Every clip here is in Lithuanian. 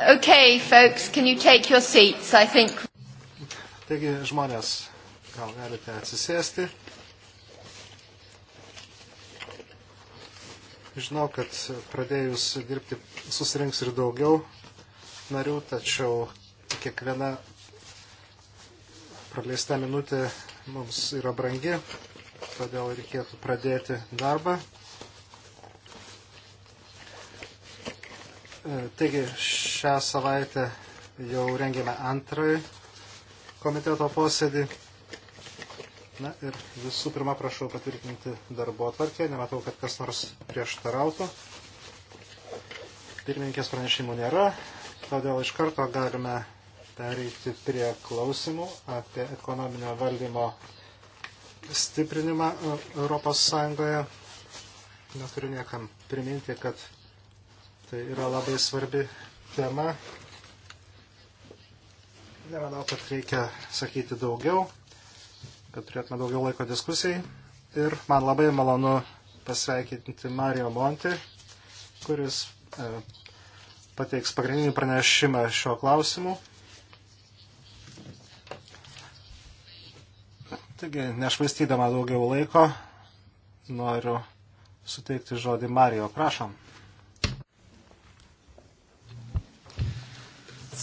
Okay, folks, can you take your seats? I think. Taigi, žmonės, gal galite atsisėsti. Žinau, kad pradėjus dirbti susirinks ir daugiau narių, tačiau kiekviena praleista minutė mums yra brangi, todėl reikėtų pradėti darbą. E, taigi šią savaitę jau rengėme antrąjį komiteto posėdį. Na ir visų pirma prašau patvirtinti darbo atvarkę. Nematau, kad kas nors prieštarautų. Pirmininkės pranešimų nėra, todėl iš karto galime pereiti prie klausimų apie ekonominio valdymo stiprinimą e, Europos Sąjungoje. Neturiu niekam priminti, kad Tai yra labai svarbi tema. Nemanau, kad reikia sakyti daugiau, kad turėtume daugiau laiko diskusijai. Ir man labai malonu pasveikinti Mario Monti, kuris e, pateiks pagrindinį pranešimą šiuo klausimu. Taigi, nešvaistydama daugiau laiko, noriu suteikti žodį Marijo. Prašom.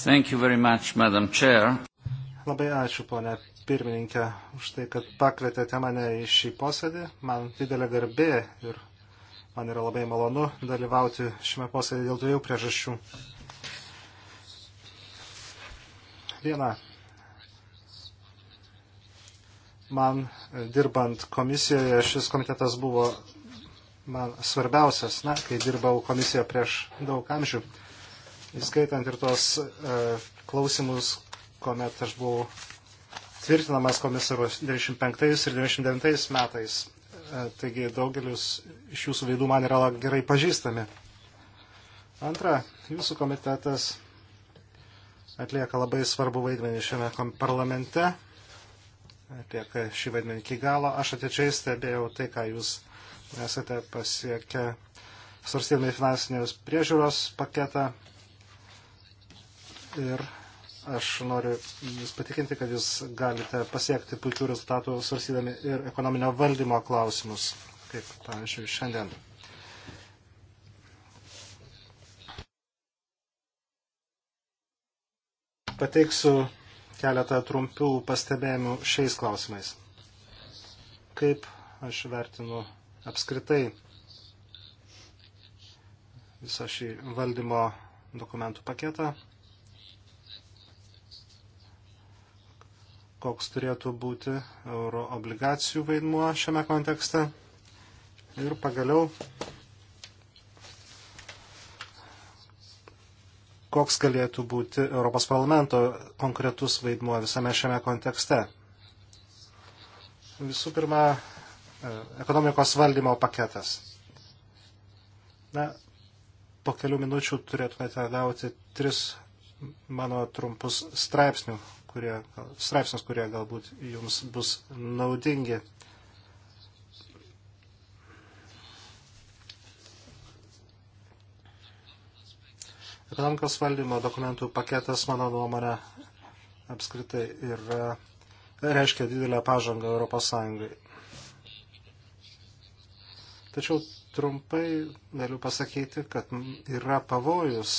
Thank you very much, Madam Chair. Labai ačiū, ponė pirmininkė, už tai, kad pakvietėte mane į šį posėdį. Man didelė garbė ir man yra labai malonu dalyvauti šiame posėdį dėl dviejų priežasčių. Viena. Man e, dirbant komisijoje šis komitetas buvo man svarbiausias, na, kai dirbau komisijoje prieš daug amžių įskaitant ir tos e, klausimus, kuomet aš buvau tvirtinamas komisarus 95 ir 99 metais. E, taigi daugelis iš jūsų veidų man yra gerai pažįstami. Antra, jūsų komitetas atlieka labai svarbu vaidmenį šiame parlamente. Atlieka šį vaidmenį iki galo. Aš atiečiai stebėjau tai, ką jūs esate pasiekę svarstydami finansinės priežiūros paketą ir aš noriu Jūs patikinti, kad Jūs galite pasiekti puikių rezultatų svarsydami ir ekonominio valdymo klausimus, kaip pavyzdžiui šiandien. Pateiksiu keletą trumpių pastebėjimų šiais klausimais. Kaip aš vertinu apskritai visą šį valdymo dokumentų paketą koks turėtų būti euro obligacijų vaidmuo šiame kontekste. Ir pagaliau, koks galėtų būti Europos parlamento konkretus vaidmuo visame šiame kontekste. Visų pirma, e, ekonomikos valdymo paketas. Na, po kelių minučių turėtumėte gauti tris mano trumpus straipsnių, kurie, straipsnius, kurie galbūt jums bus naudingi. Ekonomikos valdymo dokumentų paketas, mano nuomonė, apskritai ir reiškia didelę pažangą Europos Sąjungai. Tačiau trumpai galiu pasakyti, kad yra pavojus,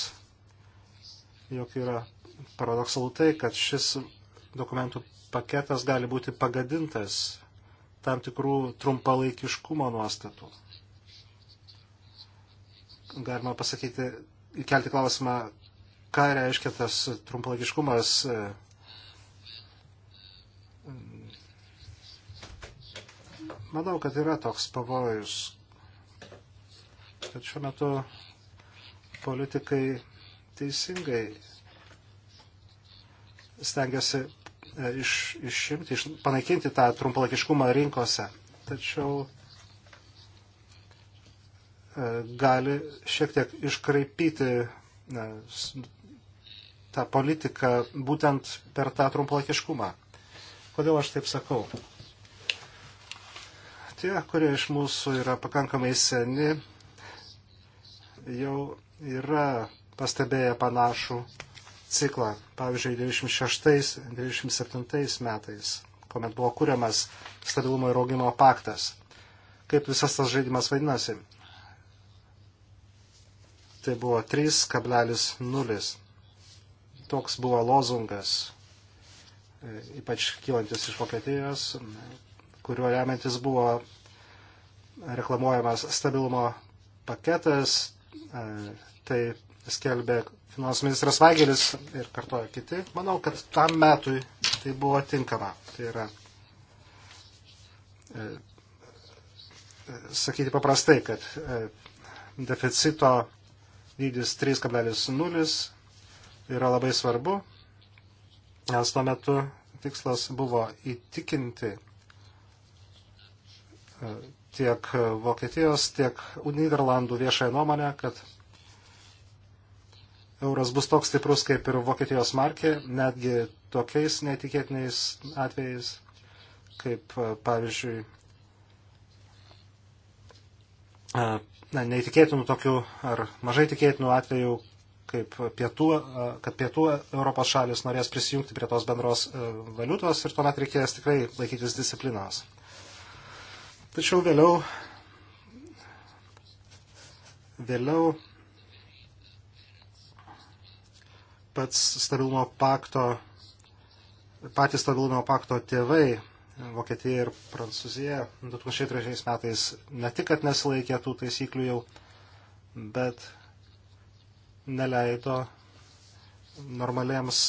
jog yra paradoksalu tai, kad šis dokumentų paketas gali būti pagadintas tam tikrų trumpalaikiškumo nuostatų. Galima pasakyti, kelti klausimą, ką reiškia tas trumpalaikiškumas e, manau, kad yra toks pavojus, kad šiuo metu politikai teisingai stengiasi e, iš, išimti, iš, panaikinti tą trumpalaikiškumą rinkose. Tačiau e, gali šiek tiek iškraipyti na, e, tą politiką būtent per tą trumpalaikiškumą. Kodėl aš taip sakau? Tie, kurie iš mūsų yra pakankamai seni, jau yra pastebėję panašų ciklą, pavyzdžiui, 96-97 metais, kuomet buvo kuriamas stabilumo ir augimo paktas. Kaip visas tas žaidimas vadinasi? Tai buvo 3,0. Toks buvo lozungas, e, ypač kylantis iš Vokietijos, kuriuo remiantis buvo reklamuojamas stabilumo paketas, e, tai skelbė finansų ministras Vagelis ir kartoja kiti, manau, kad tam metui tai buvo tinkama. Tai yra, e, e sakyti paprastai, kad e, deficito dydis 3,0 yra labai svarbu, nes tuo metu tikslas buvo įtikinti e, tiek Vokietijos, tiek Niderlandų viešąją nuomonę, kad euras bus toks stiprus kaip ir Vokietijos markė, netgi tokiais netikėtiniais atvejais, kaip e, pavyzdžiui, e, na, neįtikėtinų tokių ar mažai tikėtinų atvejų, kaip pietų, e, kad pietų Europos šalis norės prisijungti prie tos bendros valiutos ir tuomet reikės tikrai laikytis disciplinos. Tačiau vėliau, vėliau pats stabilumo pakto, patys stabilumo pakto tėvai, Vokietija ir Prancūzija, 2003 metais ne tik, kad nesilaikė tų taisyklių jau, bet neleido normaliems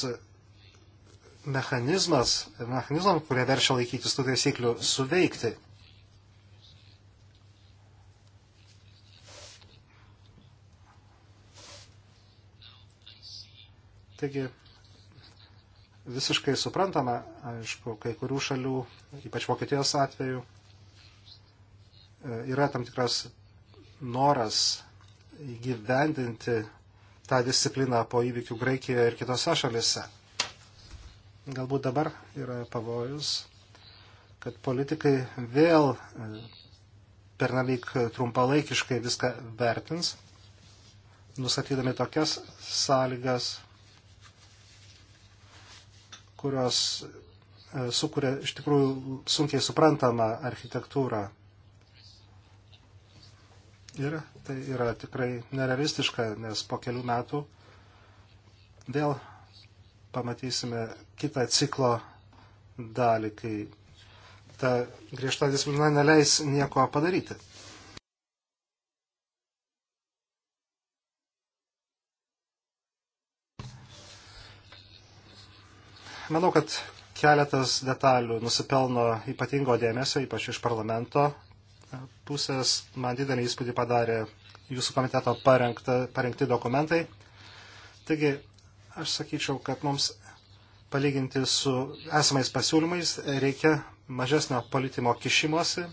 mechanizmas, mechanizmam, kurie verčia laikytis tų taisyklių, suveikti. Taigi, visiškai suprantama, aišku, kai kurių šalių, ypač Vokietijos atveju, e, yra tam tikras noras įgyvendinti tą discipliną po įvykių Graikijoje ir kitose šalise. Galbūt dabar yra pavojus, kad politikai vėl e, pernelyg trumpalaikiškai viską vertins, nusatydami tokias sąlygas, kurios e, sukuria iš tikrųjų sunkiai suprantamą architektūrą. Ir tai yra tikrai nerealistiška, nes po kelių metų vėl pamatysime kitą ciklo dalį, kai ta griežta disciplina neleis nieko padaryti. Manau, kad keletas detalių nusipelno ypatingo dėmesio, ypač iš parlamento pusės. Man didelį įspūdį padarė jūsų komiteto parengta, parengti dokumentai. Taigi, aš sakyčiau, kad mums palyginti su esamais pasiūlymais reikia mažesnio politimo kišimosi,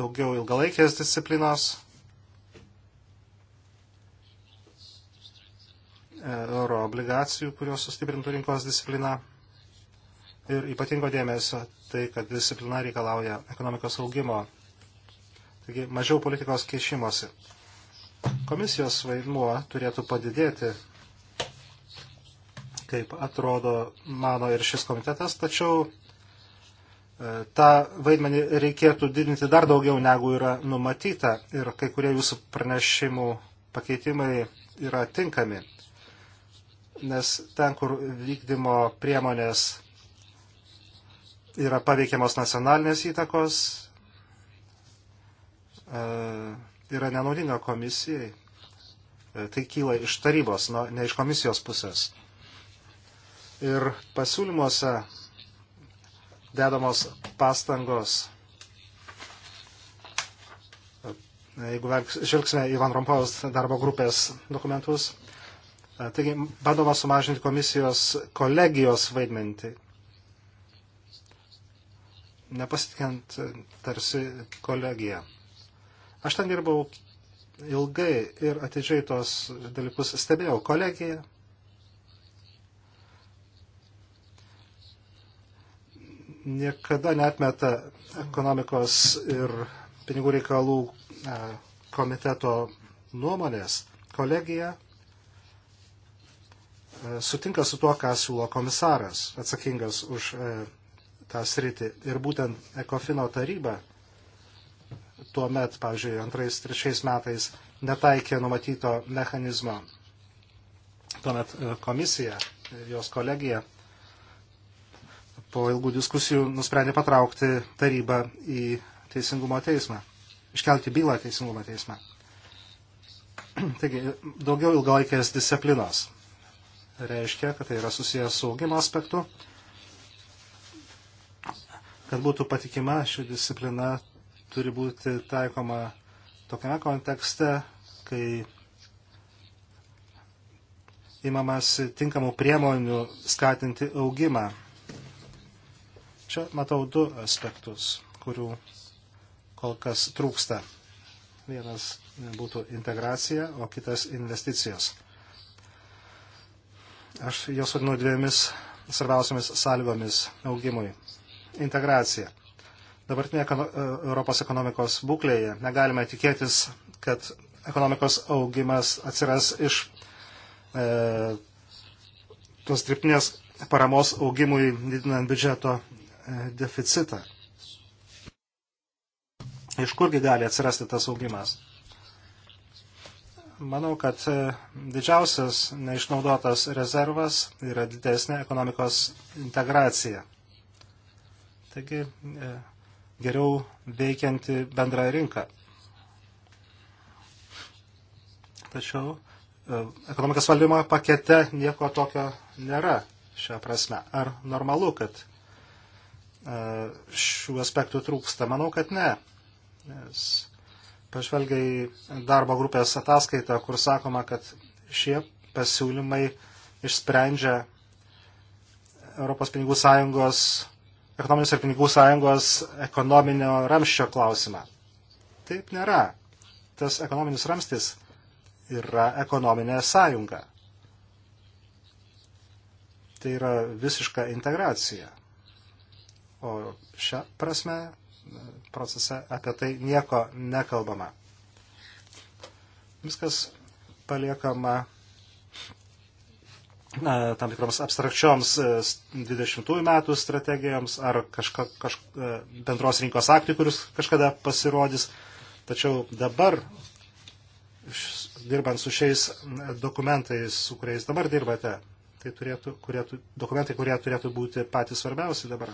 daugiau ilgalaikės disciplinos E, euro obligacijų, kurios sustiprintų rinkos discipliną. Ir ypatingo dėmesio tai, kad disciplina reikalauja ekonomikos augimo. Taigi mažiau politikos keišimosi. Komisijos vaidmuo turėtų padidėti, kaip atrodo mano ir šis komitetas, tačiau e, tą vaidmenį reikėtų didinti dar daugiau negu yra numatyta ir kai kurie jūsų pranešimų pakeitimai yra tinkami nes ten, kur vykdymo priemonės yra paveikiamos nacionalinės įtakos, e, yra nenaudinga komisijai. E, tai kyla iš tarybos, ne iš komisijos pusės. Ir pasiūlymuose dedamos pastangos. E, jeigu žvelgsime į Van Rompaus darbo grupės dokumentus, Taigi, bandoma sumažinti komisijos kolegijos vaidmentį. Nepasitikint e, tarsi kolegiją. Aš ten dirbau ilgai ir atidžiai tos dalykus stebėjau. Kolegija niekada netmeta ekonomikos ir pinigų reikalų e, komiteto nuomonės. Kolegija E, sutinka su tuo, ką siūlo komisaras atsakingas už e, tą sritį. Ir būtent Ekofino taryba tuo met, pavyzdžiui, antrais, trečiais metais netaikė numatyto mechanizmo. Tuomet e, komisija, jos kolegija po ilgų diskusijų nusprendė patraukti tarybą į Teisingumo teismą, iškelti bylą Teisingumo teismą. Taigi, daugiau ilgalaikės disciplinos reiškia, kad tai yra susijęs su augimo aspektu. Kad būtų patikima ši disciplina, turi būti taikoma tokiame kontekste, kai įmamas tinkamų priemonių skatinti augimą. Čia matau du aspektus, kurių kol kas trūksta. Vienas būtų integracija, o kitas investicijos. Aš jos vadinu dviejomis svarbiausiamis sąlygomis augimui. Integracija. Dabartinė e, Europos ekonomikos būklėje negalime tikėtis, kad ekonomikos augimas atsiras iš e, tos dirbtinės paramos augimui didinant biudžeto e, deficitą. Iš kurgi gali atsirasti tas augimas? Manau, kad e, didžiausias neišnaudotas rezervas yra didesnė ekonomikos integracija. Taigi e, geriau veikianti bendra rinka. Tačiau e, ekonomikos valdymo pakete nieko tokio nėra šią prasme. Ar normalu, kad šių aspektų trūksta? Manau, kad ne. Nes pažvelgia į darbo grupės ataskaitą, kur sakoma, kad šie pasiūlymai išsprendžia Europos pinigų sąjungos, ekonominės ir pinigų sąjungos ekonominio ramščio klausimą. Taip nėra. Tas ekonominis ramstis yra ekonominė sąjunga. Tai yra visiška integracija. O šią prasme procese apie tai nieko nekalbama. Viskas paliekama na, tam tikroms abstrakčioms 20-ųjų e, metų strategijoms ar kažka, kažka, e, bendros rinkos aktui, kuris kažkada pasirodys. Tačiau dabar, dirbant su šiais dokumentais, su kuriais dabar dirbate, tai turėtų, kurie, dokumentai, kurie turėtų būti patys svarbiausi dabar,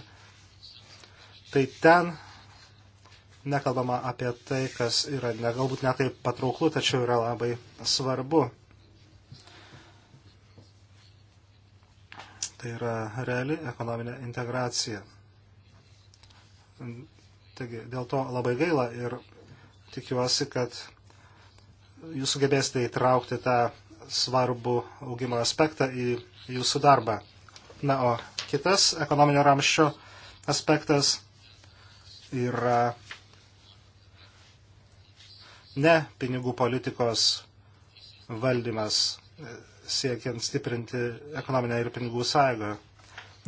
tai ten nekalbama apie tai, kas yra ne, galbūt netai patrauklu, tačiau yra labai svarbu. Tai yra reali ekonominė integracija. Taigi, dėl to labai gaila ir tikiuosi, kad jūs sugebėsite įtraukti tą svarbų augimo aspektą į jūsų darbą. Na, o kitas ekonominio ramščio aspektas yra ne pinigų politikos valdymas e, siekiant stiprinti ekonominę ir pinigų sąjungą.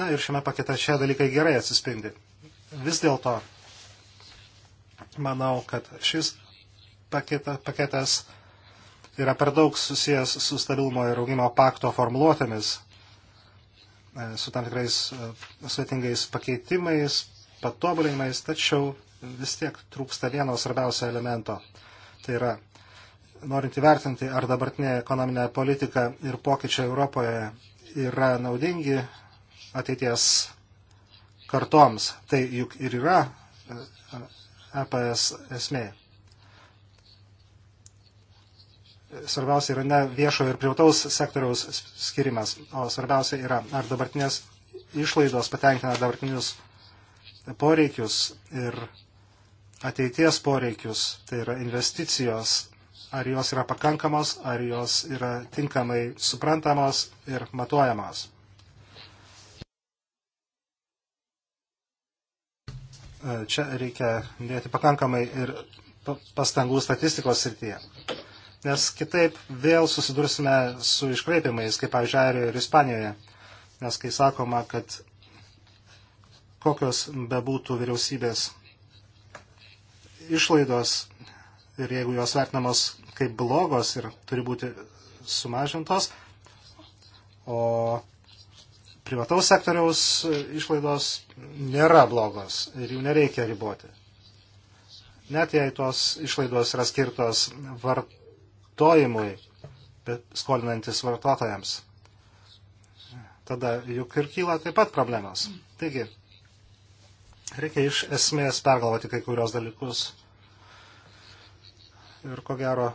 Na ir šiame pakete šie dalykai gerai atsispindi. Vis dėlto, manau, kad šis paketa, paketas yra per daug susijęs su stabilumo ir augimo pakto formuluotėmis, e, su tam tikrais e, svetingais pakeitimais, patobulinimais, tačiau vis tiek trūksta vieno svarbiausio elemento. Tai yra, norint įvertinti, ar dabartinė ekonominė politika ir pokyčiai Europoje yra naudingi ateities kartoms. Tai juk ir yra EPS e esmė. Svarbiausia yra ne viešo ir privataus sektoriaus skirimas, o svarbiausia yra, ar dabartinės išlaidos patenkina dabartinius poreikius ir ateities poreikius, tai yra investicijos, ar jos yra pakankamos, ar jos yra tinkamai suprantamos ir matuojamos. E, čia reikia dėti pakankamai ir pastangų statistikos srityje. Nes kitaip vėl susidursime su iškreipimais, kaip pavyzdžiui, Airijoje ir Ispanijoje. Nes kai sakoma, kad kokios bebūtų vyriausybės išlaidos ir jeigu jos vertinamos kaip blogos ir turi būti sumažintos, o privataus sektoriaus išlaidos nėra blogos ir jų nereikia riboti. Net jei tos išlaidos yra skirtos vartojimui, skolinantis vartotojams, tada juk ir kyla taip pat problemas. Taigi, Reikia iš esmės pergalvoti kai kurios dalykus. Ir ko gero,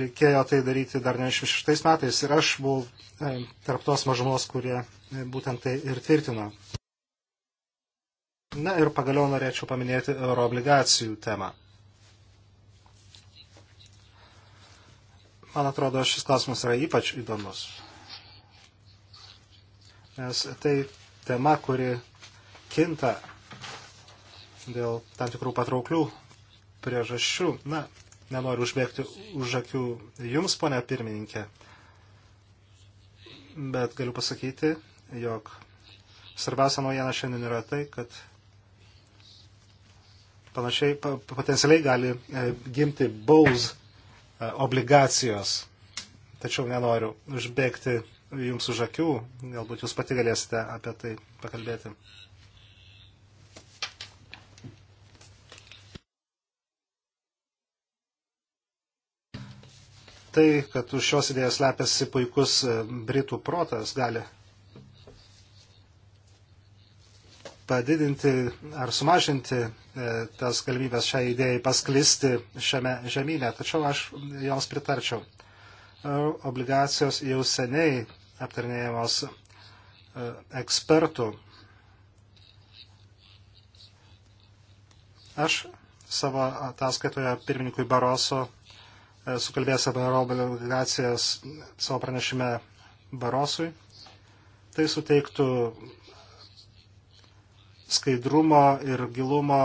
reikėjo tai daryti dar 96 metais ir aš buvau e, tarp tos mažumos, kurie e, būtent tai ir tvirtino. Na ir pagaliau norėčiau paminėti euroobligacijų temą. Man atrodo, šis klausimas yra ypač įdomus. Nes tai tema, kuri kinta dėl tam tikrų patrauklių priežasčių. Na, nenoriu užbėgti už akių jums, ponia pirmininkė, bet galiu pasakyti, jog svarbiausia naujiena šiandien yra tai, kad panašiai potencialiai gali e, gimti baus e, obligacijos. Tačiau nenoriu užbėgti jums už akių, galbūt jūs pati galėsite apie tai pakalbėti. Tai, kad už šios idėjos lepiasi puikus e, Britų protas, gali padidinti ar sumažinti e, tas galimybės šiai idėjai pasklisti šiame žemynė. Tačiau aš joms pritarčiau e, obligacijos jau seniai aptarinėjamos e, ekspertų. Aš savo ataskaitoje pirmininkui Baroso e, sukalbėjęs apie Europą obligacijas savo pranešime Barosui. Tai suteiktų skaidrumo ir gilumo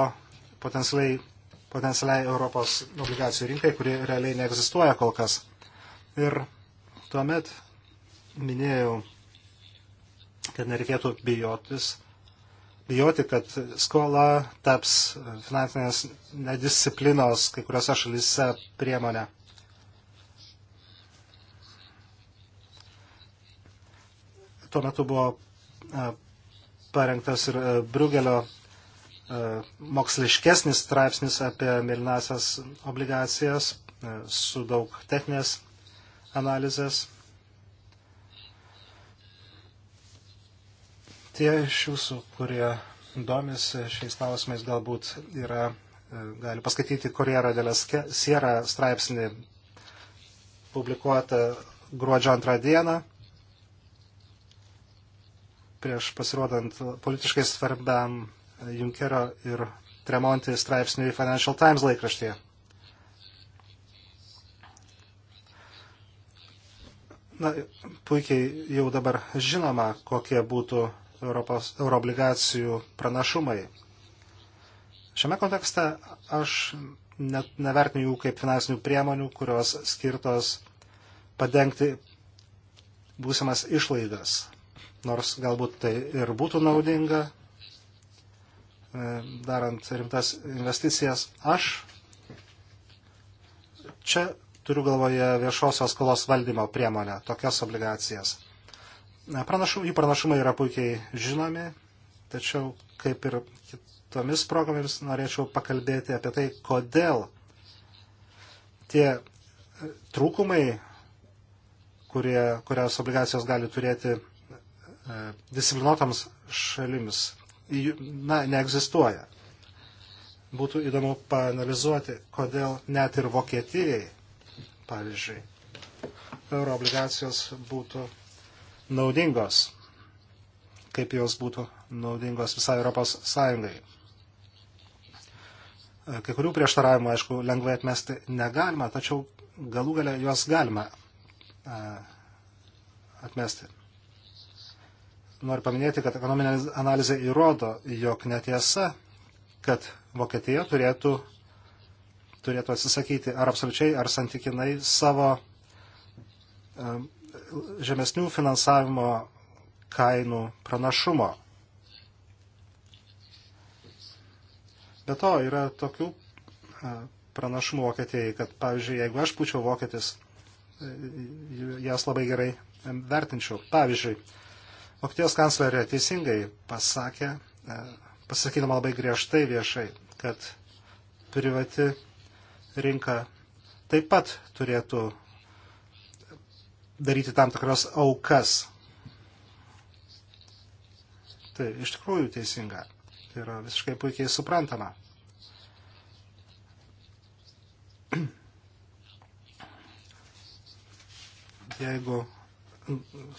potencialiai, potencialiai Europos obligacijų rinkai, kuri realiai neegzistuoja kol kas. Ir tuomet minėjau, kad nereikėtų bijotis, bijoti, kad skola taps finansinės nedisciplinos kai kuriuose šalyse priemonė. Tuo metu buvo parengtas ir Brugelio moksliškesnis straipsnis apie mėlynasias obligacijas su daug techninės analizės. Tie iš jūsų, kurie domisi šiais klausimais, galbūt yra, e, gali paskaityti Corriera della Sierra straipsnį publikuotą gruodžio antrą dieną prieš pasirodant politiškai svarbiam Junkerio ir Tremonti straipsniui Financial Times laikraštyje. Na, puikiai jau dabar žinoma, kokie būtų Europos, euroobligacijų pranašumai. Šiame kontekste aš net nevertinu jų kaip finansinių priemonių, kurios skirtos padengti būsimas išlaidas. Nors galbūt tai ir būtų naudinga, e, darant rimtas investicijas. Aš čia turiu galvoje viešosios skolos valdymo priemonę, tokias obligacijas. Pranašum, jų pranašumai yra puikiai žinomi, tačiau kaip ir kitomis progomis norėčiau pakalbėti apie tai, kodėl tie e, trūkumai, kurie, kurias obligacijos gali turėti e, disciplinuotams šalims, na, neegzistuoja. Būtų įdomu panalizuoti, kodėl net ir Vokietijai, pavyzdžiui, euro obligacijos būtų naudingos, kaip jos būtų naudingos visai Europos Sąjungai. E, kai kurių prieštaravimų, aišku, lengvai atmesti negalima, tačiau galų galę juos galima e, atmesti. Noriu paminėti, kad ekonominė analizė įrodo, jog netiesa, kad Vokietija turėtų, turėtų atsisakyti ar absoliučiai, ar santykinai savo e, žemesnių finansavimo kainų pranašumo. Be to, yra tokių pranašumų Vokietijai, kad, pavyzdžiui, jeigu aš būčiau vokietis, jas labai gerai vertinčiau. Pavyzdžiui, Vokietijos kanclerė teisingai pasakė, pasakydama labai griežtai viešai, kad privati rinka taip pat turėtų daryti tam tikras aukas. Tai iš tikrųjų teisinga. Tai yra visiškai puikiai suprantama. Jeigu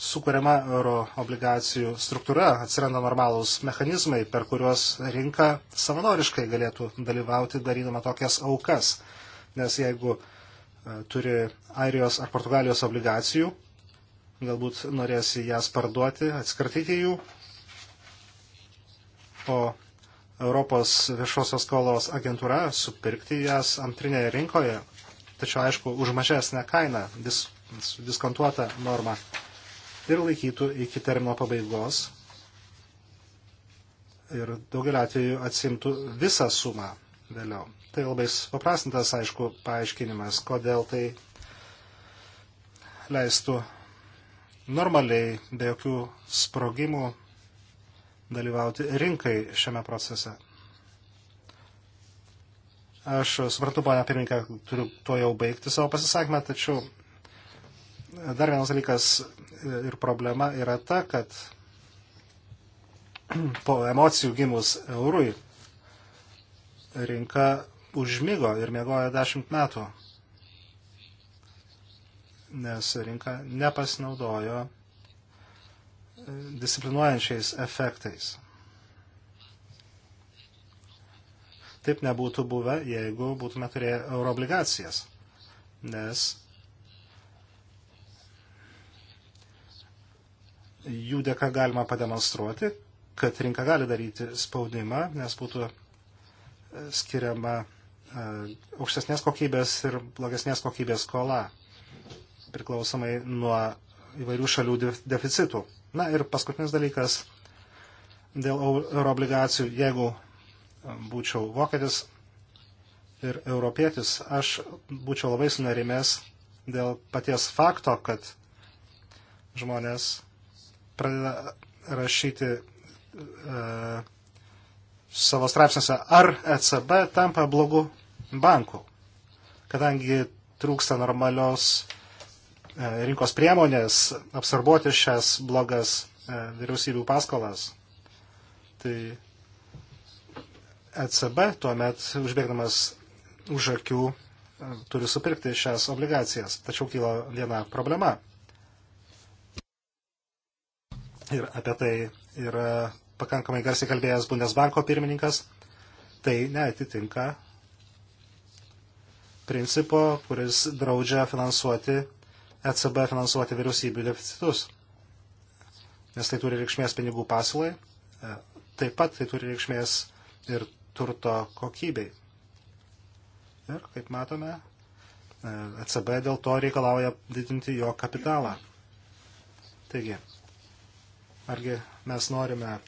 sukuriama euro obligacijų struktūra, atsiranda normalūs mechanizmai, per kuriuos rinka savanoriškai galėtų dalyvauti darydama tokias aukas. Nes jeigu uh, E, turi Airijos ar Portugalijos obligacijų, galbūt norėsi jas parduoti, atskirtyti jų, o Europos viešosios skolos agentūra supirkti jas antrinėje rinkoje, tačiau aišku, už mažesnę kainą, dis, diskontuotą normą ir laikytų iki termino pabaigos ir daugelį atveju atsimtų visą sumą vėliau. Tai labai paprastintas, aišku, paaiškinimas, kodėl tai leistų normaliai, be jokių sprogimų, dalyvauti rinkai šiame procese. Aš suprantu, ponia pirmininkė, turiu tuo jau baigti savo pasisakymą, tačiau dar vienas dalykas ir problema yra ta, kad po emocijų gimus eurui rinka užmygo ir mėgojo dešimt metų, nes rinka nepasinaudojo e, disciplinuojančiais efektais. Taip nebūtų buvę, jeigu būtume turėję euroobligacijas, nes jų dėka galima pademonstruoti, kad rinka gali daryti spaudimą, nes būtų skiriama e, aukštesnės kokybės ir blogesnės kokybės skola, priklausomai nuo įvairių šalių deficitų. Na ir paskutinis dalykas dėl euroobligacijų. Jeigu e, būčiau vokietis ir europietis, aš būčiau labai sunerimęs dėl paties fakto, kad žmonės pradeda rašyti uh, savo straipsniuose, ar ECB tampa blogu banku, kadangi trūksta normalios e, rinkos priemonės apsarbuoti šias blogas e, vyriausybių paskolas. Tai ECB tuomet užbėgdamas už akių e, turi supirkti šias obligacijas. Tačiau kyla viena problema. Ir apie tai yra pakankamai garsiai kalbėjęs Bundesbanko pirmininkas, tai neatitinka principo, kuris draudžia finansuoti, ECB finansuoti vyriausybių deficitus, nes tai turi reikšmės pinigų pasilai, e, taip pat tai turi reikšmės ir turto kokybei. Ir, kaip matome, ECB e dėl to reikalauja didinti jo kapitalą. Taigi, argi mes norime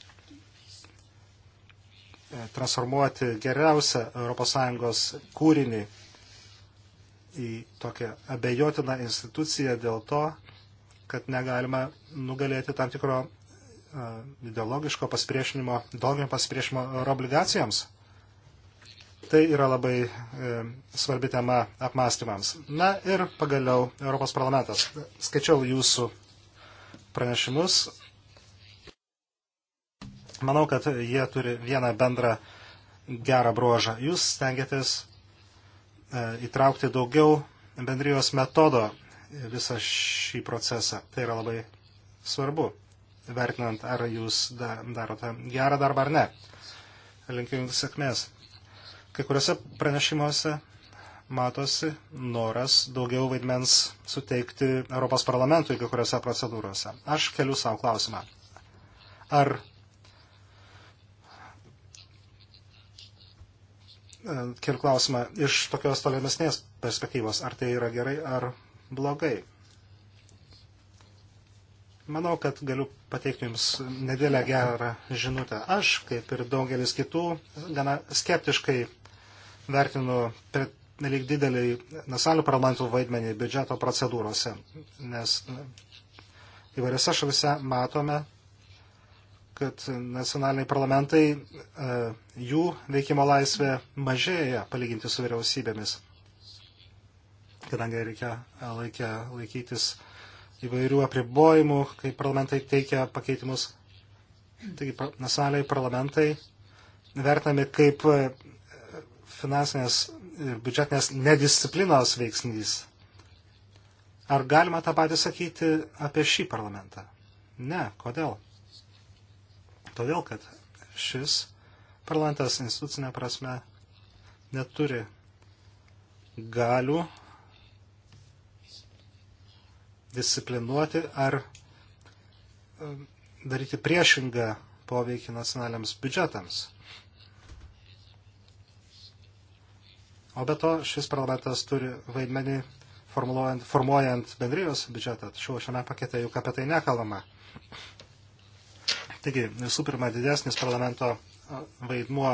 E, transformuoti geriausią ES kūrinį į tokią abejotiną instituciją dėl to, kad negalima nugalėti tam tikro e, ideologiško pasipriešinimo, dogminio pasipriešinimo ir obligacijoms. Tai yra labai e, svarbi tema apmąstymams. Na ir pagaliau Europos parlamentas. Skaičiau jūsų pranešimus Manau, kad jie turi vieną bendrą gerą bruožą. Jūs stengiatės e, įtraukti daugiau bendrijos metodo visą šį procesą. Tai yra labai svarbu, vertinant, ar jūs darote gerą darbą ar ne. Linkiu jums sėkmės. Kai kuriuose pranešimuose matosi noras daugiau vaidmens suteikti Europos parlamentui kai kuriuose procedūrose. Aš keliu savo klausimą. Ar E, keliu klausimą iš tokios tolimesnės perspektyvos, ar tai yra gerai ar blogai. Manau, kad galiu pateikti Jums nedėlę gerą žinutę. Aš, kaip ir daugelis kitų, gana skeptiškai vertinu per nelik didelį nasalių parlamentų vaidmenį biudžeto procedūrose, nes e, įvairiose šalise matome, kad nacionaliniai parlamentai, e, jų veikimo laisvė mažėja palyginti su vyriausybėmis, kadangi reikia e, laikia, laikytis įvairių apribojimų, kai parlamentai teikia pakeitimus. Taigi nacionaliniai parlamentai vertinami kaip e, finansinės ir biudžetinės nedisciplinos veiksnys. Ar galima tą patį sakyti apie šį parlamentą? Ne, kodėl? todėl kad šis parlamentas institucinė prasme neturi galių disciplinuoti ar um, daryti priešingą poveikį nacionaliams biudžetams. O be to, šis parlamentas turi vaidmenį formuojant bendrijos biudžetą, tačiau šiame pakete juk apie tai nekalama. Taigi, visų pirma, didesnis parlamento vaidmuo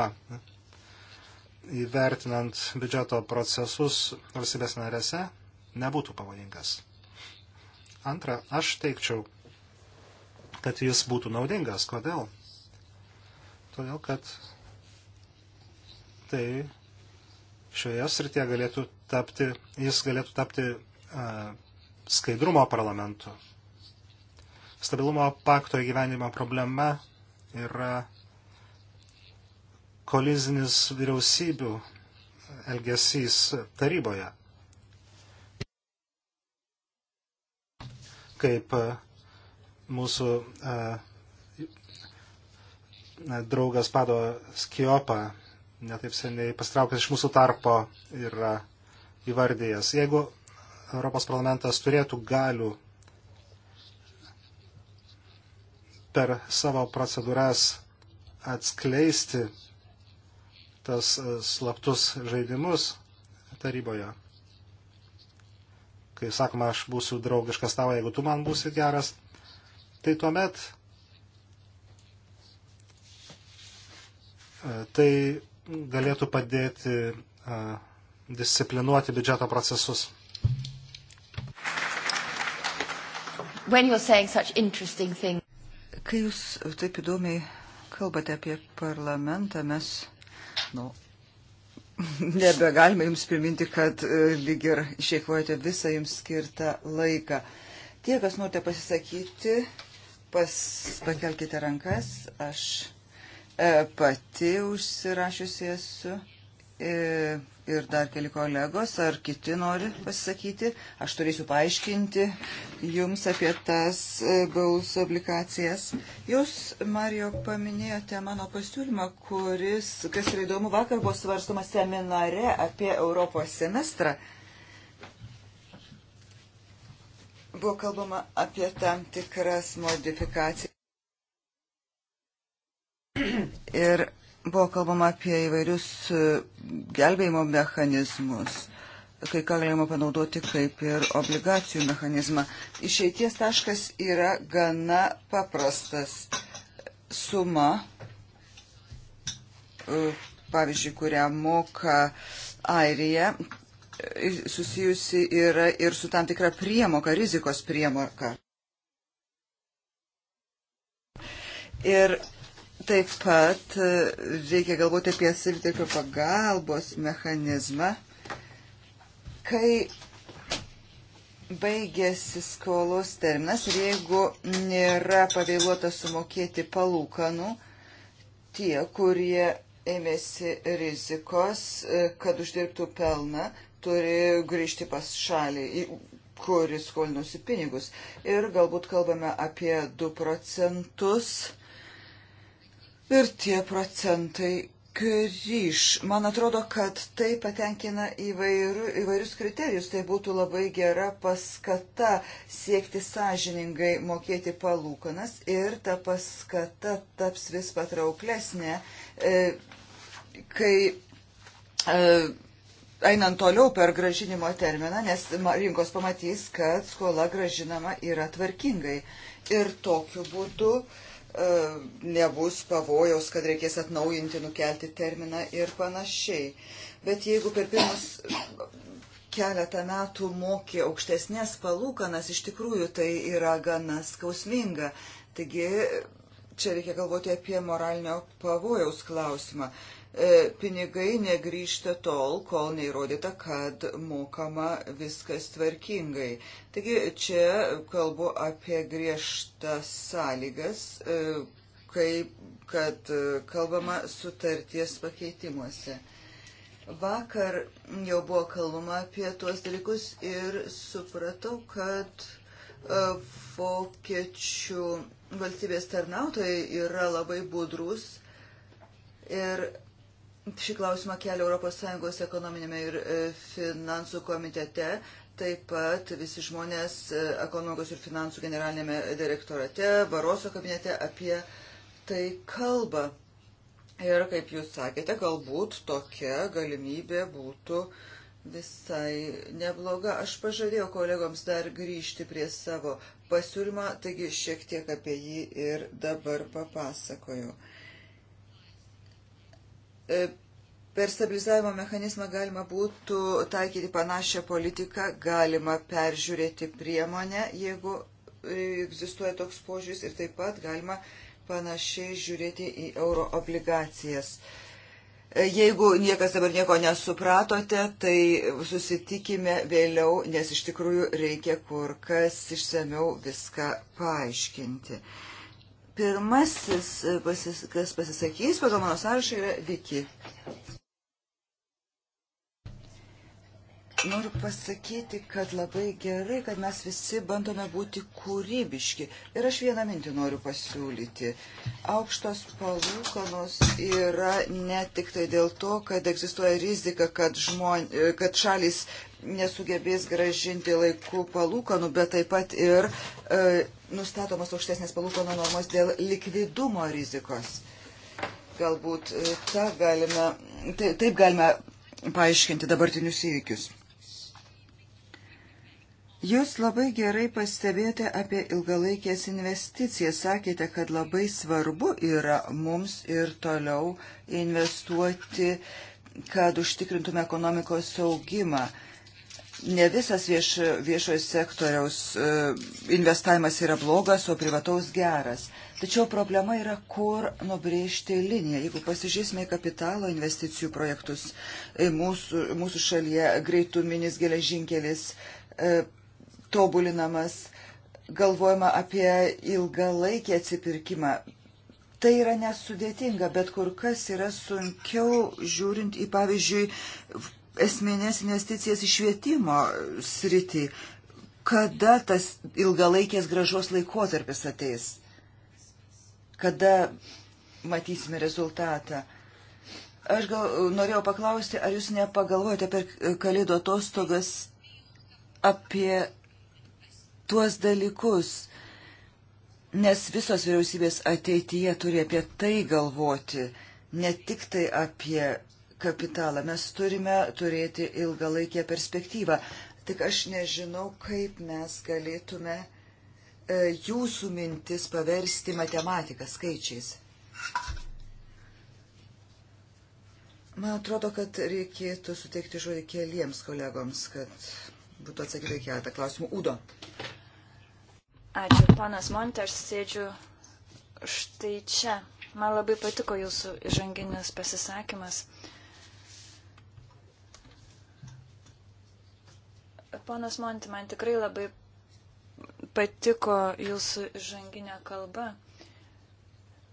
įvertinant biudžeto procesus valstybės narėse nebūtų pavojingas. Antra, aš teikčiau, kad jis būtų naudingas. Kodėl? Todėl, kad tai šioje srityje galėtų tapti, jis galėtų tapti uh, skaidrumo parlamentu. Stabilumo pakto įgyvenimo problema yra kolizinis vyriausybių elgesys taryboje. Kaip e, mūsų e, draugas Pado Skiopa, netaip seniai pastraukęs iš mūsų tarpo, yra įvardėjęs. Jeigu Europos parlamentas turėtų galių per savo procedūras atskleisti tas e, slaptus žaidimus taryboje. Kai sakoma, aš būsiu draugiškas tavo, jeigu tu man būsi geras, tai tuomet e, tai galėtų padėti e, disciplinuoti biudžeto procesus. When you're saying such interesting things. Kai jūs taip įdomiai kalbate apie parlamentą, mes, nu, nebegalime jums priminti, kad e, lyg ir išeikvojate visą jums skirtą laiką. Tie, kas norite pasisakyti, pas, pakelkite rankas, aš e, pati užsirašiusi esu. E, ir dar keli kolegos, ar kiti nori pasisakyti. Aš turėsiu paaiškinti jums apie tas gaus e, obligacijas. Jūs, Mario, paminėjote mano pasiūlymą, kuris, kas yra įdomu, vakar buvo svarstoma seminare apie Europos semestrą. Buvo kalbama apie tam tikras modifikacijas. Ir Buvo kalbama apie įvairius e, gelbėjimo mechanizmus, kai ką galima panaudoti kaip ir obligacijų mechanizmą. Išeities taškas yra gana paprastas. Suma, e, pavyzdžiui, kurią moka Airija, e, susijusi yra ir su tam tikra priemoka, rizikos priemoka. Ir Taip pat e, reikia galvoti apie savitarpio pagalbos mechanizmą. Kai baigėsi skolos terminas ir jeigu nėra pavėluota sumokėti palūkanų, tie, kurie ėmėsi rizikos, e, kad uždirbtų pelną, turi grįžti pas šalį, kuris skolinusi pinigus. Ir galbūt kalbame apie 2 procentus ir tie procentai grįž. Man atrodo, kad tai patenkina įvairių, įvairius kriterijus. Tai būtų labai gera paskata siekti sąžiningai mokėti palūkanas ir ta paskata taps vis patrauklesnė, e, kai e, einant toliau per gražinimo terminą, nes rinkos pamatys, kad skola gražinama yra tvarkingai. Ir tokiu būdu uh, E, nebus pavojaus, kad reikės atnaujinti, nukelti terminą ir panašiai. Bet jeigu per pirmus keletą metų mokė aukštesnės palūkanas, iš tikrųjų tai yra gana skausminga. Taigi čia reikia galvoti apie moralinio pavojaus klausimą. E, pinigai negrįžta tol, kol neįrodyta, kad mokama viskas tvarkingai. Taigi čia kalbu apie griežtas sąlygas, e, kaip kad e, kalbama sutarties pakeitimuose. Vakar jau buvo kalbama apie tuos dalykus ir supratau, kad vokiečių valstybės tarnautojai yra labai budrus ir Šį klausimą kelia ES ekonominėme ir e, finansų komitete. Taip pat visi žmonės e, ekonomikos ir finansų generalinėme direktorate, Baroso kabinete apie tai kalba. Ir kaip jūs sakėte, galbūt tokia galimybė būtų visai nebloga. Aš pažadėjau kolegoms dar grįžti prie savo pasiūlymą, taigi šiek tiek apie jį ir dabar papasakoju. E, per stabilizavimo mechanizmą galima būtų taikyti panašią politiką, galima peržiūrėti priemonę, jeigu e, egzistuoja toks požiūris ir taip pat galima panašiai žiūrėti į euro obligacijas. E, jeigu niekas dabar nieko nesupratote, tai susitikime vėliau, nes iš tikrųjų reikia kur kas išsameu viską paaiškinti. Pirmasis, e, pasis, kas pasisakys pagal mano sąrašą, yra Viki. Noriu pasakyti, kad labai gerai, kad mes visi bandome būti kūrybiški. Ir aš vieną mintį noriu pasiūlyti. Aukštos palūkanos yra ne tik tai dėl to, kad egzistuoja rizika, kad, žmon, kad šalis nesugebės gražinti laiku palūkanų, bet taip pat ir e, nustatomos aukštesnės palūkanų normos dėl likvidumo rizikos. Galbūt e, ta galime, ta, taip galime paaiškinti dabartinius įvykius. Jūs labai gerai pastebėjote apie ilgalaikės investicijas. Sakėte, kad labai svarbu yra mums ir toliau investuoti, kad užtikrintume ekonomikos saugimą. Ne visas vieš, viešojo sektoriaus e, investavimas yra blogas, o privataus geras. Tačiau problema yra, kur nubrėžti liniją. Jeigu pasižiūrėsime į kapitalo investicijų projektus, mūsų, mūsų šalyje greituminis geležinkelis, e, tobulinamas, galvojama apie ilgalaikį atsipirkimą. Tai yra nesudėtinga, bet kur kas yra sunkiau žiūrint į, pavyzdžiui, esminės investicijas į švietimo sritį. Kada tas ilgalaikės gražos laikotarpis ateis? Kada matysime rezultatą? Aš gal norėjau paklausti, ar jūs nepagalvojate per kalėdų atostogas apie tuos dalykus, nes visos vyriausybės ateityje turi apie tai galvoti, ne tik tai apie kapitalą. Mes turime turėti ilgalaikę perspektyvą. Tik aš nežinau, kaip mes galėtume e, jūsų mintis paversti matematiką skaičiais. Man atrodo, kad reikėtų suteikti žodį keliems kolegoms, kad būtų atsakyta į keletą klausimų. Udo. Ačiū, ponas Monte, aš sėdžiu štai čia. Man labai patiko jūsų įžanginis pasisakymas. Ponas Monti, man tikrai labai patiko jūsų įžanginė kalba.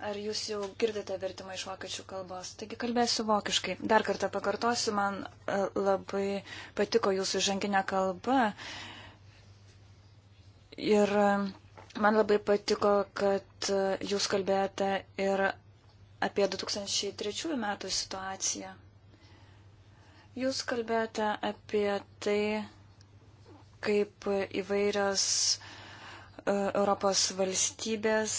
Ar jūs jau girdite vertimą iš vokiečių kalbos? Taigi kalbėsiu vokiškai. Dar kartą pakartosiu, man e, labai patiko jūsų žanginė kalba. Ir e, man labai patiko, kad e, jūs kalbėjote ir apie 2003 metų situaciją. Jūs kalbėjote apie tai, kaip įvairios Europos valstybės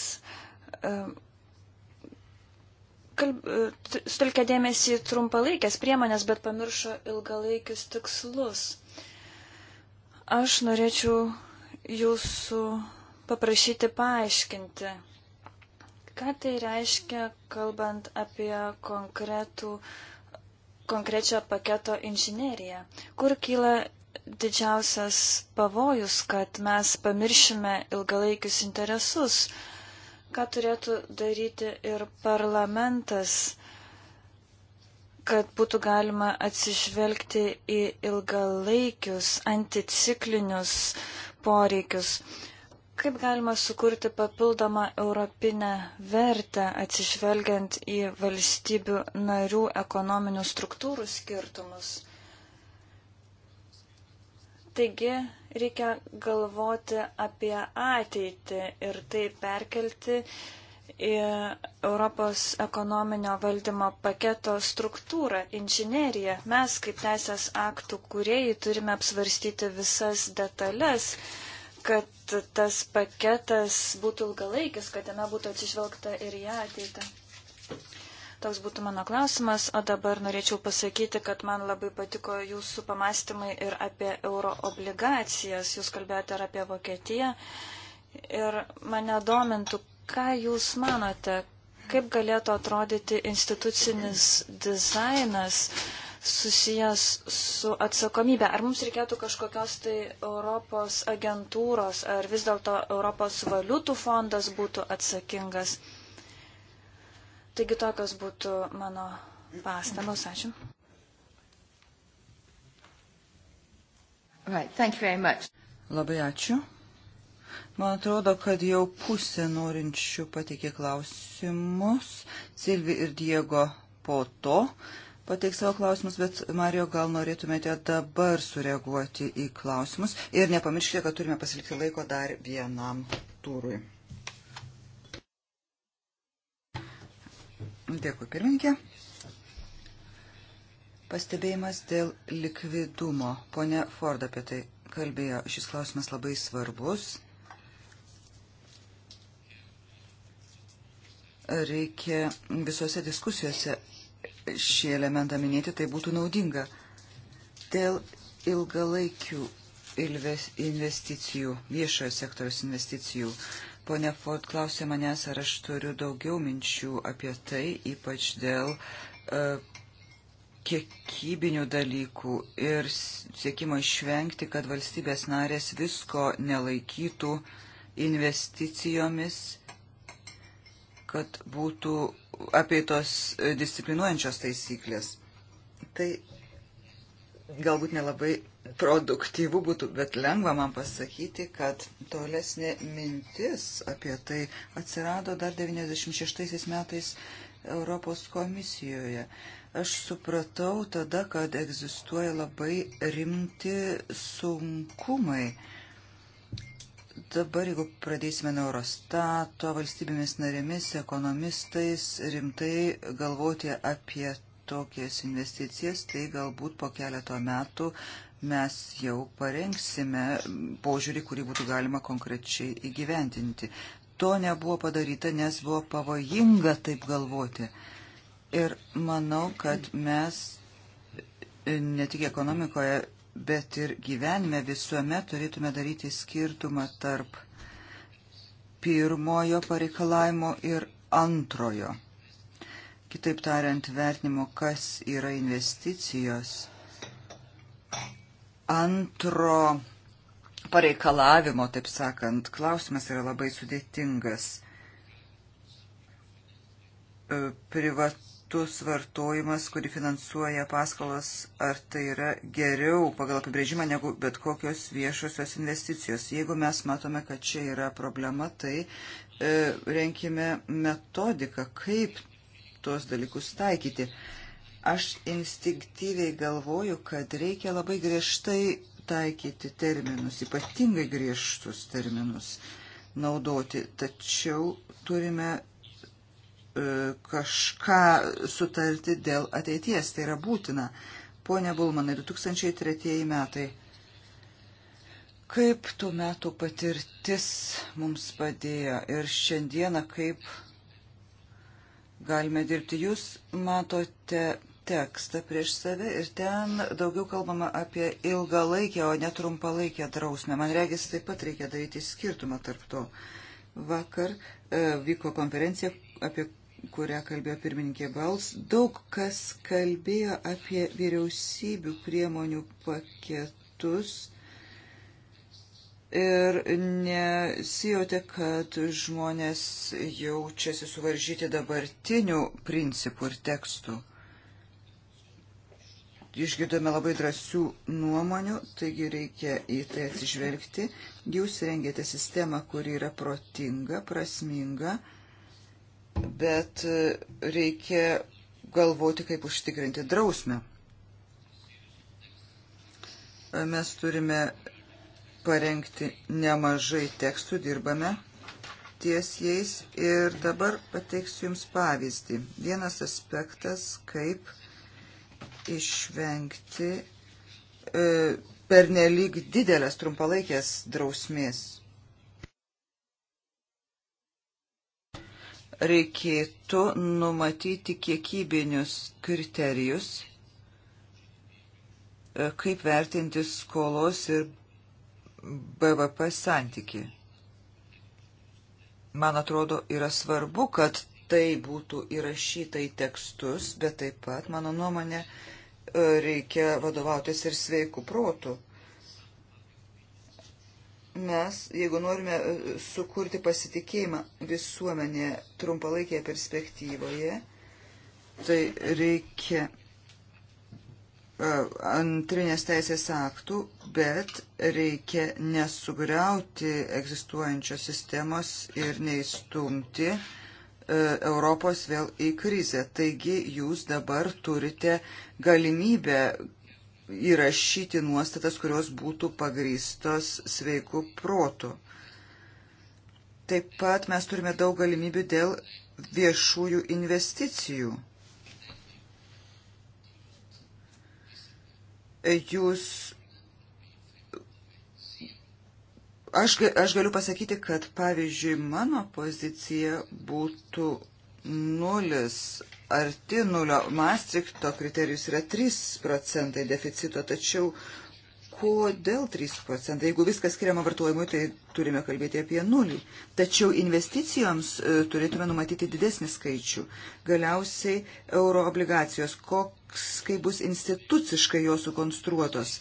kalb, e, sutelkia dėmesį trumpalaikės priemonės, bet pamiršo ilgalaikius tikslus. Aš norėčiau jūsų paprašyti paaiškinti, ką tai reiškia, kalbant apie konkretų, konkrečią paketo inžineriją. Kur kyla didžiausias pavojus, kad mes pamiršime ilgalaikius interesus? Uh, ką turėtų daryti ir parlamentas, kad būtų galima atsižvelgti į ilgalaikius anticiklinius poreikius. Kaip galima sukurti papildomą europinę vertę atsižvelgiant į valstybių narių ekonominių struktūrų skirtumus? Taigi reikia galvoti apie ateitį ir tai perkelti į Europos ekonominio valdymo paketo struktūrą, inžineriją. Mes kaip teisės aktų kuriejai turime apsvarstyti visas detalės, kad tas paketas būtų ilgalaikis, kad jame būtų atsižvelgta ir į ateitį. Toks būtų mano klausimas, o dabar norėčiau pasakyti, kad man labai patiko jūsų pamastymai ir apie euro obligacijas. Jūs kalbėjote ir apie Vokietiją. Ir mane domintų, ką jūs manote, kaip galėtų atrodyti institucinis dizainas susijęs su atsakomybė. Ar mums reikėtų kažkokios tai Europos agentūros, ar vis dėlto Europos valiutų fondas būtų atsakingas? Taigi tokios būtų mano pastabos. Ačiū. Right, thank you very much. Labai ačiū. Man atrodo, kad jau pusė norinčių pateikė klausimus. Silvi ir Diego po to pateiks savo klausimus, bet Mario, gal norėtumėte dabar sureaguoti į klausimus. Ir nepamirškite, kad turime pasilikti laiko dar vienam turui. Dėkui, pirmininkė. Pastebėjimas dėl likvidumo. Pone Ford apie tai kalbėjo. Šis klausimas labai svarbus. Reikia visose diskusijose šį elementą minėti, tai būtų naudinga. Dėl ilgalaikių investicijų, viešojo sektoriaus investicijų. investicijų Pone Ford klausė manęs, ar aš turiu daugiau minčių apie tai, ypač dėl uh, kiekybinių dalykų ir siekimo išvengti, kad valstybės narės visko nelaikytų investicijomis, kad būtų apie tos disciplinuojančios taisyklės. Tai galbūt nelabai produktyvu būtų, bet lengva man pasakyti, kad tolesnė mintis apie tai atsirado dar 96 metais Europos komisijoje. Aš supratau tada, kad egzistuoja labai rimti sunkumai. Dabar, jeigu pradėsime nuo Eurostato, valstybėmis narėmis, ekonomistais, rimtai galvoti apie tokias investicijas, tai galbūt po keleto metų mes jau parengsime požiūrį, kurį būtų galima konkrečiai įgyvendinti. To nebuvo padaryta, nes buvo pavojinga taip galvoti. Ir manau, kad mes ne tik ekonomikoje, bet ir gyvenime visuomet turėtume daryti skirtumą tarp pirmojo pareikalavimo ir antrojo kitaip tariant, vertinimo, kas yra investicijos, antro pareikalavimo, taip sakant, klausimas yra labai sudėtingas. E, privatus vartojimas, kurį finansuoja paskolas, ar tai yra geriau pagal apibrėžimą negu bet kokios viešosios investicijos. Jeigu mes matome, kad čia yra problema, tai e, renkime metodiką, kaip tuos dalykus taikyti. Aš instinktyviai galvoju, kad reikia labai griežtai taikyti terminus, ypatingai griežtus terminus naudoti, tačiau turime e, kažką sutarti dėl ateities, tai yra būtina. Pone Bulmanai, 2003 metai. Kaip tų metų patirtis mums padėjo ir šiandieną kaip galime dirbti. Jūs matote tekstą prieš save ir ten daugiau kalbama apie ilgalaikę, o ne trumpalaikę drausmę. Man regis, taip pat reikia daryti skirtumą tarp to. Vakar e, vyko konferencija, apie kurią kalbėjo pirmininkė Bals. Daug kas kalbėjo apie vyriausybių priemonių paketus ir nesijautė, kad žmonės jaučiasi suvaržyti dabartinių principų ir tekstų. Išgirdome labai drąsių nuomonių, taigi reikia į tai atsižvelgti. Jūs rengėte sistemą, kuri yra protinga, prasminga, bet reikia galvoti, kaip užtikrinti drausmę. Mes turime parengti nemažai tekstų, dirbame ties jais ir dabar pateiksiu Jums pavyzdį. Vienas aspektas, kaip išvengti e, pernelyg didelės trumpalaikės drausmės. Reikėtų numatyti kiekybinius kriterijus, e, kaip vertinti skolos ir BVP santyki. Man atrodo, yra svarbu, kad tai būtų įrašyta į tekstus, bet taip pat, mano nuomonė, e, reikia vadovautis ir sveikų protų. Mes, jeigu norime e, sukurti pasitikėjimą visuomenė trumpalaikėje perspektyvoje, tai reikia E, antrinės teisės aktų, bet reikia nesugriauti egzistuojančios sistemos ir neįstumti e, Europos vėl į krizę. Taigi jūs dabar turite galimybę įrašyti nuostatas, kurios būtų pagrystos sveiku protu. Taip pat mes turime daug galimybių dėl viešųjų investicijų Jūs. Aš, aš galiu pasakyti, kad pavyzdžiui mano pozicija būtų nulis arti nulio. Maastrichto kriterijus yra 3 procentai deficito, tačiau kodėl 3 procentai. Jeigu viskas skiriama vartojimui, tai turime kalbėti apie nulį. Tačiau investicijoms e, turėtume numatyti didesnį skaičių. Galiausiai euro obligacijos, koks, kai bus instituciškai jos sukonstruotos.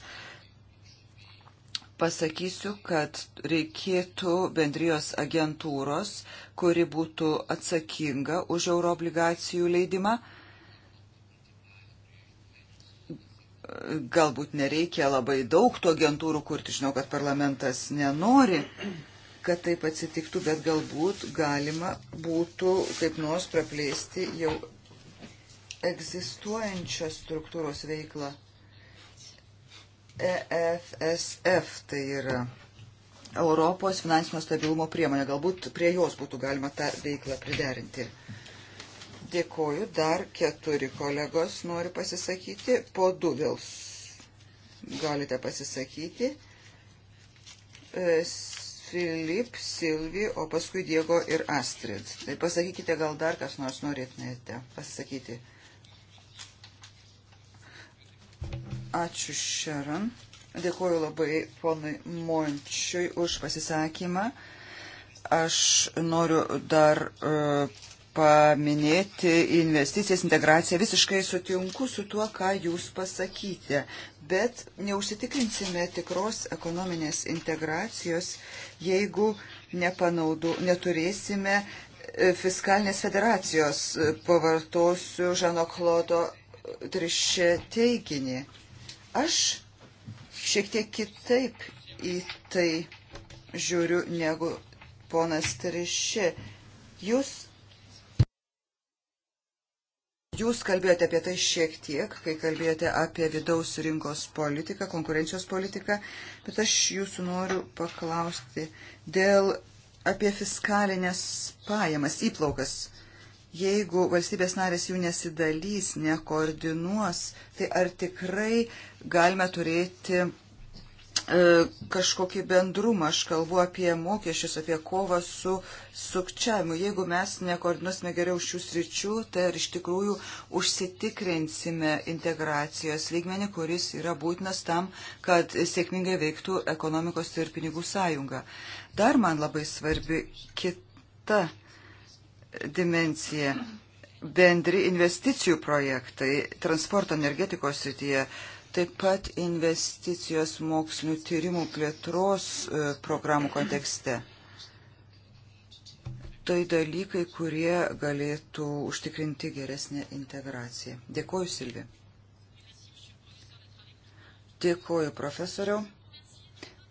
Pasakysiu, kad reikėtų bendrijos agentūros, kuri būtų atsakinga už euro obligacijų leidimą. galbūt nereikia labai daug tų agentūrų kurti. Žinau, kad parlamentas nenori, kad taip atsitiktų, bet galbūt galima būtų kaip nors praplėsti jau egzistuojančios struktūros veiklą. EFSF tai yra Europos finansinio stabilumo priemonė. Galbūt prie jos būtų galima tą veiklą priderinti. Dėkoju. Dar keturi kolegos nori pasisakyti. Po du vėl galite pasisakyti. E, Filip, Silvi, o paskui Diego ir Astrid. Tai pasakykite, gal dar kas nors norėtumėte pasakyti. Ačiū Šeran. Dėkuoju labai ponui Mončiui už pasisakymą. Aš noriu dar uh, paminėti investicijas, integraciją. Visiškai sutinku su tuo, ką jūs pasakyti. Bet neužsitikrinsime tikros ekonominės integracijos, jeigu nepanaudu, neturėsime e, fiskalinės federacijos, e, pavartosiu Žano Klodo trišė teiginį. Aš šiek tiek kitaip į tai žiūriu negu ponas trišė. Jūs Jūs kalbėjote apie tai šiek tiek, kai kalbėjote apie vidaus rinkos politiką, konkurencijos politiką, bet aš jūsų noriu paklausti dėl apie fiskalinės pajamas, įplaukas. Jeigu valstybės narės jų nesidalys, nekoordinuos, tai ar tikrai galime turėti E, kažkokį bendrumą, aš kalbu apie mokesčius, apie kovą su sukčiavimu. Jeigu mes nekoordinuosime geriau šių sričių, tai ar iš tikrųjų užsitikrinsime integracijos lygmenį, kuris yra būtinas tam, kad sėkmingai veiktų ekonomikos ir pinigų sąjunga. Dar man labai svarbi kita dimensija bendri investicijų projektai transporto energetikos srityje. Tai Taip pat investicijos mokslinių tyrimų plėtros e, programų kontekste. Tai dalykai, kurie galėtų užtikrinti geresnę integraciją. Dėkuoju, Silvi. Dėkuoju, profesoriau.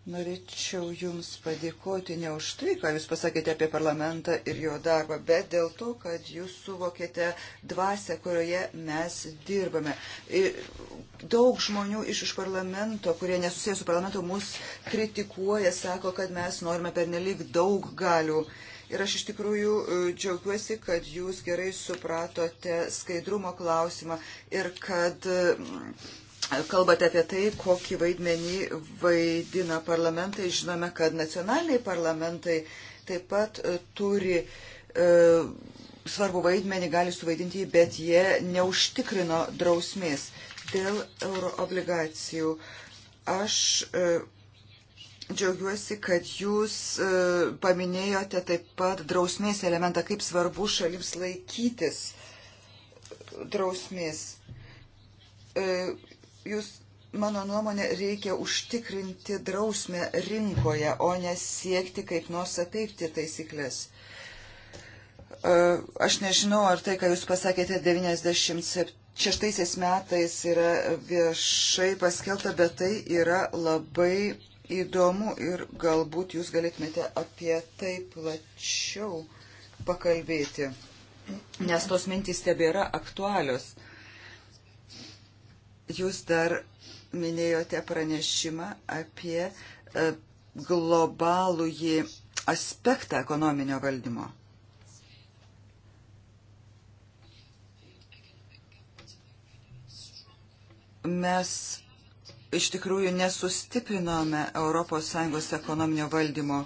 Norėčiau Jums padėkoti ne už tai, ką Jūs pasakėte apie parlamentą ir jo darbą, bet dėl to, kad Jūs suvokėte dvasę, kurioje mes dirbame. Ir daug žmonių iš, iš parlamento, kurie nesusijęs su parlamentu, mus kritikuoja, sako, kad mes norime pernelyg daug galių. Ir aš iš tikrųjų e, džiaugiuosi, kad jūs gerai supratote skaidrumo klausimą ir kad Kalbate apie tai, kokį vaidmenį vaidina parlamentai. Žinome, kad nacionaliniai parlamentai taip pat e, turi e, svarbu vaidmenį, gali suvaidinti, bet jie neužtikrino drausmės dėl euro obligacijų. Aš e, džiaugiuosi, kad jūs e, paminėjote taip pat drausmės elementą, kaip svarbu šalims laikytis drausmės. E, jūs, mano nuomonė, reikia užtikrinti drausmę rinkoje, o nesiekti kaip nors apeipti taisyklės. E, aš nežinau, ar tai, ką jūs pasakėte 97 šeštaisiais metais yra viešai paskelta, bet tai yra labai įdomu ir galbūt jūs galėtumėte apie tai plačiau pakalbėti, nes tos mintys tebėra aktualios. Jūs dar minėjote pranešimą apie e, globalųjį aspektą ekonominio valdymo. Mes iš tikrųjų nesustiprinome ES ekonominio valdymo.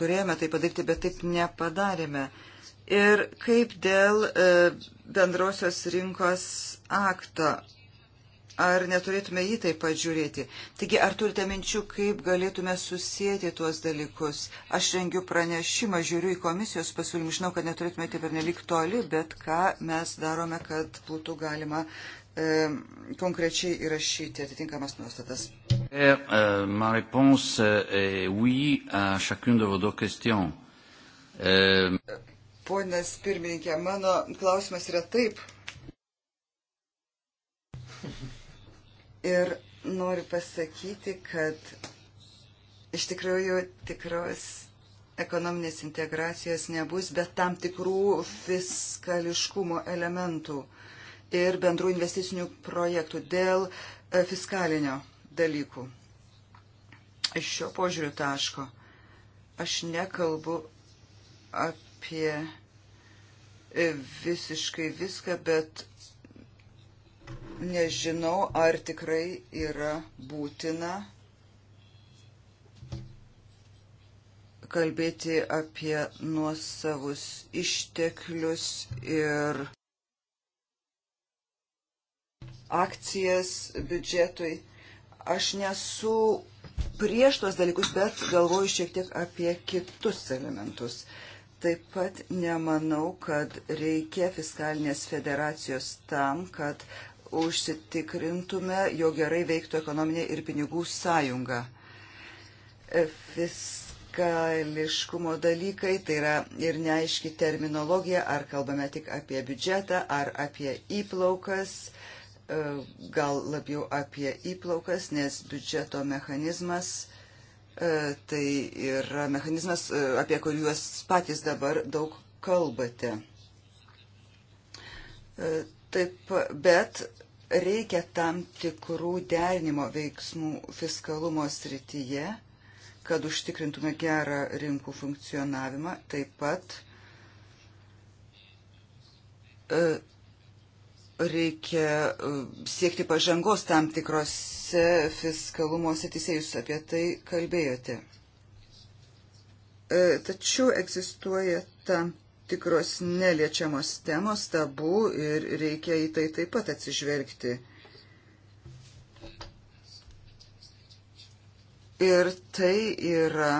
Turėjome tai padaryti, bet taip nepadarėme. Ir kaip dėl e, bendrosios rinkos akto Ar neturėtume jį taip pat žiūrėti? Taigi, ar turite minčių, kaip galėtume susijęti tuos dalykus? Aš rengiu pranešimą, žiūriu į komisijos pasiūlymą, žinau, kad neturėtume taip ir nelik toli, bet ką mes darome, kad būtų galima e, konkrečiai įrašyti atitinkamas nuostatas. E, ma réponse est oui à chacune de vos deux questions. E... Ponas pirmininkė, mano klausimas yra taip. Ir noriu pasakyti, kad iš tikrųjų tikros ekonominės integracijos nebus, bet tam tikrų fiskališkumo elementų ir bendrų investicinių projektų dėl e, fiskalinio dalykų. Iš šio požiūrio taško aš nekalbu apie e, visiškai viską, bet nežinau, ar tikrai yra būtina kalbėti apie nuosavus išteklius ir akcijas biudžetui. Aš nesu prieš tos dalykus, bet galvoju šiek tiek apie kitus elementus. Taip pat nemanau, kad reikia fiskalinės federacijos tam, kad užsitikrintume, jo gerai veiktų ekonominė ir pinigų sąjunga. Fiskališkumo dalykai, tai yra ir neaiški terminologija, ar kalbame tik apie biudžetą, ar apie įplaukas, e, gal labiau apie įplaukas, nes biudžeto mechanizmas e, tai yra mechanizmas, e, apie kuriuos patys dabar daug kalbate. Taip, bet reikia tam tikrų derinimo veiksmų fiskalumo srityje, kad užtikrintume gerą rinkų funkcionavimą, taip pat e, reikia e, siekti pažangos tam tikrose fiskalumo srityse, jūs apie tai kalbėjote. E, tačiau egzistuoja tam tikros neliečiamos temos, tabų ir reikia į tai taip pat atsižvelgti. Ir tai yra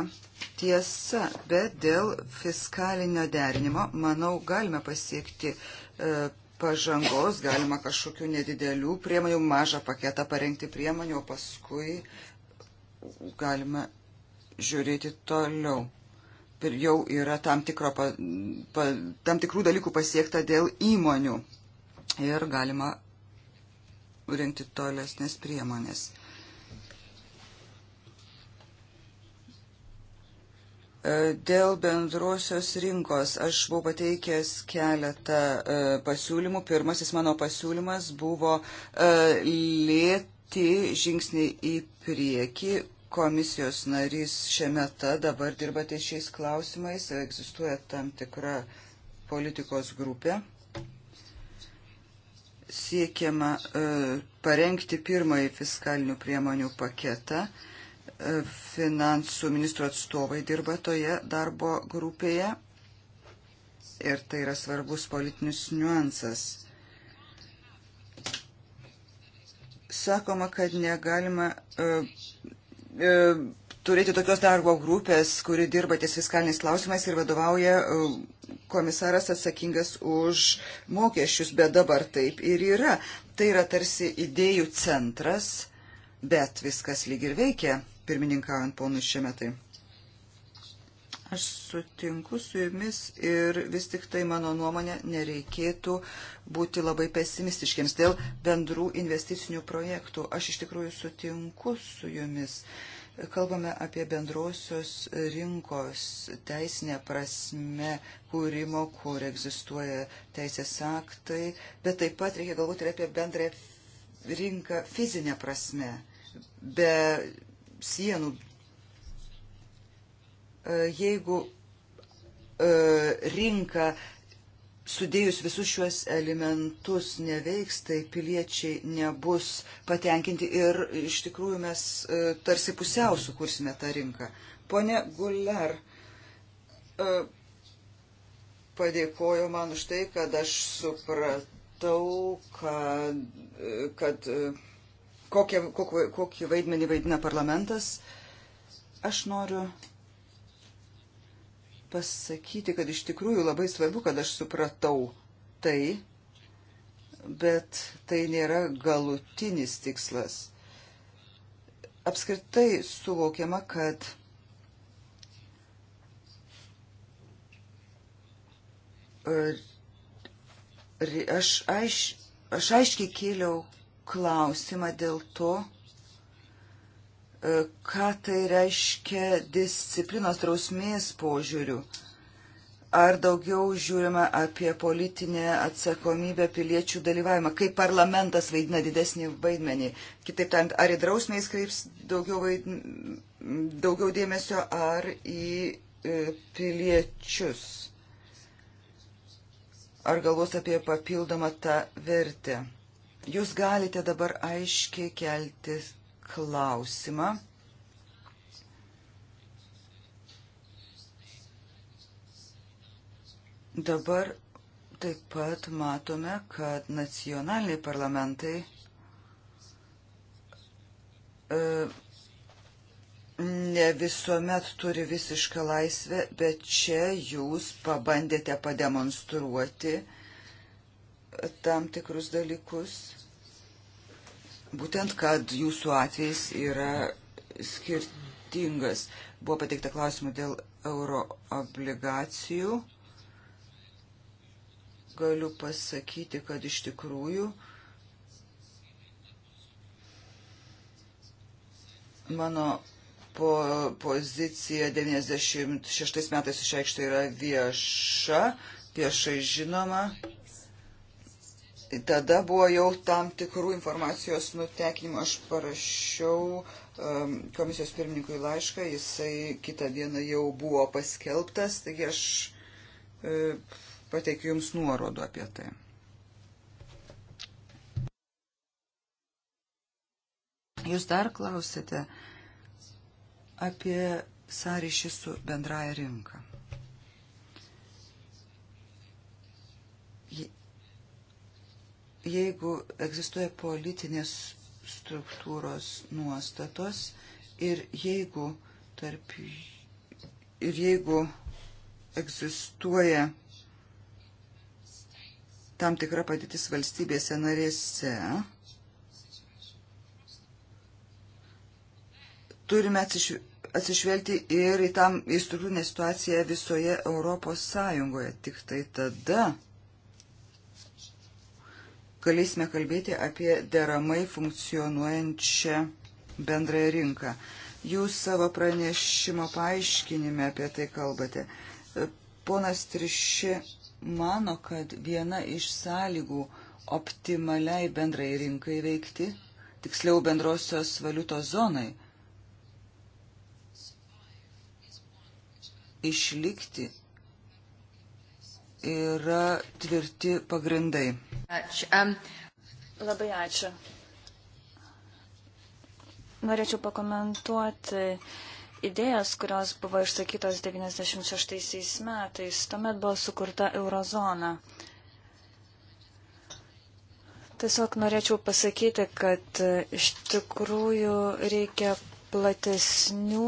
tiesa, bet dėl fiskalinio derinimo, manau, galime pasiekti e, pažangos, galima kažkokių nedidelių priemonių, mažą paketą parengti priemonių, o paskui galima žiūrėti toliau jau yra tam, tikro, pa, pa, tam tikrų dalykų pasiekta dėl įmonių ir galima rinkti tolesnės priemonės. E, dėl bendrosios rinkos aš buvau pateikęs keletą e, pasiūlymų. Pirmasis mano pasiūlymas buvo e, lėti žingsniai į priekį, komisijos narys šiame ta dabar dirbate šiais klausimais, egzistuoja tam tikra politikos grupė. Siekiama e, parengti pirmąjį fiskalinių priemonių paketą. E, finansų ministro atstovai dirba toje darbo grupėje ir tai yra svarbus politinis niuansas. Sakoma, kad negalima uh, E, turėti tokios darbo grupės, kuri dirba ties fiskaliniais klausimais ir vadovauja e, komisaras atsakingas už mokesčius, bet dabar taip ir yra. Tai yra tarsi idėjų centras, bet viskas lyg ir veikia, pirmininkaujant ponui šiame tai. Aš sutinku su jumis ir vis tik tai mano nuomonė nereikėtų būti labai pesimistiškiams dėl bendrų investicinių projektų. Aš iš tikrųjų sutinku su jumis. Kalbame apie bendrosios rinkos teisinę prasme kūrimo, kur egzistuoja teisės aktai, bet taip pat reikia galbūt ir apie bendrąją rinką fizinę prasme, be sienų E, jeigu e, rinka sudėjus visus šiuos elementus neveiks, tai piliečiai nebus patenkinti ir iš tikrųjų mes e, tarsi pusiau sukursime tą rinką. Pone Guller padėkojo man už tai, kad aš supratau, kad, kad kokie, kokį vaidmenį vaidina parlamentas. Aš noriu pasakyti, kad iš tikrųjų labai svarbu, kad aš supratau tai, bet tai nėra galutinis tikslas. Apskritai suvokiama, kad aš, aiš, aš aiškiai kėliau klausimą dėl to, E, ką tai reiškia disciplinos trausmės požiūrių. Ar daugiau žiūrime apie politinę atsakomybę piliečių dalyvavimą, kaip parlamentas vaidina didesnį vaidmenį. Kitaip tariant, ar į drausmę jis kreips daugiau, vaidn... daugiau dėmesio, ar į e, piliečius. Ar galvos apie papildomą tą vertę. Jūs galite dabar aiškiai keltis klausimą. Dabar taip pat matome, kad nacionaliniai parlamentai e, ne visuomet turi visišką laisvę, bet čia jūs pabandėte pademonstruoti tam tikrus dalykus būtent, kad jūsų atvejs yra skirtingas. Buvo pateikta klausimų dėl euro obligacijų. Galiu pasakyti, kad iš tikrųjų mano po pozicija 96 metais išreikšta yra vieša, viešai žinoma. Tai tada buvo jau tam tikrų informacijos nutekinimo. Aš parašiau um, komisijos pirmininkui laišką, jisai kitą dieną jau buvo paskelbtas, taigi aš e, pateikiu Jums nuorodų apie tai. Jūs dar klausėte apie sąryšį su bendraja rinka. jeigu egzistuoja politinės struktūros nuostatos ir jeigu tarp ir jeigu egzistuoja tam tikra padėtis valstybėse narėse, turime atsiž... atsižvelgti ir į tam į struktūrinę situaciją visoje Europos Sąjungoje. Tik tai tada galėsime kalbėti apie deramai funkcionuojančią bendrąją rinką. Jūs savo pranešimo paaiškinime apie tai kalbate. Ponas Triši mano, kad viena iš sąlygų optimaliai bendrai rinkai veikti, tiksliau bendrosios valiutos zonai, išlikti yra tvirti pagrindai. Ačiū. Um, labai ačiū. Norėčiau pakomentuoti idėjas, kurios buvo išsakytos 96 metais. Tuomet buvo sukurta eurozona. Tiesiog norėčiau pasakyti, kad iš tikrųjų reikia platesnių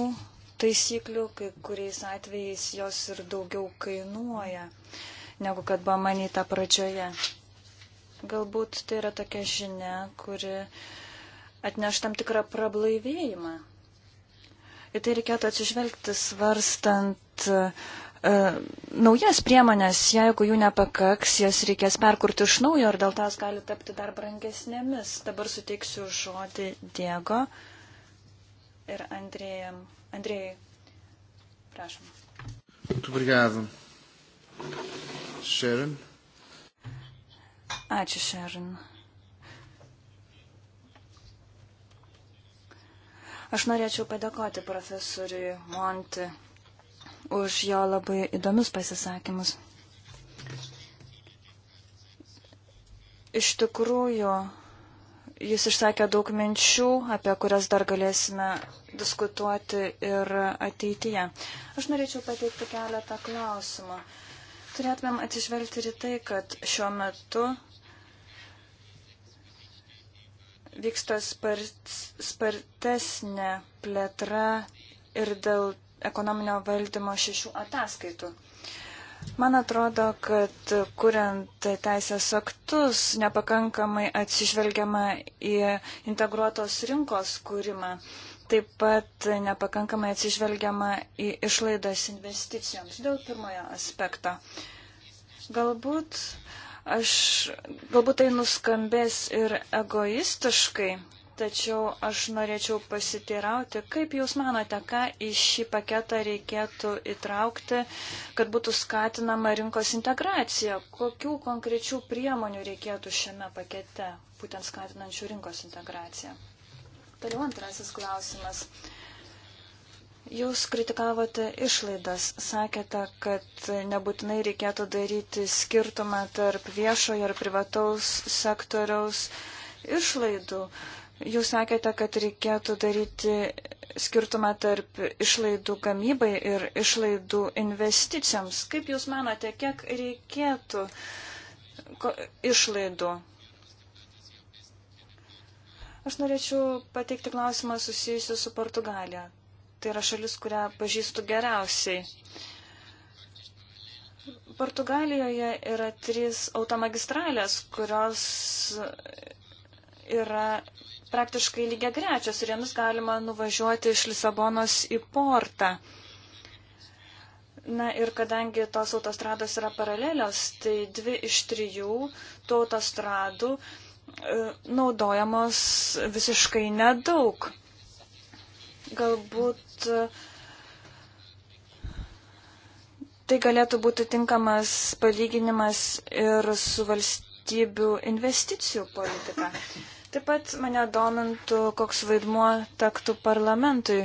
taisyklių, kai kuriais atvejais jos ir daugiau kainuoja. Uh, negu kad buvo manyta pradžioje. Galbūt tai yra tokia žinia, kuri atneš tam tikrą prablaivėjimą. Į tai reikėtų atsižvelgti svarstant e, naujas priemonės, jeigu jų nepakaks, jas reikės perkurti iš naujo ir dėl tas gali tapti dar brangesnėmis. Dabar suteiksiu žodį Diego ir Andrėjam. Andrėjai, prašom. Muito obrigado. Sharon. Ačiū, Sharon. Aš norėčiau padėkoti profesoriui Monti už jo labai įdomius pasisakymus. Iš tikrųjų, jis išsakė daug minčių, apie kurias dar galėsime diskutuoti ir ateityje. Aš norėčiau pateikti keletą klausimų. Turėtumėm atsižvelgti ir tai, kad šiuo metu vyksta spartesnė plėtra ir dėl ekonominio valdymo šešių ataskaitų. Man atrodo, kad kuriant teisės aktus nepakankamai atsižvelgiama į integruotos rinkos kūrimą. Uh, Taip pat nepakankamai atsižvelgiama į išlaidas investicijoms dėl pirmojo aspekto. Galbūt aš, galbūt tai nuskambės ir egoistiškai, tačiau aš norėčiau pasiteirauti, kaip Jūs manote, ką į šį paketą reikėtų įtraukti, kad būtų skatinama rinkos integracija, kokių konkrečių priemonių reikėtų šiame pakete, būtent skatinančių rinkos integraciją. Toliau antrasis klausimas. Jūs kritikavote išlaidas, sakėte, kad nebūtinai reikėtų daryti skirtumą tarp viešojo ir privataus sektoriaus išlaidų. Jūs sakėte, kad reikėtų daryti skirtumą tarp išlaidų gamybai ir išlaidų investicijoms. Kaip Jūs manote, kiek reikėtų išlaidų Aš norėčiau pateikti klausimą susijusiu su Portugalija. Tai yra šalis, kurią pažįstu geriausiai. Portugalijoje yra trys automagistralės, kurios yra praktiškai lygia grečios ir jomis galima nuvažiuoti iš Lisabonos į portą. Na ir kadangi tos autostrados yra paralelios, tai dvi iš trijų tų autostradų uh, E, naudojamos visiškai nedaug. Galbūt e, tai galėtų būti tinkamas palyginimas ir su valstybių investicijų politika. Taip pat mane domintų, koks vaidmuo tektų parlamentui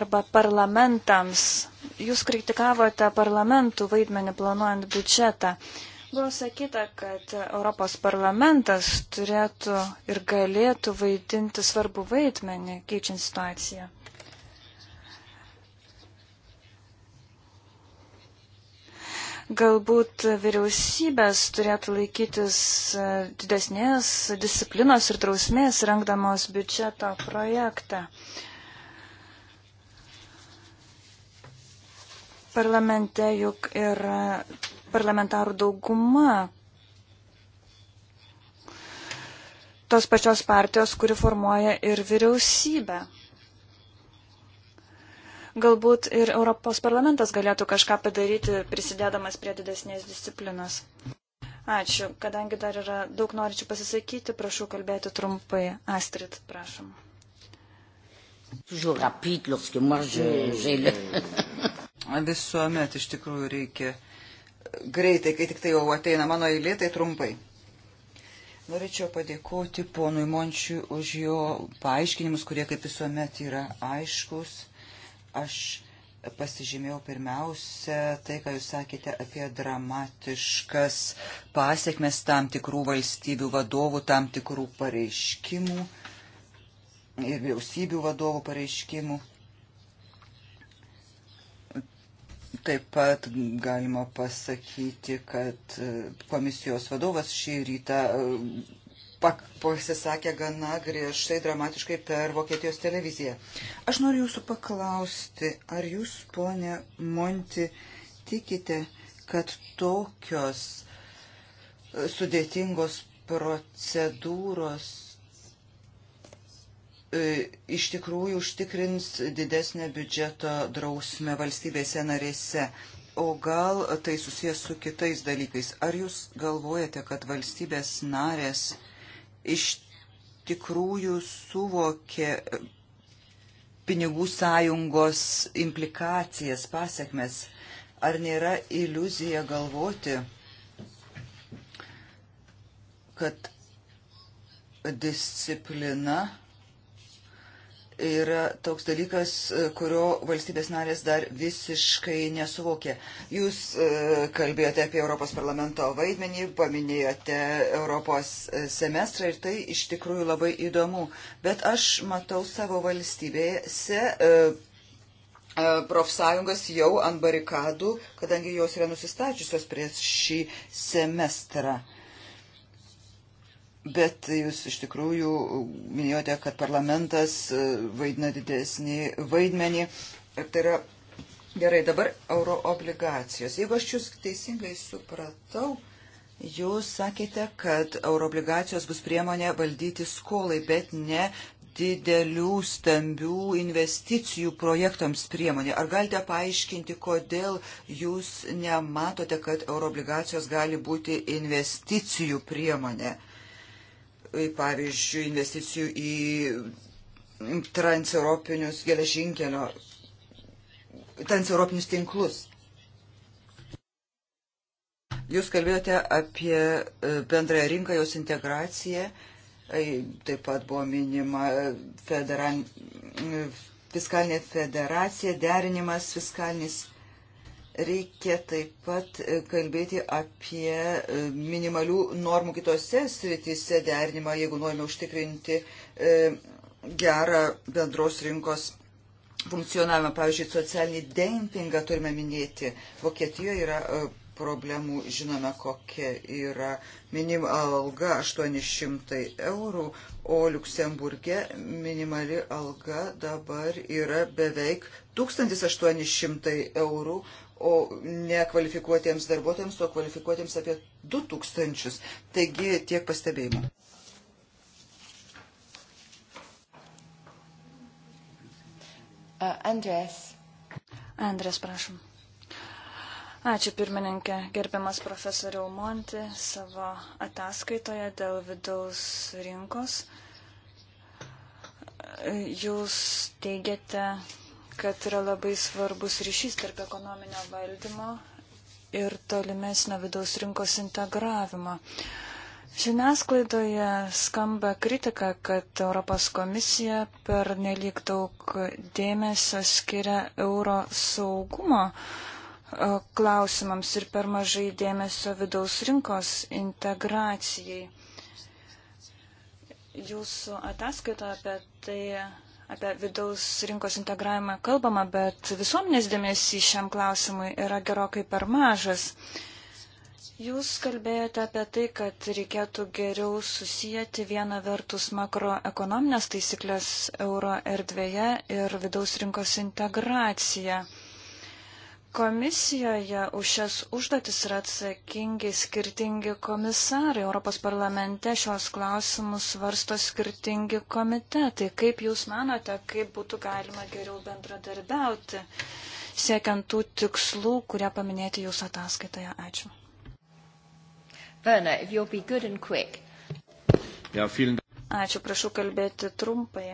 arba parlamentams. Jūs kritikavote parlamentų vaidmenį planuojant biudžetą. Uh, Buvo sakyta, kad Europos parlamentas turėtų ir galėtų vaidinti svarbu vaidmenį keičiant situaciją. galbūt vyriausybės turėtų laikytis didesnės disciplinos ir trausmės rengdamos biudžeto projektą. Uh, Parlamente juk yra parlamentarų dauguma tos pačios partijos, kuri formuoja ir vyriausybę. Galbūt ir Europos parlamentas galėtų kažką padaryti, prisidėdamas prie didesnės disciplinos. Ačiū. Kadangi dar yra daug norinčių pasisakyti, prašau kalbėti trumpai. Astrid, prašom. Toujours rapide lorsque moi j'ai le. Visuomet iš tikrųjų reikia greitai, kai tik tai jau ateina mano eilė, tai trumpai. Norėčiau padėkoti ponui Mončiui už jo paaiškinimus, kurie kaip visuomet yra aiškus. Aš pasižymėjau pirmiausia tai, ką jūs sakėte apie dramatiškas pasiekmes tam tikrų valstybių vadovų, tam tikrų pareiškimų ir vyriausybių vadovų pareiškimų. Taip pat galima pasakyti, kad e, komisijos vadovas šį rytą e, pasisakė gana griežtai, dramatiškai per Vokietijos televiziją. Aš noriu jūsų paklausti, ar jūs, ponė Monti, tikite, kad tokios e, sudėtingos procedūros E, iš tikrųjų užtikrins didesnę biudžeto drausmę valstybėse narėse. O gal tai susijęs su kitais dalykais? Ar jūs galvojate, kad valstybės narės iš tikrųjų suvokė e, pinigų sąjungos implikacijas, pasiekmes? Ar nėra iliuzija galvoti, kad disciplina yra toks dalykas, e, kurio valstybės narės dar visiškai nesuvokė. Jūs e, kalbėjote apie Europos parlamento vaidmenį, paminėjote Europos e, semestrą ir tai iš tikrųjų labai įdomu. Bet aš matau savo valstybėse profsąjungas jau ant barikadų, kadangi jos yra nusistačiusios prieš šį semestrą. Bet jūs iš tikrųjų minėjote, kad parlamentas e, vaidina didesnį vaidmenį. Ir tai yra gerai, dabar euro obligacijos. Jeigu aš jūs teisingai supratau, jūs sakėte, kad euro obligacijos bus priemonė valdyti skolai, bet ne didelių, stambių investicijų projektams priemonė. Ar galite paaiškinti, kodėl jūs nematote, kad euroobligacijos gali būti investicijų priemonė? Uh, pavyzdžiui, investicijų į transeuropinius geležinkelio, transeuropinius tinklus. Jūs kalbėjote apie e, bendrąją rinką, jos integraciją, e, taip pat buvo minima federal, e, fiskalinė federacija, derinimas fiskalinis Reikia taip pat e, kalbėti apie e, minimalių normų kitose sritise derinimą, jeigu norime užtikrinti e, gerą bendros rinkos funkcionavimą. Pavyzdžiui, socialinį dempingą turime minėti. Vokietijoje yra problemų, žinome, kokia yra minima alga 800 eurų, o Luksemburge minimali alga dabar yra beveik 1800 eurų, o ne kvalifikuotiems darbuotojams, o kvalifikuotiems apie 2000. Taigi tiek pastebėjimų. Uh, Andrės. Andrės, prašom. Ačiū pirmininkė, gerbiamas profesoriau Monti savo ataskaitoje dėl vidaus rinkos. Jūs teigiate, kad yra labai svarbus ryšys tarp ekonominio valdymo ir tolimesnio vidaus rinkos integravimo. Žiniasklaidoje skamba kritika, kad Europos komisija per nelik daug dėmesio skiria euro saugumo e, klausimams ir per mažai dėmesio vidaus rinkos integracijai. Jūsų ataskaita apie tai apie vidaus rinkos integravimą kalbama, bet visuomenės dėmesys šiam klausimui yra gerokai per mažas. Jūs kalbėjote apie tai, kad reikėtų geriau susijęti vieną vertus makroekonominės taisyklės euro erdvėje ir vidaus rinkos integraciją. Komisijoje už šias užduotis yra atsakingi skirtingi komisarai. Europos parlamente šios klausimus svarsto skirtingi komitetai. Kaip Jūs manote, kaip būtų galima geriau bendradarbiauti, siekiant tų tikslų, kurie paminėti Jūsų ataskaitoje? Ačiū. Berna, ja, Ačiū, prašau kalbėti trumpai.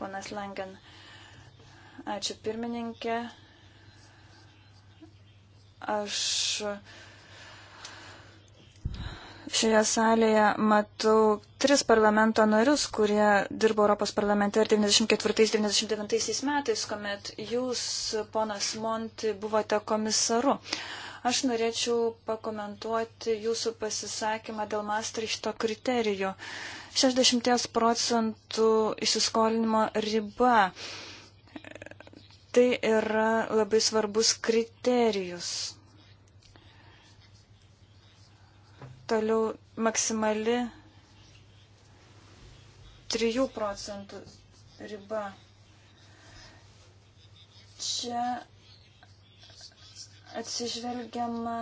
Ponas Langen. Ačiū pirmininkė. Aš šioje salėje matau tris parlamento narius, kurie dirbo Europos parlamente ir 94-99 metais, kuomet jūs, ponas Monti, buvote komisaru. Aš norėčiau pakomentuoti jūsų pasisakymą dėl Maastrichto kriterijų. 60 procentų įsiskolinimo riba Tai yra labai svarbus kriterijus. Toliau maksimali 3 procentų riba. Čia atsižvelgiama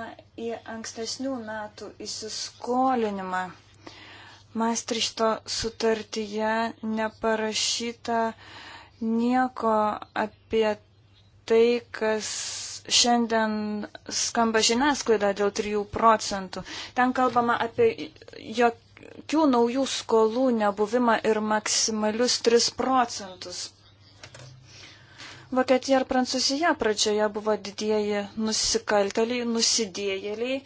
į ankstesnių metų įsiskolinimą. Mastrišto sutartyje neparašyta uh, nieko apie tai, kas šiandien skamba žiniasklaida dėl 3 procentų. Ten kalbama apie jokių naujų skolų nebuvimą ir maksimalius 3 procentus. Vokietija ir Prancūzija pradžioje buvo didieji nusikalteliai, nusidėjėliai.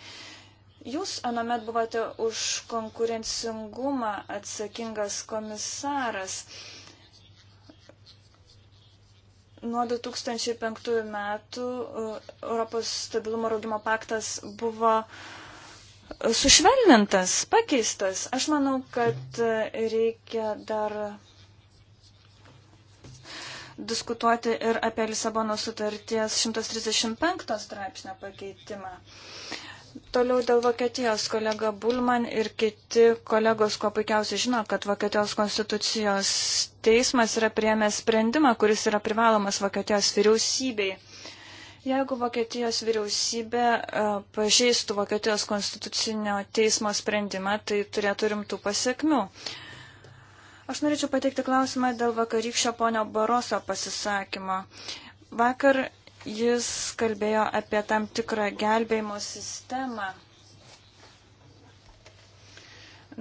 Jūs anomet buvote už konkurencingumą atsakingas komisaras. Uh, Nuo 2005 metų uh, Europos stabilumo raugimo paktas buvo uh, sušvelnintas, pakeistas. Aš manau, kad uh, reikia dar diskutuoti ir apie Lisabono sutarties 135 straipsnio pakeitimą. Uh, Toliau dėl Vokietijos kolega Bulman ir kiti kolegos, kuo puikiausiai žino, kad Vokietijos konstitucijos teismas yra priemęs sprendimą, kuris yra privalomas Vokietijos vyriausybei. Jeigu Vokietijos vyriausybė e, pažeistų Vokietijos konstitucinio teismo sprendimą, tai turėtų rimtų pasiekmių. Aš norėčiau pateikti klausimą dėl vakarykščio ponio Baroso pasisakymo. Vakar Jis kalbėjo apie tam tikrą gelbėjimo sistemą.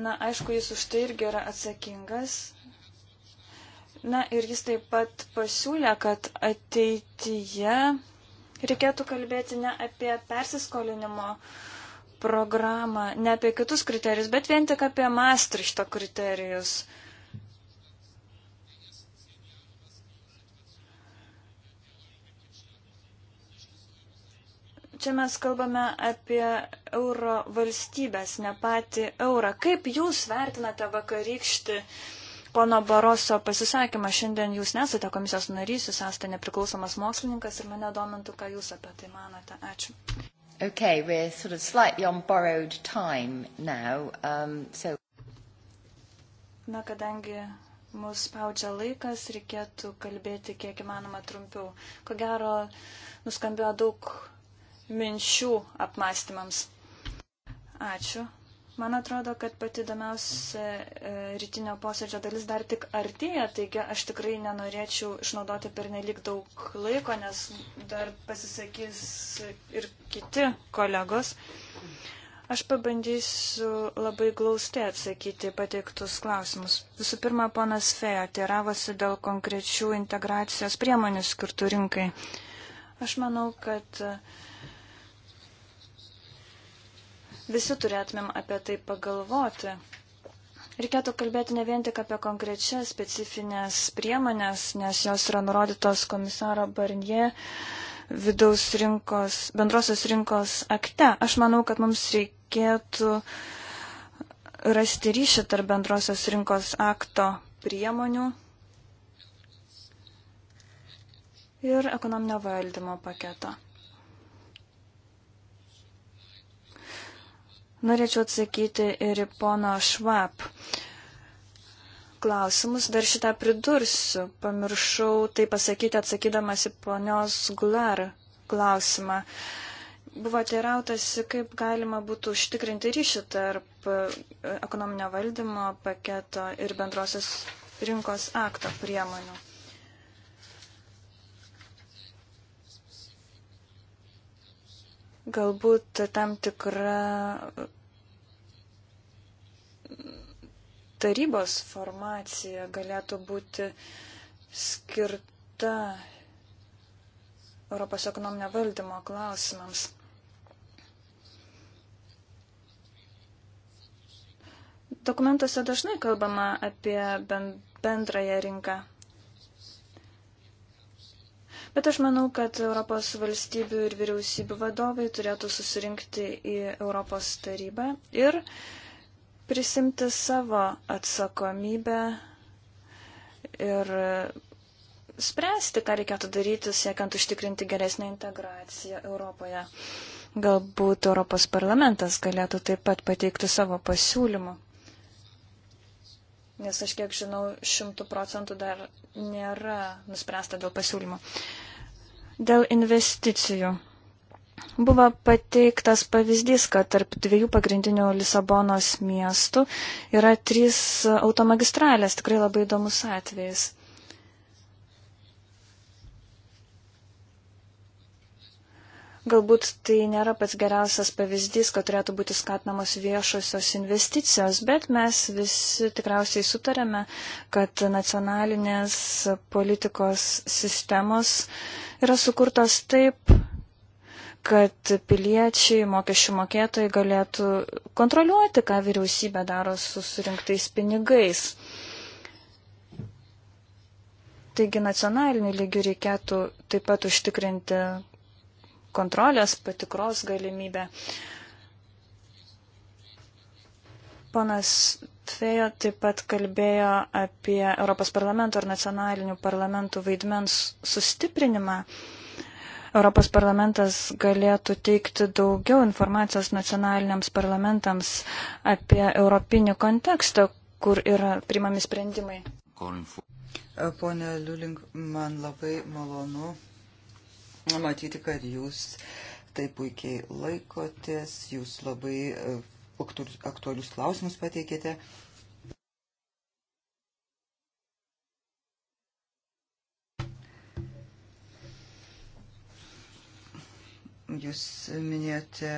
Na, aišku, jis už tai irgi yra atsakingas. Na ir jis taip pat pasiūlė, kad ateityje reikėtų kalbėti ne apie persiskolinimo programą, ne apie kitus kriterijus, bet vien tik apie Maastrichto kriterijus. Uh, Čia mes kalbame apie euro valstybės, ne patį eurą. Kaip jūs vertinate vakarykštį pono Baroso pasisakymą? Šiandien jūs nesate komisijos narys, jūs esate nepriklausomas mokslininkas ir mane domintų, ką jūs apie tai manote. Ačiū. Okay, we're sort of slightly on borrowed time now. Um, so... Na, kadangi mus spaudžia laikas, reikėtų kalbėti kiek įmanoma trumpiau. Ko gero, nuskambėjo daug minčių apmąstymams. Ačiū. Man atrodo, kad pati įdomiausia e, rytinio posėdžio dalis dar tik artėja, taigi aš tikrai nenorėčiau išnaudoti per nelik daug laiko, nes dar pasisakys ir kiti kolegos. Aš pabandysiu labai glaustai atsakyti pateiktus klausimus. Visų pirma, ponas Feja tėravosi dėl konkrečių integracijos priemonių skirtų rinkai. Aš manau, kad uh, Visi turėtumėm apie tai pagalvoti. Reikėtų kalbėti ne vien tik apie konkrečias specifines priemonės, nes jos yra nurodytos komisaro Barnie vidaus rinkos, bendrosios rinkos akte. Aš manau, kad mums reikėtų rasti ryšį tarp bendrosios rinkos akto priemonių ir ekonominio valdymo paketo. Norėčiau atsakyti ir į pono Švap klausimus. Dar šitą pridursiu. Pamiršau tai pasakyti atsakydamas į ponios Gular klausimą. Buvo teirautasi, kaip galima būtų užtikrinti ryšį tarp e, ekonominio valdymo paketo ir bendrosios rinkos akto priemonių. Galbūt tam tikra tarybos formacija galėtų būti skirta Europos ekonominio valdymo klausimams. Dokumentuose dažnai kalbama apie bendrąją rinką. Bet aš manau, kad Europos valstybių ir vyriausybių vadovai turėtų susirinkti į Europos tarybą ir prisimti savo atsakomybę ir spręsti, ką reikėtų daryti, siekiant užtikrinti geresnę integraciją Europoje. Galbūt Europos parlamentas galėtų taip pat pateikti savo pasiūlymų nes aš kiek žinau, šimtų procentų dar nėra nuspręsta dėl pasiūlymo. Dėl investicijų. Buvo pateiktas pavyzdys, kad tarp dviejų pagrindinių Lisabonos miestų yra trys automagistralės, tikrai labai įdomus atvejis. Galbūt tai nėra pats geriausias pavyzdys, kad turėtų būti skatinamos viešosios investicijos, bet mes visi tikriausiai sutarėme, kad nacionalinės politikos sistemos yra sukurtos taip, kad piliečiai, mokesčių mokėtojai galėtų kontroliuoti, ką vyriausybė daro su surinktais pinigais. Taigi nacionaliniu lygiu reikėtų taip pat užtikrinti kontrolės patikros galimybę. Ponas Tvejo taip pat kalbėjo apie Europos parlamento ir nacionalinių parlamentų vaidmens sustiprinimą. Europos parlamentas galėtų teikti daugiau informacijos nacionaliniams parlamentams apie europinį kontekstą, kur yra primami sprendimai. Pone Liulink, man labai malonu matyti, kad jūs taip puikiai laikotės, jūs labai e, aktualius klausimus pateikėte. Jūs minėjote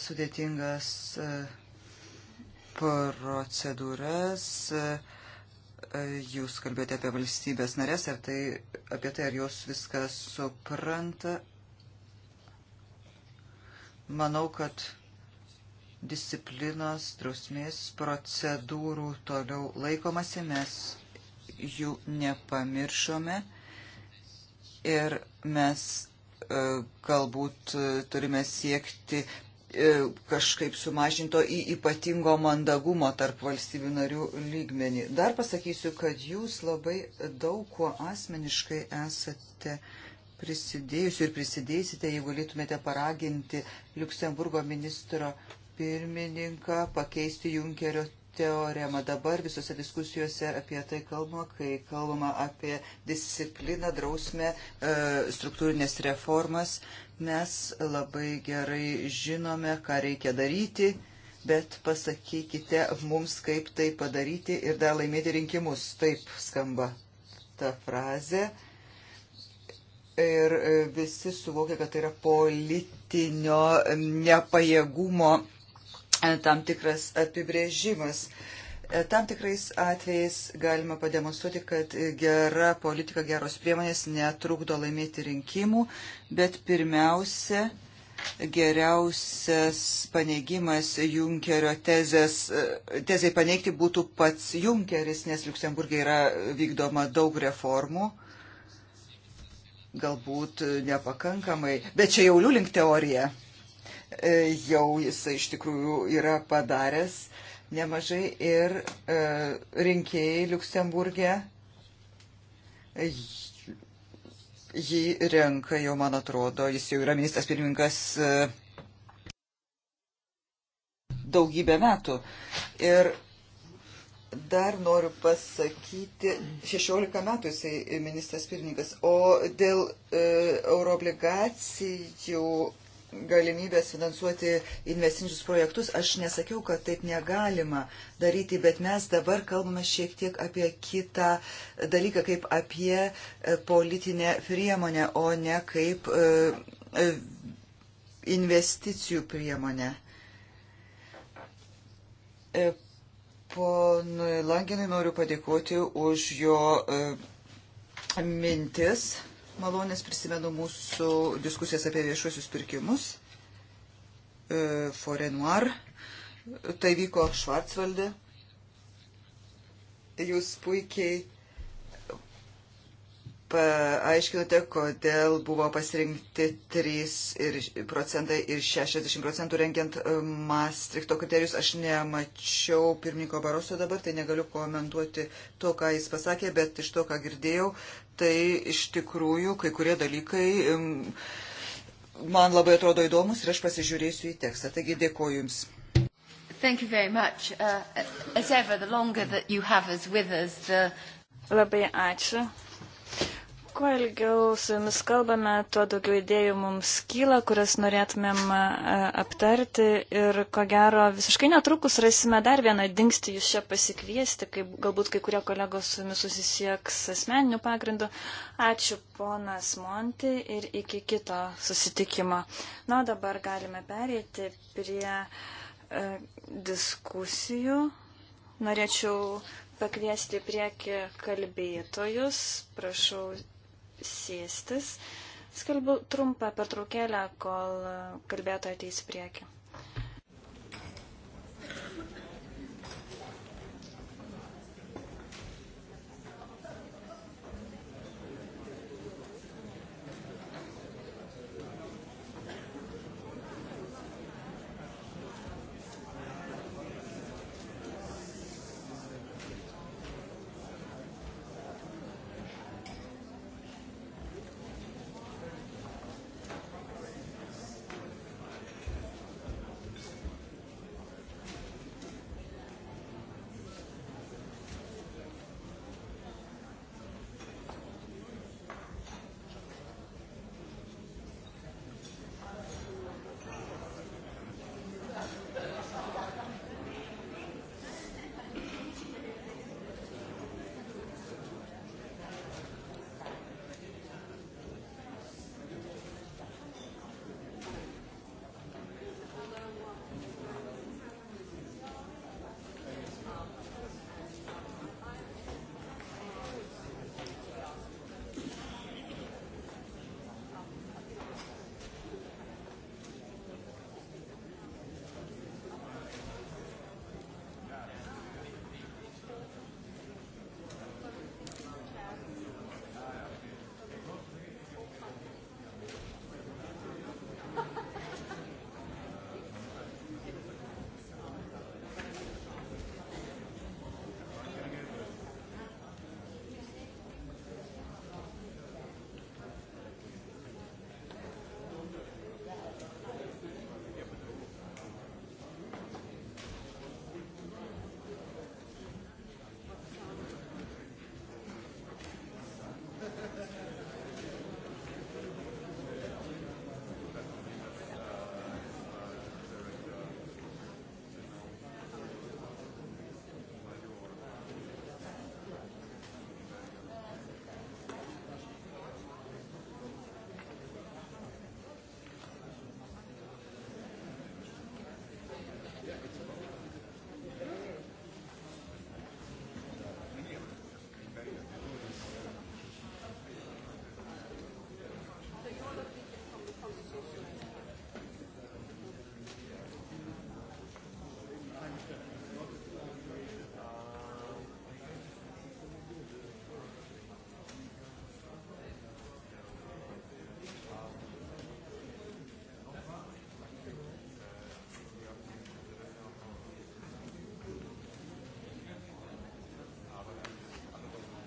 sudėtingas e, procedūras, e, Jūs kalbėjote apie valstybės narės, ar tai, apie tai, ar jos viską supranta. Manau, kad disciplinos, drausmės, procedūrų toliau laikomasi, mes jų nepamiršome ir mes e, galbūt turime siekti E, kažkaip sumažinto į ypatingo mandagumo tarp valstybių narių lygmenį. Dar pasakysiu, kad jūs labai daug kuo asmeniškai esate prisidėjusi ir prisidėsite, jeigu galėtumėte paraginti Luksemburgo ministro pirmininką pakeisti Junkerio teorema. Dabar visose diskusijose apie tai kalbama, kai kalbama apie discipliną, drausmę, e, struktūrinės reformas. Mes labai gerai žinome, ką reikia daryti, bet pasakykite mums, kaip tai padaryti ir dar laimėti rinkimus. Taip skamba ta frazė. Ir e, visi suvokia, kad tai yra politinio nepajėgumo E, tam tikras apibrėžimas. E, tam tikrais atvejais galima pademonstruoti, kad gera politika, geros priemonės netrukdo laimėti rinkimų, bet pirmiausia, geriausias paneigimas Junkerio tezės, e, tezai paneigti būtų pats Junkeris, nes Luksemburgė yra vykdoma daug reformų, galbūt nepakankamai, bet čia jau liulink teorija. E, jau jisai iš tikrųjų yra padaręs nemažai ir e, rinkėjai Luksemburgė e, jį renka jau, man atrodo, jis jau yra ministras pirmininkas daugybę metų. Ir dar noriu pasakyti, 16 metų jisai ministras pirmininkas, o dėl e, euroobligacijų galimybės finansuoti investicinius projektus. Aš nesakiau, kad taip negalima daryti, bet mes dabar kalbame šiek tiek apie kitą dalyką, kaip apie e, politinę priemonę, o ne kaip e, e, investicijų priemonę. Ponui Langenui noriu padėkoti už jo mintis malonės prisimenu mūsų diskusijas apie viešuosius pirkimus. E, Forenuar. Tai vyko Švarcvaldė. Jūs puikiai paaiškinote, kodėl buvo pasirinkti 3 procentai ir 60 procentų rengiant e, Maastrichto kriterijus. Aš nemačiau pirmininko Baroso dabar, tai negaliu komentuoti to, ką jis pasakė, bet iš to, ką girdėjau, tai iš tikrųjų kai kurie dalykai man labai atrodo įdomus ir aš pasižiūrėsiu į tekstą. Taigi dėkoju Jums. Thank you very much. Uh, as ever, the longer that you have us with us, the... Labai ačiū. Kuo ilgiau su jumis kalbame, tuo daugiau idėjų mums kyla, kurias norėtumėm e, aptarti ir ko gero visiškai netrukus rasime dar vieną dingstį jūs čia pasikviesti, kaip galbūt kai kurie kolegos su jumis susisieks asmeniniu pagrindu. Ačiū ponas Monti ir iki kito susitikimo. Na, dabar galime perėti prie e, diskusijų. Norėčiau pakviesti prieki kalbėtojus. Prašau sėstis. Skalbu trumpą pertraukėlę, kol kalbėtoja ateis į priekį.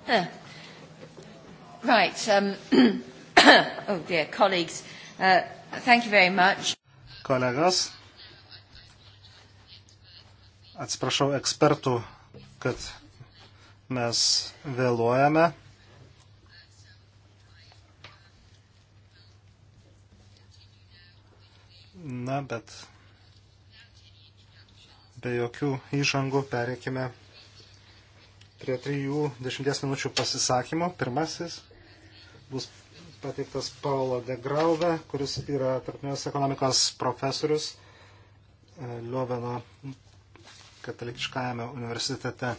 Uh, right. Um, oh dear, colleagues. Uh, thank you very much. Kolegos. Atsiprašau ekspertų, kad mes vėluojame. Na, bet be jokių įžangų pereikime prie trijų dešimties minučių pasisakymų. Pirmasis bus pateiktas Paulo de Grauve, kuris yra tarptautinės ekonomikos profesorius e, Lioveno katalikiškajame universitete.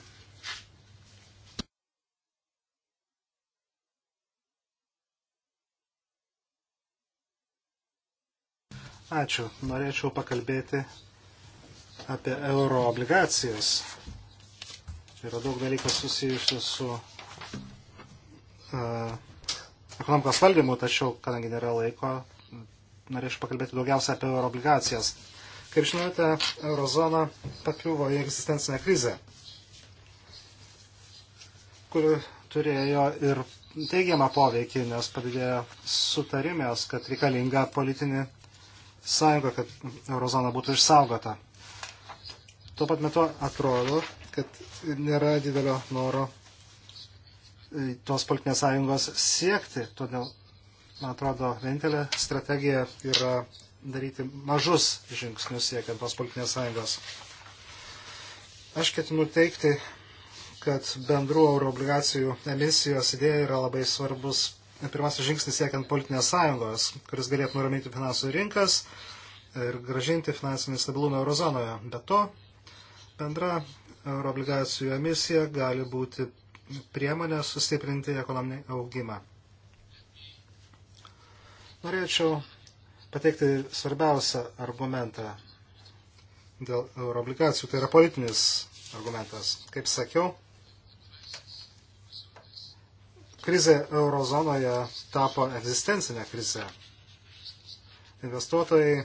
Ačiū. Norėčiau pakalbėti apie euro obligacijas. Yra daug dalykų susijusių su uh, ekonomikos valdymu, tačiau, kadangi nėra laiko, norėčiau pakalbėti daugiausia apie euroobligacijas. Kaip žinote, eurozona pakliuvo į egzistencinę krizę, kur turėjo ir teigiamą poveikį, nes padidėjo sutarimės, kad reikalinga politinė sąjunga, kad eurozona būtų išsaugota. Tuo pat metu atrodo, kad nėra didelio noro tos politinės sąjungos siekti. Todėl, man atrodo, vienintelė strategija yra daryti mažus žingsnius siekiant tos politinės sąjungos. Aš ketinu teikti, kad bendrų euroobligacijų emisijos idėja yra labai svarbus pirmasis žingsnis siekiant politinės sąjungos, kuris galėtų nuraminti finansų rinkas ir gražinti finansinį stabilumą eurozonoje. Be to, bendra euroobligacijų emisija gali būti priemonė sustiprinti ekonominį augimą. Norėčiau pateikti svarbiausią argumentą dėl euroobligacijų. Tai yra politinis argumentas. Kaip sakiau, krizė eurozonoje tapo egzistencinė krize. Investuotojai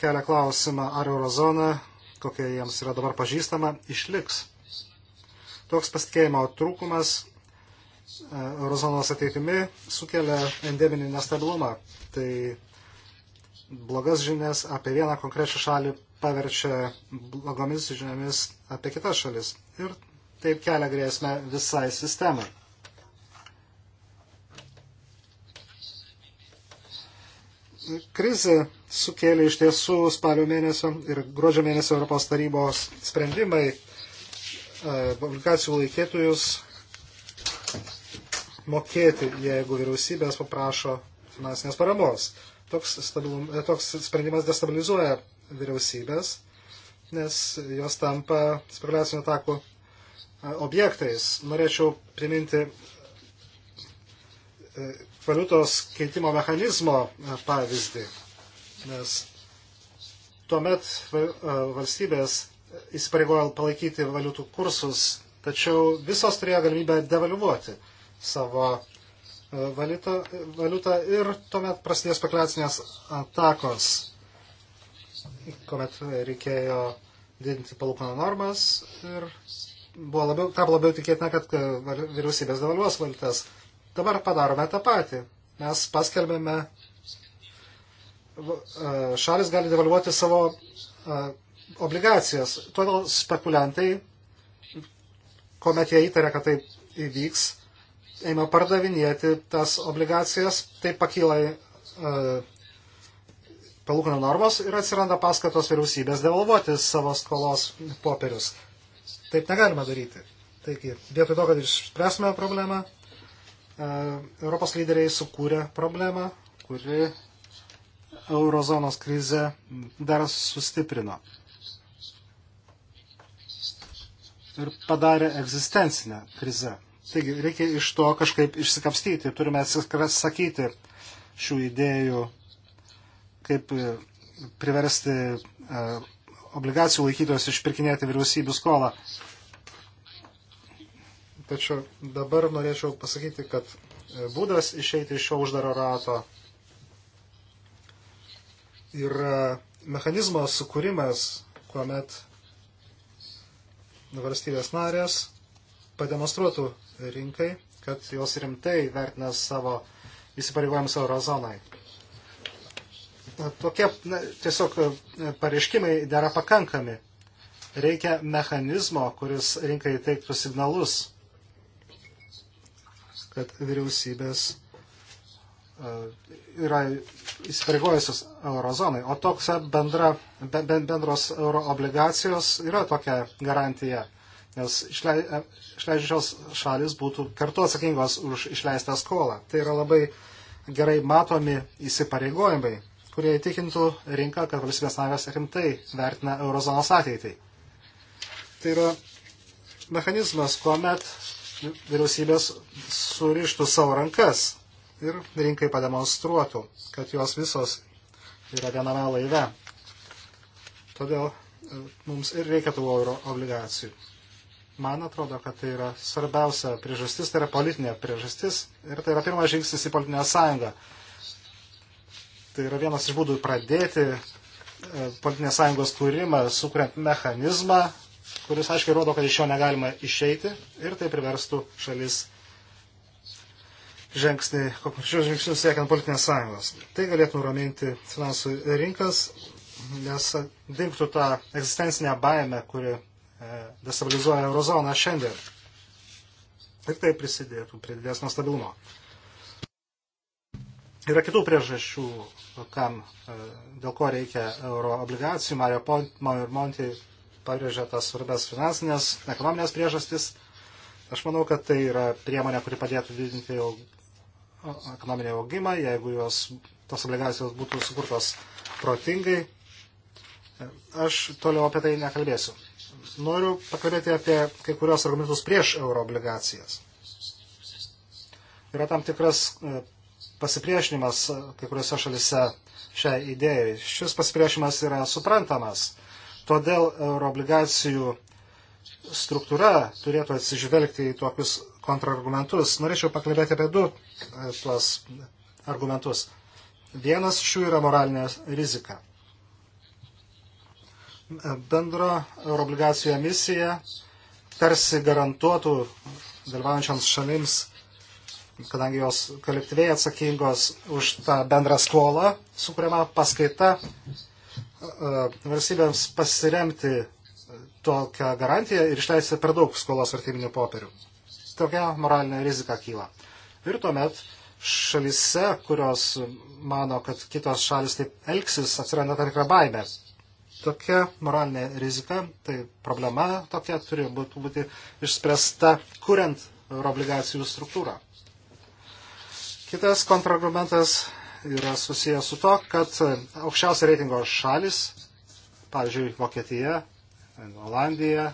kelia klausimą, ar eurozona kokia jiems yra dabar pažįstama, išliks. Toks pasitikėjimo trūkumas e, eurozonos ateitimi sukelia endeminį nestabilumą. Tai blogas žinias apie vieną konkrečią šalį paverčia blogomis žiniomis apie kitas šalis. Ir taip kelia grėsmę visai sistemai. Krizė sukėlė iš tiesų spalio mėnesio ir gruodžio mėnesio Europos tarybos sprendimai e, publikacijų laikėtojus mokėti, jeigu vyriausybės paprašo finansinės paramos. Toks, stabilum, e, toks sprendimas destabilizuoja vyriausybės, nes jos tampa spekuliacinių atakų e, objektais. Norėčiau priminti valiutos keitimo mechanizmo pavyzdį nes tuomet valstybės įsipareigojo palaikyti valiutų kursus, tačiau visos turėjo galimybę devalvuoti savo valiutą, valiutą ir tuomet prasidėjo spekulacinės atakos, kuomet reikėjo didinti palūkanų normas ir buvo labiau, tapo labiau tikėtina, kad vyriausybės devalvuos valiutas. Dabar padarome tą patį. Mes paskelbėme šalis gali devalvuoti savo obligacijas. Todėl spekuliantai, kuomet jie įtaria, kad tai įvyks, eina pardavinėti tas obligacijas, tai pakyla palūkanų normos ir atsiranda paskatos vyriausybės devalvuoti savo skolos popierius. Taip negalima daryti. Taigi, vietoj to, kad išspręsime problemą, Europos lyderiai sukūrė problemą, kuri eurozonos krize dar sustiprino ir padarė egzistencinę krizę. Taigi reikia iš to kažkaip išsikapstyti, turime atsisakyti šių idėjų, kaip e, priversti e, obligacijų laikytojus išpirkinėti vyriausybių skolą. Tačiau dabar norėčiau pasakyti, kad e, būdas išeiti iš šio uždaro rato yra mechanizmo sukūrimas, kuomet valstybės narės pademonstruotų rinkai, kad jos rimtai vertina savo įsipareigojimus eurozonai. Tokie na, tiesiog e, pareiškimai nėra pakankami. Reikia mechanizmo, kuris rinkai teiktų signalus, kad vyriausybės E, yra įsipareigojusios eurozonai, o toks bendra, be, bendros euro obligacijos yra tokia garantija, nes e, išleidžiančios šalis būtų kartu atsakingos už išleistą skolą. Tai yra labai gerai matomi įsipareigojimai, kurie įtikintų rinką, kad valstybės narės rimtai vertina eurozonos ateitį. Tai yra mechanizmas, kuomet vyriausybės surištų savo rankas ir rinkai pademonstruotų, kad jos visos yra viename laive. Todėl e, mums ir reikia tų euro obligacijų. Man atrodo, kad tai yra svarbiausia priežastis, tai yra politinė priežastis ir tai yra pirmas žingsnis į politinę sąjungą. Tai yra vienas iš būdų pradėti e, politinės sąjungos kūrimą, sukuriant mechanizmą, kuris aiškiai rodo, kad iš jo negalima išeiti ir tai priverstų šalis žingsnį, konkrečius žingsnius siekiant politinės sąjungos. Tai galėtų nuraminti finansų rinkas, nes dinktų tą egzistencinę baimę, kuri e, destabilizuoja eurozoną šiandien. Ir tai prisidėtų prie didesnio stabilumo. Yra kitų priežasčių, kam, e, dėl ko reikia euro obligacijų. Mario Monti pabrėžė tas svarbės finansinės, ekonominės priežastis. Aš manau, kad tai yra priemonė, kuri padėtų didinti ekonominį augimą, jeigu jos, tos obligacijos būtų sukurtos protingai. Aš toliau apie tai nekalbėsiu. Noriu pakalbėti apie kai kurios argumentus prieš euroobligacijas. Yra tam tikras e, pasipriešinimas e, kai kuriuose šalise šiai idėjai. Šis pasipriešinimas yra suprantamas. Todėl euroobligacijų struktūra turėtų atsižvelgti į tokius kontrargumentus. Norėčiau pakalbėti apie du e, tuos argumentus. Vienas šių yra moralinė rizika. Bendro euroobligacijų emisija tarsi garantuotų dalyvaujančioms šalims, kadangi jos kolektyviai atsakingos už tą bendrą skolą, sukuriama paskaita e, valstybėms pasiremti tokią garantiją ir išleisti per daug skolos vertybinių popierių tokia moralinė rizika kyla. Ir tuomet šalise, kurios mano, kad kitos šalis taip elgsis, atsiranda tam tikra baimė. Tokia moralinė rizika, tai problema tokia turi būti, būti išspręsta, kuriant euroobligacijų struktūrą. Kitas kontrargumentas yra susijęs su to, kad aukščiausia reitingo šalis, pavyzdžiui, Vokietija, Olandija,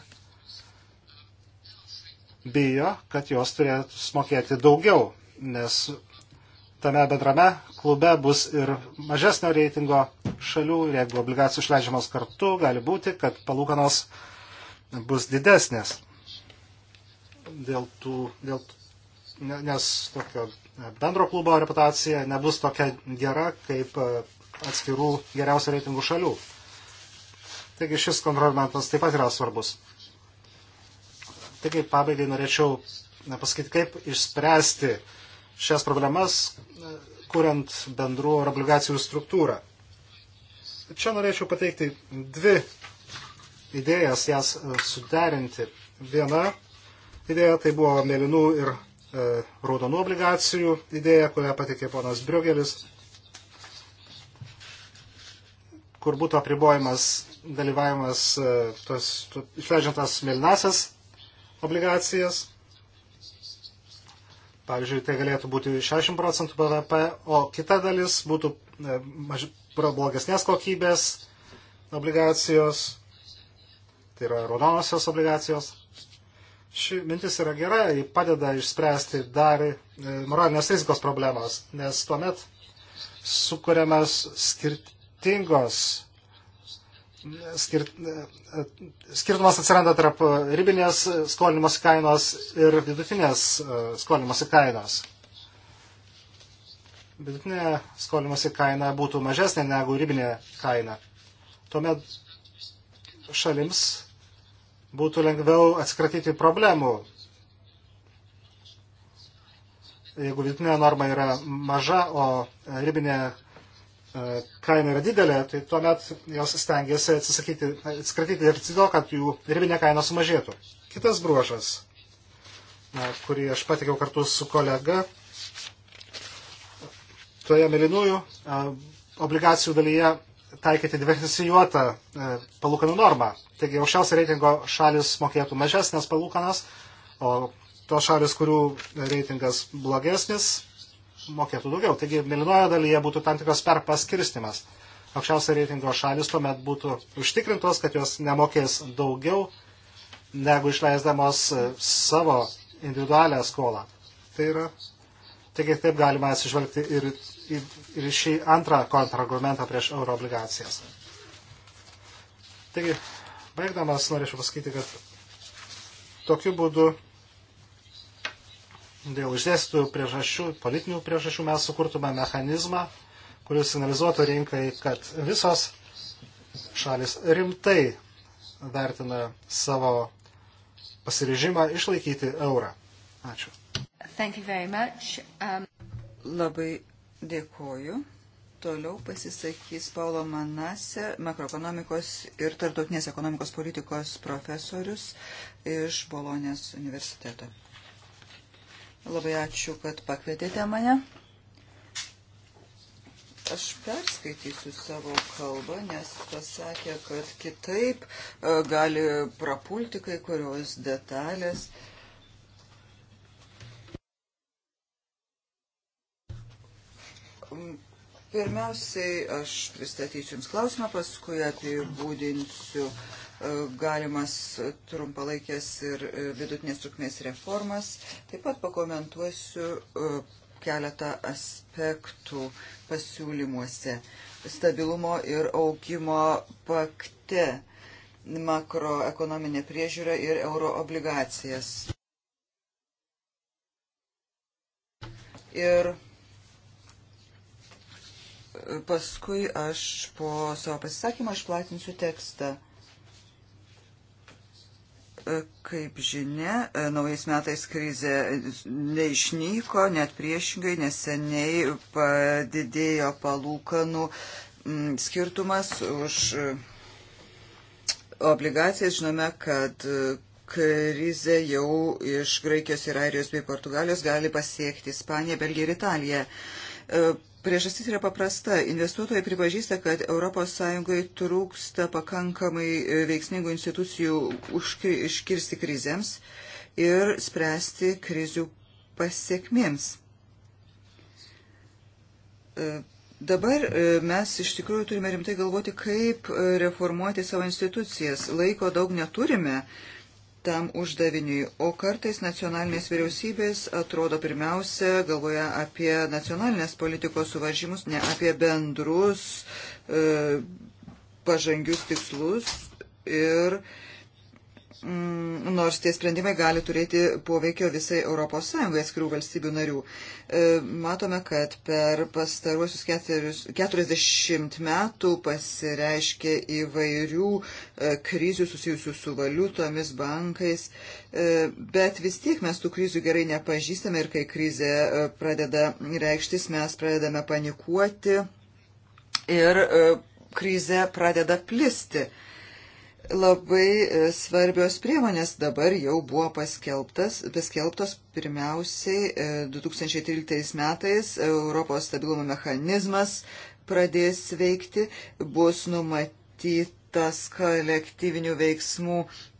bijo, kad jos turėtų smokėti daugiau, nes tame bendrame klube bus ir mažesnio reitingo šalių, jeigu obligacijų išleidžiamos kartu, gali būti, kad palūkanos bus didesnės. Dėl tų, dėl, nes tokio bendro klubo reputacija nebus tokia gera kaip e, atskirų geriausių reitingų šalių. Taigi šis kontrolmentas taip pat yra svarbus. Taigi pabaigai norėčiau pasakyti, kaip išspręsti šias problemas, kuriant bendrų obligacijų struktūrą. Čia norėčiau pateikti dvi idėjas, jas e, suderinti. Viena idėja tai buvo mėlynų ir e, raudonų obligacijų idėja, kurią pateikė ponas Briugelis, kur būtų apribojimas dalyvavimas e, tos, to, išleidžiantas mėlynasias obligacijas. Pavyzdžiui, tai galėtų būti 60 procentų BVP, o kita dalis būtų e, maž, blogesnės kokybės obligacijos, tai yra raudonosios obligacijos. Ši mintis yra gera, ji padeda išspręsti dar e, moralinės rizikos problemas, nes tuomet sukūrėmės skirtingos skirt, skirtumas atsiranda tarp ribinės skolinimosi kainos ir vidutinės e, skolinimosi kainos. Vidutinė skolinimosi kaina būtų mažesnė negu ribinė kaina. Tuomet šalims būtų lengviau atsikratyti problemų. Jeigu vidutinė norma yra maža, o ribinė kaina E, kaina yra didelė, tai tuomet jos stengiasi atsisakyti, atsikratyti ir cido, kad jų ribinė kaina sumažėtų. Kitas bruožas, kurį aš patikiau kartu su kolega, toje melinųjų e, obligacijų dalyje taikyti diversijuotą e, palūkanų normą. Taigi aukščiausio reitingo šalis mokėtų mažesnės palūkanas, o tos šalis, kurių reitingas blogesnis, mokėtų daugiau. Taigi mėlynojo dalyje būtų tam tikras perpaskirstimas. Aukščiausio reitingo šalis tuomet būtų užtikrintos, kad jos nemokės daugiau negu išleisdamos e, savo individualią skolą. Tai yra, taigi taip galima atsižvelgti ir, ir, ir šį antrą kontrargumentą prieš euroobligacijas. Taigi, baigdamas norėčiau pasakyti, kad tokiu būdu dėl išdėstytų priežasčių, politinių priežasčių mes sukurtume mechanizmą, kuris signalizuotų rinkai, kad visos šalis rimtai vertina savo pasirežimą išlaikyti eurą. Ačiū. Um... Labai dėkoju. Toliau pasisakys Paulo Manase, makroekonomikos ir tarptautinės ekonomikos politikos profesorius iš Bolonės universiteto. Labai ačiū, kad pakvietėte mane. Aš perskaitysiu savo kalbą, nes pasakė, kad kitaip e, gali prapulti kai kurios detalės. Pirmiausiai aš pristatysiu Jums klausimą, paskui apibūdinsiu e, galimas trumpalaikės ir e, vidutinės trukmės reformas. Taip pat pakomentuosiu e, keletą aspektų pasiūlymuose stabilumo ir augimo pakte makroekonominė priežiūra ir euro obligacijas. Ir paskui aš po savo pasisakymą išplatinsiu tekstą. E, kaip žinia, e, naujais metais krizė neišnyko, net priešingai neseniai padidėjo palūkanų skirtumas už e, obligacijas. Žinome, kad krizė jau iš Graikijos ir Airijos bei Portugalijos gali pasiekti Ispaniją, Belgiją ir Italiją Priežastis yra paprasta. Investuotojai pripažįsta, kad ES trūksta pakankamai e, veiksmingų institucijų užkirsti krizėms ir spręsti krizių pasiekmėms. E, dabar e, mes iš tikrųjų turime rimtai galvoti, kaip reformuoti savo institucijas. Laiko daug neturime tam uždaviniui, o kartais nacionalinės vyriausybės atrodo pirmiausia galvoja apie nacionalinės politikos suvaržymus, ne apie bendrus e, pažangius tikslus ir e, Mm, nors tie sprendimai gali turėti poveikio visai ES atskirų valstybių narių. E, matome, kad per pastaruosius 40 metų pasireiškia įvairių e, krizių susijusių su valiutomis, bankais, e, bet vis tiek mes tų krizių gerai nepažįstame ir kai krizė pradeda reikštis, mes pradedame panikuoti ir krizė pradeda plisti labai e, svarbios priemonės dabar jau buvo paskelbtas, paskelbtos pirmiausiai 2013 e, metais Europos stabilumo mechanizmas pradės veikti, bus numatyti tas kolektyvinių veiksmų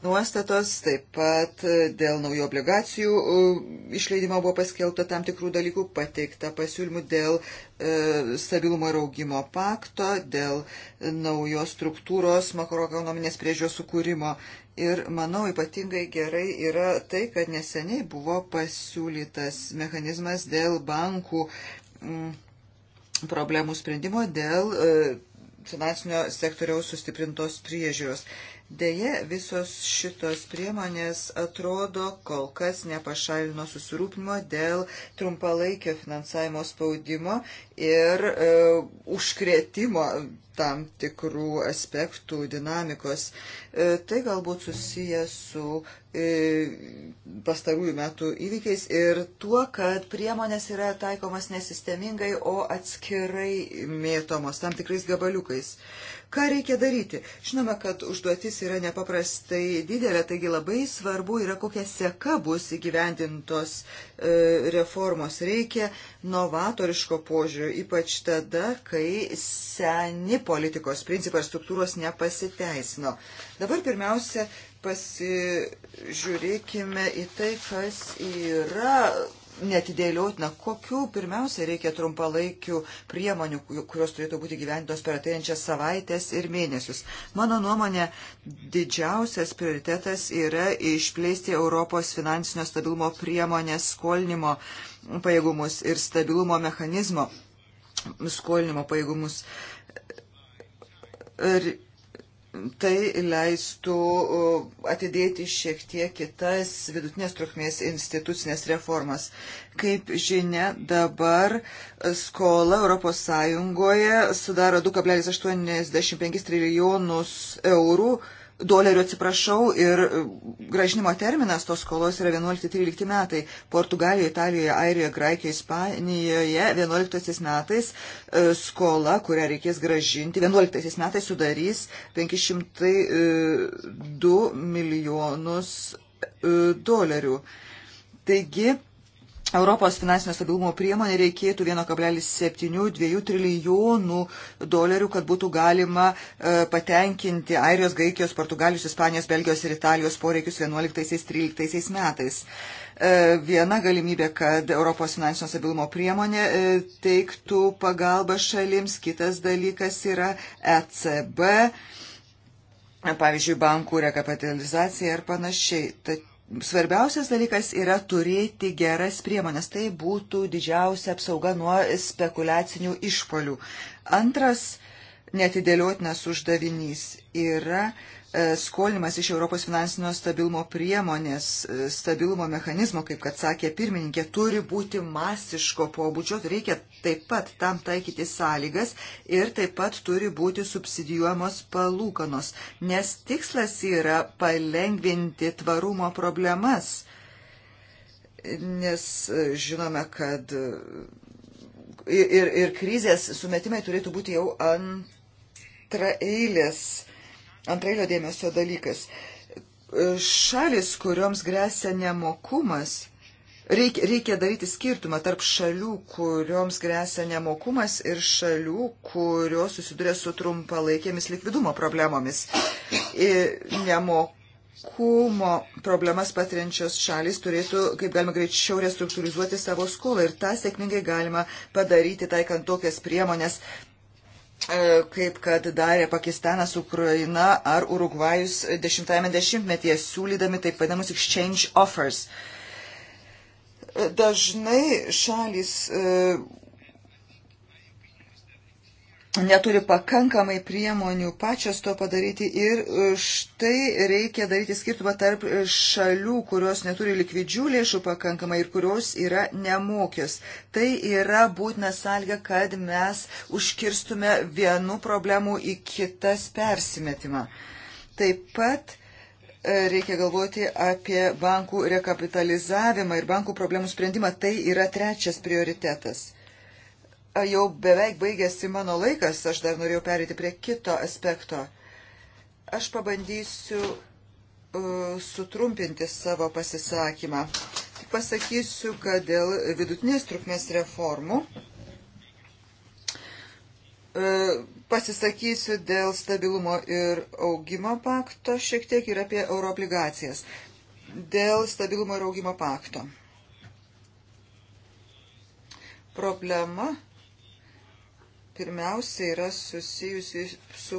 nuostatos, taip pat dėl naujų obligacijų e, išleidimo buvo paskelbta tam tikrų dalykų, pateikta pasiūlymų dėl e, stabilumo ir augimo pakto, dėl naujos struktūros makroekonominės priežios sukūrimo. Ir manau ypatingai gerai yra tai, kad neseniai buvo pasiūlytas mechanizmas dėl bankų m, mm, problemų sprendimo, dėl e, finansinio sektoriaus sustiprintos priežiūros. Deja, visos šitos priemonės atrodo kol kas nepašalino susirūpimo dėl trumpalaikio finansavimo spaudimo ir e, užkrėtimo tam tikrų aspektų dinamikos. E, tai galbūt susiję su e, pastarųjų metų įvykiais ir tuo, kad priemonės yra taikomas nesistemingai, o atskirai mėtomos tam tikrais gabaliukais. E, Ką reikia daryti? Žinoma, kad užduotis yra nepaprastai didelė, taigi labai svarbu yra, kokia seka bus įgyvendintos e, reformos. Reikia novatoriško požiūrio, ypač tada, kai seni politikos principai ir struktūros nepasiteisino. Dabar pirmiausia, pasižiūrėkime į tai, kas yra netidėliotina, kokių pirmiausia reikia trumpalaikių priemonių, kurios turėtų būti gyventos per ateinančias savaitės ir mėnesius. Mano nuomonė, didžiausias prioritetas yra išplėsti Europos finansinio stabilumo priemonės skolinimo pajėgumus ir stabilumo mechanizmo skolinimo pajėgumus. Ir tai leistų atidėti šiek tiek kitas vidutinės trukmės institucinės reformas. Kaip žinia, dabar skola ES sudaro 2,85 trilijonus eurų dolerių atsiprašau, ir e, gražinimo terminas tos skolos yra 11-13 metai. Portugalijoje, Italijoje, Airijoje, Graikijoje, Ispanijoje 11 metais e, skola, kurią reikės gražinti, 11 metais sudarys 502 e, milijonus dolerių. Taigi, Europos finansinio stabilumo priemonė reikėtų 1,72 trilijonų dolerių, kad būtų galima e, patenkinti Airijos, Graikijos, Portugalijos, Ispanijos, Belgijos ir Italijos poreikius 11-13 metais. E, viena galimybė, kad Europos finansinio stabilumo priemonė e, teiktų pagalbą šalims, kitas dalykas yra ECB pavyzdžiui, bankų rekapitalizacija ir panašiai. Tačiau Svarbiausias dalykas yra turėti geras priemonės. Tai būtų didžiausia apsauga nuo spekulacinių išpolių. Antras netidėliotinas uždavinys yra E, skolinimas iš Europos finansinio stabilumo priemonės, e, stabilumo mechanizmo, kaip kad sakė pirmininkė, turi būti masiško pobūdžio, reikia taip pat tam taikyti sąlygas ir taip pat turi būti subsidijuojamos palūkanos, nes tikslas yra palengvinti tvarumo problemas, nes e, žinome, kad ir, ir krizės sumetimai turėtų būti jau antraeilės antrailio dėmesio dalykas. E, šalis, kurioms grėsia nemokumas, reikia, reikia daryti skirtumą tarp šalių, kurioms grėsia nemokumas ir šalių, kurios susiduria su trumpalaikėmis likvidumo problemomis. Ir e, nemokumas kūmo problemas patiriančios šalis turėtų, kaip galima greičiau, restruktūrizuoti savo skolą ir tą sėkmingai galima padaryti, taikant tokias priemonės E, kaip kad darė Pakistanas, Ukraina ar Urugvajus 10-metyje siūlydami taip vadinamus exchange offers. E, dažnai šalis e, neturi pakankamai priemonių pačios to padaryti ir e, štai reikia daryti skirtumą tarp e, šalių, kurios neturi likvidžių lėšų pakankamai ir kurios yra nemokios. Tai yra būtina sąlyga, kad mes užkirstume vienų problemų į kitas persimetimą. Taip pat e, reikia galvoti apie bankų rekapitalizavimą ir bankų problemų sprendimą. Tai yra trečias prioritetas jau beveik baigėsi mano laikas, aš dar norėjau perėti prie kito aspekto. Aš pabandysiu uh, sutrumpinti savo pasisakymą. Tik pasakysiu, kad dėl vidutinės trukmės reformų uh, pasisakysiu dėl stabilumo ir augimo pakto šiek tiek ir apie euroobligacijas. Dėl stabilumo ir augimo pakto. Problema pirmiausia yra susijusi su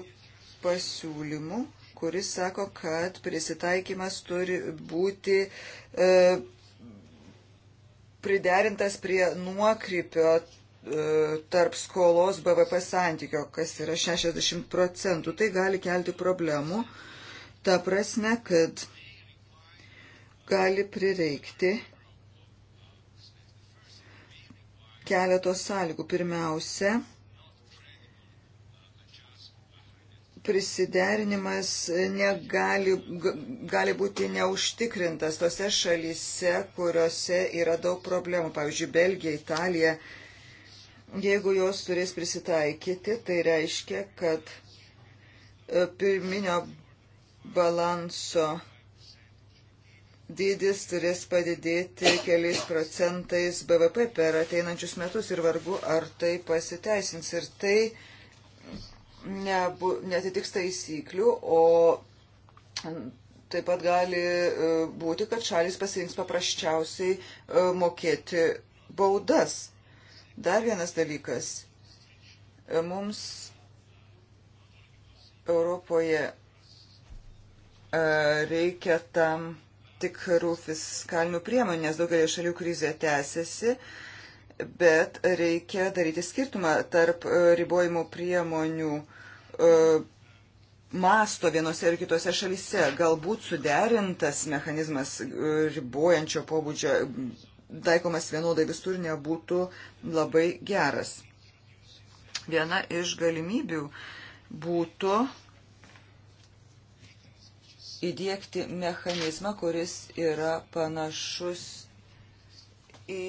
pasiūlymu, kuris sako, kad prisitaikymas turi būti e, priderintas prie nuokrypio e, tarp skolos BVP santykio, kas yra 60 procentų. Tai gali kelti problemų. Ta prasme, kad gali prireikti keletos sąlygų. Pirmiausia, prisiderinimas negali, gali būti neužtikrintas tose šalyse, kuriuose yra daug problemų, pavyzdžiui, Belgija, Italija. Jeigu jos turės prisitaikyti, tai reiškia, kad e, pirminio balanso dydis turės padidėti keliais procentais BVP per ateinančius metus ir vargu, ar tai pasiteisins. Ir tai nebu, netitiks taisyklių, o taip pat gali e, būti, kad šalis pasirinks paprasčiausiai e, mokėti baudas. Dar vienas dalykas. E, mums Europoje reikia tam tikrų fiskalinių priemonių, nes daugelį šalių krizė tęsiasi bet reikia daryti skirtumą tarp e, ribojimų priemonių e, masto vienose ir kitose šalyse. Galbūt suderintas mechanizmas e, ribojančio pobūdžio taikomas vienodai visur nebūtų labai geras. Viena iš galimybių būtų įdėkti mechanizmą, kuris yra panašus į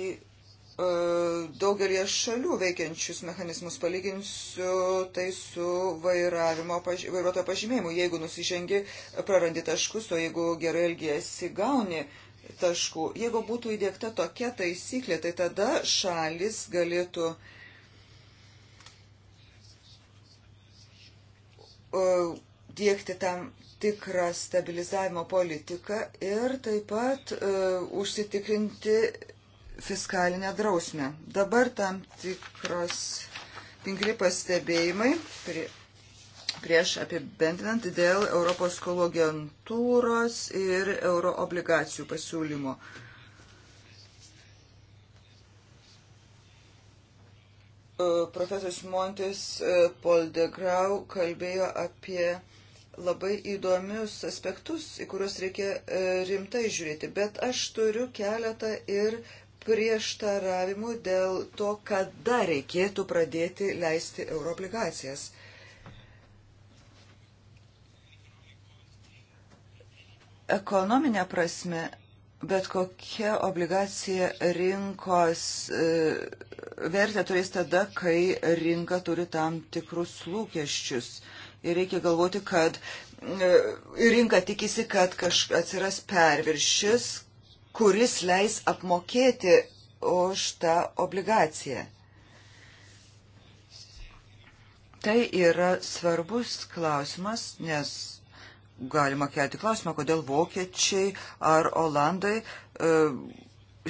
E, daugelie šalių veikiančius mechanizmus. Palyginsiu tai su paž... vairuotojo pažymėjimu. Jeigu nusižengi, prarandi taškus, o jeigu gerai elgiesi, gauni taškų. Jeigu būtų įdėkta tokia taisyklė, tai tada šalis galėtų e, dėkti tam tikrą stabilizavimo politiką ir taip pat uh, užsitikrinti fiskalinę drausmę. Dabar tam tikros tinkli pastebėjimai prie, prieš apibendrinant dėl Europos skolų agentūros ir euro obligacijų pasiūlymo. E, profesorius Montis e, Poldegrau kalbėjo apie labai įdomius aspektus, į kuriuos reikia e, rimtai žiūrėti. Bet aš turiu keletą ir prieštaravimų dėl to, kada reikėtų pradėti leisti euroobligacijas. Ekonominė prasme, bet kokia obligacija rinkos e, vertę turės tada, kai rinka turi tam tikrus lūkesčius. Ir reikia galvoti, kad e, rinka tikisi, kad kaž, atsiras perviršis, kuris leis apmokėti už tą obligaciją. Tai yra svarbus klausimas, nes galima kelti klausimą, kodėl vokiečiai ar olandai e,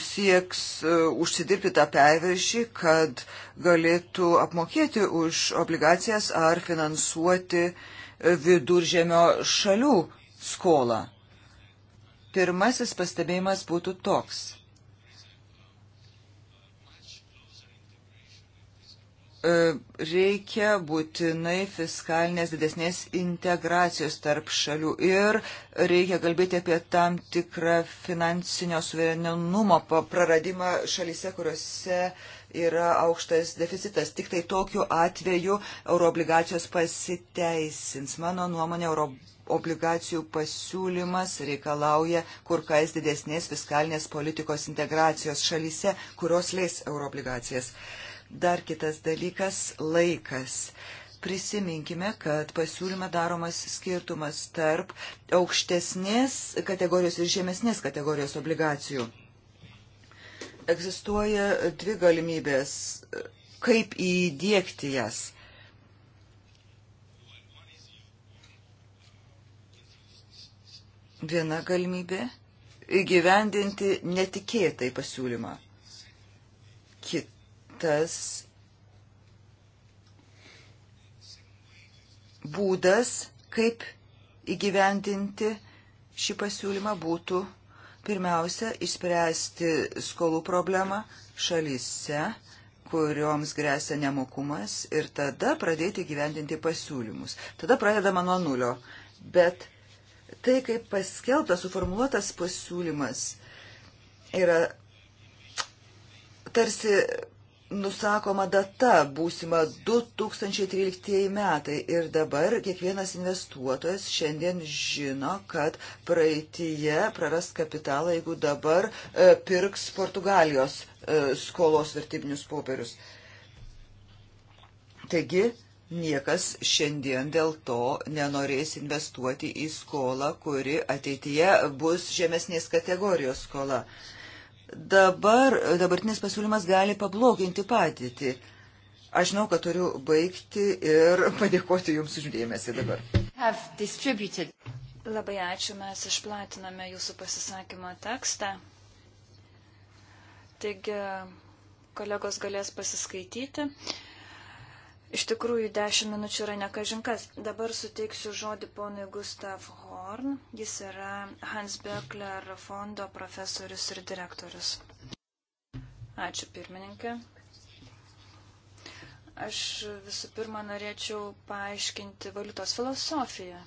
sieks e, užsidirbti tą perviršį, kad galėtų apmokėti už obligacijas ar finansuoti e, viduržėmio šalių skolą. Pirmasis pastebėjimas būtų toks. E, reikia būtinai fiskalinės didesnės integracijos tarp šalių ir reikia kalbėti apie tam tikrą finansinio suverenumo praradimą šalyse, kuriuose yra aukštas deficitas. Tik tai tokiu atveju euroobligacijos pasiteisins. Mano nuomonė, euroobligacijos obligacijų pasiūlymas reikalauja kur kas didesnės fiskalinės politikos integracijos šalyse, kurios leis euroobligacijas. Dar kitas dalykas - laikas. Prisiminkime, kad pasiūlyme daromas skirtumas tarp aukštesnės kategorijos ir žemesnės kategorijos obligacijų. Egzistuoja dvi galimybės, kaip įdėkti jas Viena galimybė - įgyvendinti netikėtai pasiūlymą. Kitas būdas, kaip įgyvendinti šį pasiūlymą būtų pirmiausia išspręsti skolų problemą šalyse, kurioms grėsia nemokumas ir tada pradėti gyvendinti pasiūlymus. Tada pradedama nuo nulio. Bet tai, kaip paskeltas, suformuotas pasiūlymas, yra tarsi nusakoma data būsima 2013 metai ir dabar kiekvienas investuotojas šiandien žino, kad praeitie praras kapitalą, jeigu dabar e, pirks Portugalijos e, skolos vertybinius popierius. Taigi, niekas šiandien dėl to nenorės investuoti į skolą, kuri ateityje bus žemesnės kategorijos skola. Dabar dabartinis pasiūlymas gali pabloginti patirtį. Aš žinau, kad turiu baigti ir padėkoti Jums uždėmesi dabar. Labai ačiū, mes išplatiname Jūsų pasisakymo tekstą. Taigi, kolegos galės pasiskaityti. Iš tikrųjų, dešimt minučių yra nekažinkas. Dabar suteiksiu žodį ponui Gustav Horn. Jis yra Hans Böckler fondo profesorius ir direktorius. Ačiū pirmininkė. Aš visų pirma norėčiau paaiškinti valiutos filosofiją.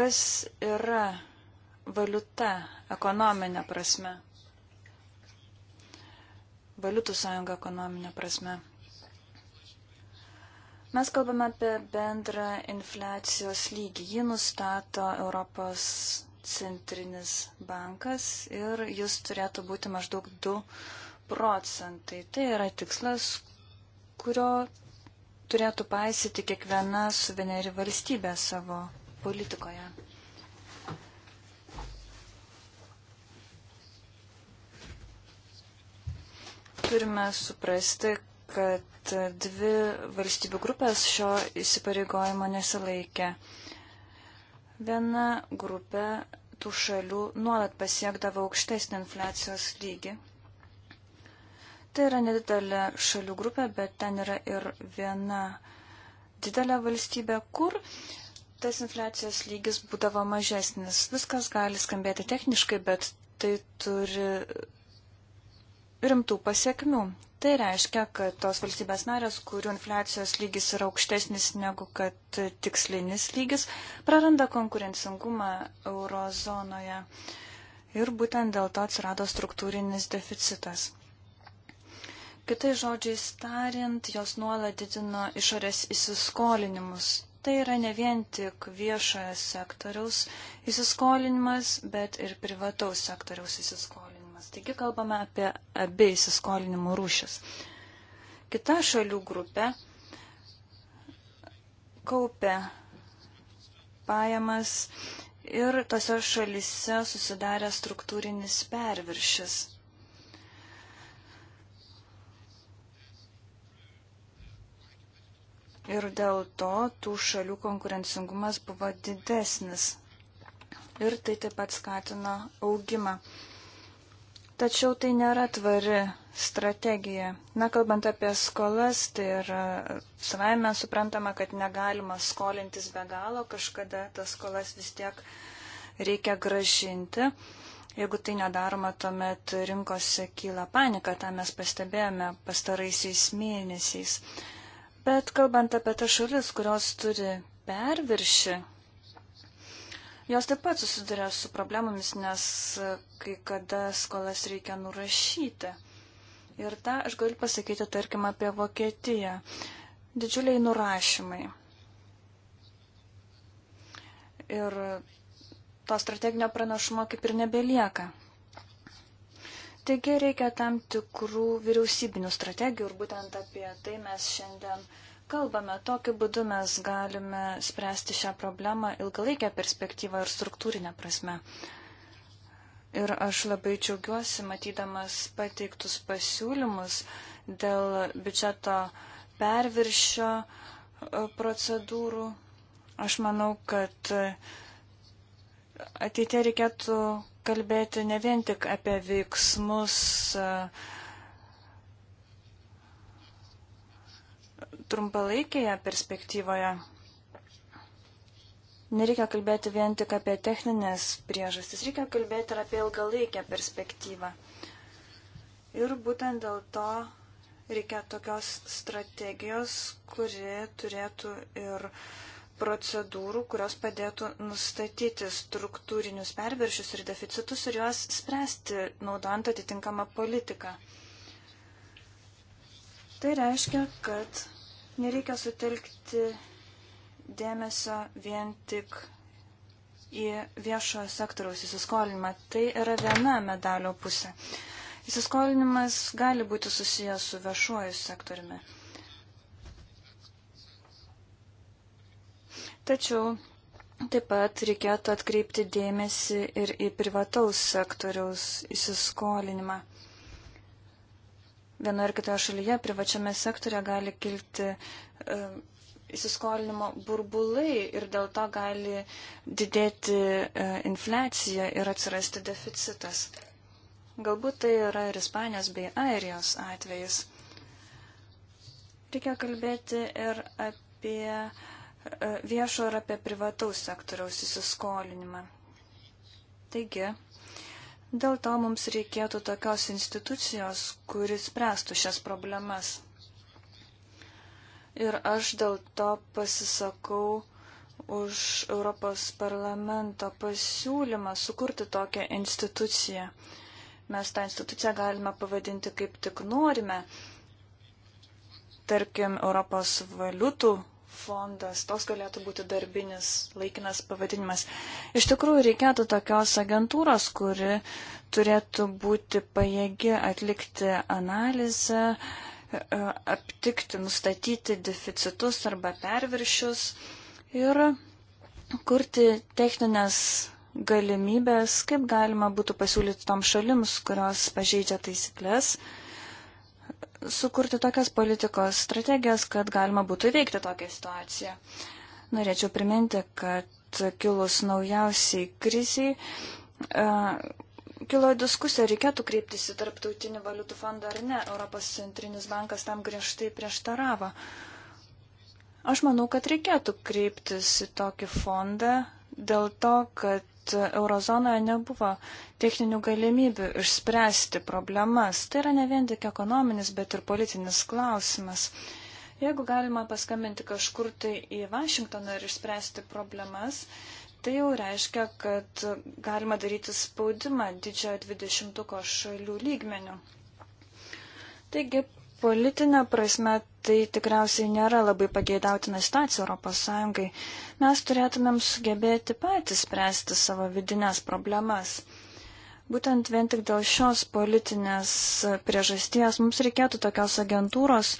Kas yra valiuta ekonominė prasme? Valiutų sąjunga ekonominė prasme. Mes kalbame apie bendrą infliacijos lygį. Jį nustato Europos centrinis bankas ir jis turėtų būti maždaug 2 procentai. Tai yra tikslas, kurio turėtų paisyti kiekviena suveneri valstybė savo politikoje. Turime suprasti, kad dvi valstybių grupės šio įsipareigojimo nesilaikė. Viena grupė tų šalių nuolat pasiekdavo aukštesnį infliacijos lygį. Tai yra nedidelė šalių grupė, bet ten yra ir viena didelė valstybė, kur tas infliacijos lygis būdavo mažesnis. Viskas gali skambėti techniškai, bet tai turi rimtų pasiekmių. Tai reiškia, kad tos valstybės narės, kurių infliacijos lygis yra aukštesnis negu kad tikslinis lygis, praranda konkurencingumą eurozonoje. Ir būtent dėl to atsirado struktūrinis deficitas. Kitai žodžiais tariant, jos nuolat didino išorės įsiskolinimus. Tai yra ne vien tik viešojo sektoriaus įsiskolinimas, bet ir privataus sektoriaus įsiskolinimas palūkanas. Taigi kalbame apie abi įsiskolinimo rūšis. Kita šalių grupė kaupė pajamas ir tose šalise susidarė struktūrinis perviršis. ir dėl to tų šalių konkurencingumas buvo didesnis. Ir tai taip pat skatino augimą. Tačiau tai nėra tvari strategija. Na, kalbant apie skolas, tai yra savaime suprantama, kad negalima skolintis be galo, kažkada tas skolas vis tiek reikia gražinti. Jeigu tai nedaroma, tuomet rinkose kyla panika, tą mes pastebėjome pastaraisiais mėnesiais. Bet kalbant apie tas šalis, kurios turi perviršį, Jos taip pat susiduria su problemomis, nes e, kai kada skolas reikia nurašyti. Ir tą aš galiu pasakyti, tarkim, apie Vokietiją. Didžiuliai nurašymai. Ir to strateginio pranašumo kaip ir nebelieka. Taigi reikia tam tikrų vyriausybinių strategijų ir būtent apie tai mes šiandien uh, kalbame. Tokiu būdu mes galime spręsti šią problemą ilgalaikę perspektyvą ir struktūrinę prasme. Ir aš labai džiaugiuosi, matydamas pateiktus pasiūlymus dėl biudžeto perviršio e, procedūrų. Aš manau, kad ateitie reikėtų kalbėti ne vien tik apie veiksmus, uh, trumpalaikėje perspektyvoje nereikia kalbėti vien tik apie techninės priežastis, reikia kalbėti ir apie ilgalaikę perspektyvą. Ir būtent dėl to reikia tokios strategijos, kuri turėtų ir procedūrų, kurios padėtų nustatyti struktūrinius perviršius ir deficitus ir juos spręsti, naudojant atitinkamą politiką. Tai reiškia, kad Nereikia sutelkti dėmesio vien tik į viešojo sektoriaus įsiskolinimą. Tai yra viena medalio pusė. Įsiskolinimas gali būti susijęs su viešuoju sektoriumi. Tačiau taip pat reikėtų atkreipti dėmesį ir į privataus sektoriaus įsiskolinimą vienoje ar kitoje šalyje, privačiame sektorė gali kilti e, įsiskolinimo burbulai ir dėl to gali didėti e, infliacija ir atsirasti deficitas. Galbūt tai yra ir Ispanijos bei Airijos atvejais. Reikia kalbėti ir apie e, viešo ir apie privataus sektoriaus įsiskolinimą. Taigi, Dėl to mums reikėtų tokios institucijos, kuris spręstų šias problemas. Ir aš dėl to pasisakau už Europos parlamento pasiūlymą sukurti tokią instituciją. Mes tą instituciją galime pavadinti kaip tik norime. Tarkim, Europos valiutų fondas, toks galėtų būti darbinis laikinas pavadinimas. Iš tikrųjų, reikėtų tokios agentūros, kuri turėtų būti pajėgi atlikti analizę, e, aptikti, nustatyti deficitus arba perviršius ir kurti techninės galimybės, kaip galima būtų pasiūlyti tom šalims, kurios pažeidžia taisyklės sukurti tokias politikos strategijas, kad galima būtų įveikti tokią situaciją. Norėčiau priminti, kad kilus naujausiai kriziai, e, kilo diskusija, reikėtų kreiptis į tarptautinį valiutų fondą ar ne. Europos centrinis bankas tam griežtai prieštaravo. Aš manau, kad reikėtų kreiptis į tokį fondą dėl to, kad eurozonoje nebuvo techninių galimybių išspręsti problemas. Tai yra ne vien tik ekonominis, bet ir politinis klausimas. Jeigu galima paskambinti kažkur tai į Vašingtoną ir išspręsti problemas, tai jau reiškia, kad galima daryti spaudimą didžiojo dvidešimtuko šalių lygmenių. Taigi Politinė prasme tai tikriausiai nėra labai pageidautina situacija Europos Sąjungai. Mes turėtumėm sugebėti patys spręsti savo vidinės problemas. Būtent vien tik dėl šios politinės priežasties mums reikėtų tokios agentūros,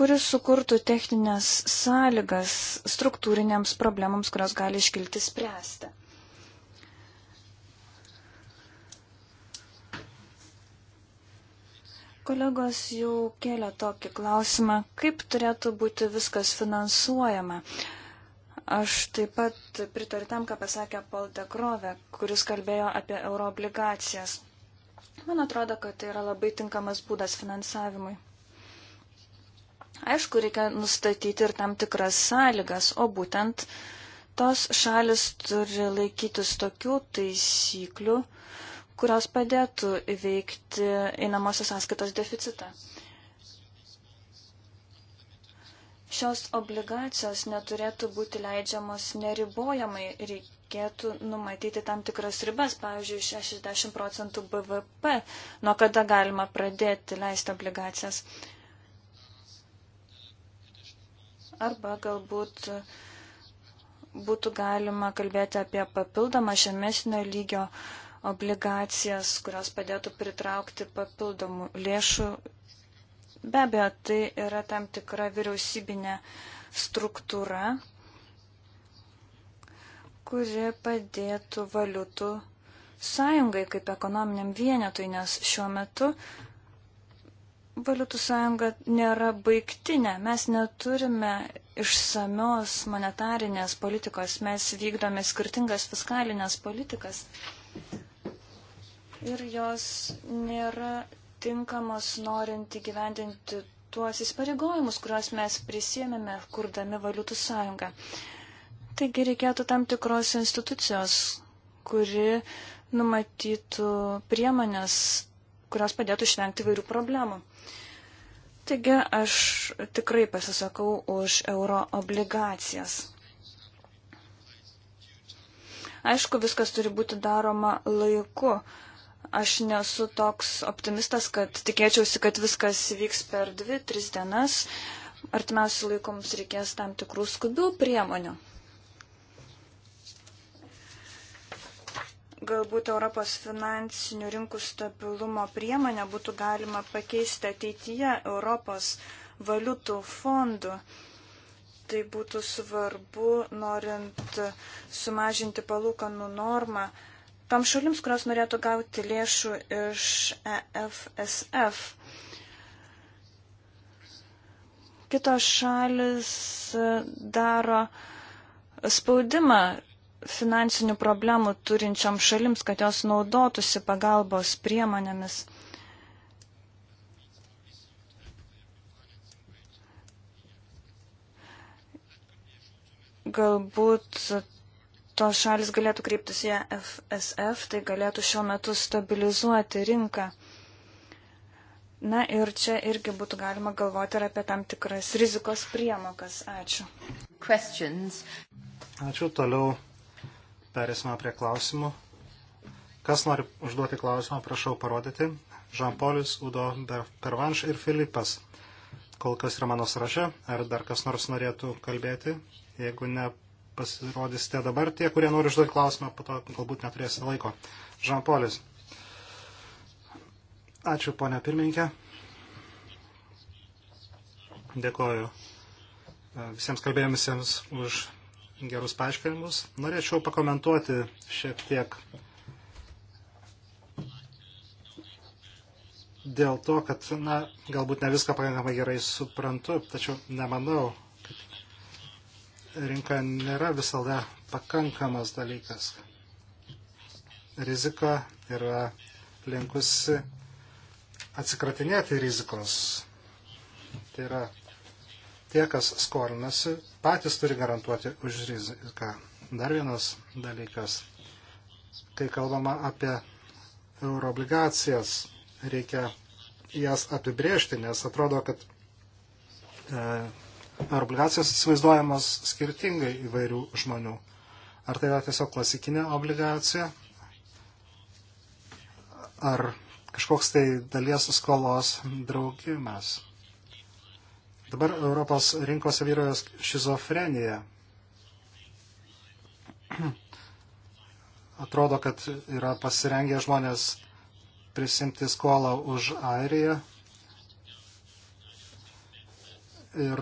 kuris sukurtų techninės sąlygas struktūrinėms problemams, kurios gali iškilti spręsti. kolegos jau kėlė tokį klausimą, kaip turėtų būti viskas finansuojama. Aš taip pat pritariu tam, ką pasakė Paul Dekrovė, kuris kalbėjo apie euroobligacijas. Man atrodo, kad tai yra labai tinkamas būdas finansavimui. Aišku, reikia nustatyti ir tam tikras sąlygas, o būtent tos šalis turi laikytis tokių taisyklių, kurios padėtų įveikti einamosios sąskaitos deficitą. Šios obligacijos neturėtų būti leidžiamos neribojamai, reikėtų numatyti tam tikras ribas, pavyzdžiui, 60 procentų BVP, nuo kada galima pradėti leisti obligacijas. Arba galbūt būtų galima kalbėti apie papildomą žemesnio lygio uh, obligacijas, kurios padėtų pritraukti papildomų lėšų. Be abejo, tai yra tam tikra vyriausybinė struktūra, kuri padėtų valiutų sąjungai kaip ekonominiam vienetui, nes šiuo metu valiutų sąjunga nėra baigtinė. Mes neturime išsamios monetarinės politikos, mes vykdome skirtingas fiskalinės politikas ir jos nėra tinkamos norint įgyvendinti tuos įsipareigojimus, kuriuos mes prisėmėme, kurdami valiutų sąjungą. Taigi reikėtų tam tikros institucijos, kuri numatytų priemonės, kurios padėtų išvengti vairių problemų. Taigi aš tikrai pasisakau už euro obligacijas. Aišku, viskas turi būti daroma laiku. Aš nesu toks optimistas, kad tikėčiausi, kad viskas vyks per dvi, tris dienas. Artimiausių laikų mums reikės tam tikrų skubių priemonių. galbūt Europos finansinių rinkų stabilumo priemonę būtų galima pakeisti ateityje Europos valiutų fondų. Tai būtų svarbu, norint sumažinti palūkanų normą tom šalims, kurios norėtų gauti lėšų iš EFSF. Kitos šalis e, daro spaudimą finansinių problemų turinčiam šalims, kad jos naudotųsi pagalbos priemonėmis. Galbūt tos šalis galėtų kreiptis į FSF, tai galėtų šiuo metu stabilizuoti rinką. Na ir čia irgi būtų galima galvoti ir apie tam tikras rizikos priemokas. Ačiū. Questions. Ačiū. Toliau perėsime prie klausimų. Kas nori užduoti klausimą, prašau parodyti. Žampolis, Udo Pervanš ir Filipas. Kol kas yra mano sąraše. Ar dar kas nors norėtų kalbėti? Jeigu ne, pasirodysite dabar. Tie, kurie nori užduoti klausimą, po to galbūt neturėsite laiko. Žampolis. Ačiū, ponia pirmininkė. Dėkoju e, visiems kalbėjusiems už gerus paaiškinimus. Norėčiau pakomentuoti šiek tiek dėl to, kad, na, galbūt ne viską pakankamai gerai suprantu, tačiau nemanau, rinka nėra visada pakankamas dalykas. Rizika yra linkusi atsikratinėti rizikos. Tai yra tie, kas skolinasi, patys turi garantuoti už riziką. Dar vienas dalykas. Kai kalbama apie euroobligacijas, reikia jas apibriežti, nes atrodo, kad e, ar obligacijos įsivaizduojamos skirtingai įvairių žmonių. Ar tai yra tiesiog klasikinė obligacija, ar kažkoks tai dalies skolos draugimas. Dabar Europos rinkose vyroja šizofrenija. Atrodo, kad yra pasirengę žmonės prisimti skolą už Airiją ir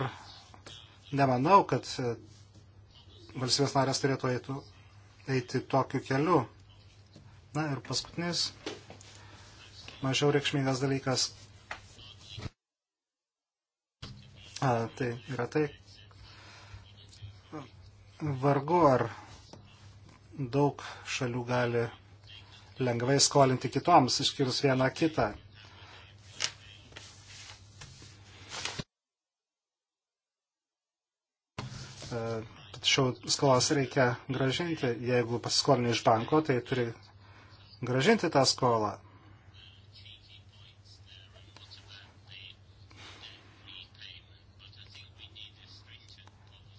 nemanau, kad e, valstybės narės turėtų eitų, eiti tokiu keliu. Na ir paskutinis, mažiau reikšmingas dalykas. A, tai yra tai, vargu ar daug šalių gali lengvai skolinti kitoms, išskyrus vieną kitą. Tačiau skolas reikia gražinti. Jeigu pasiskolinai iš banko, tai turi gražinti tą skolą.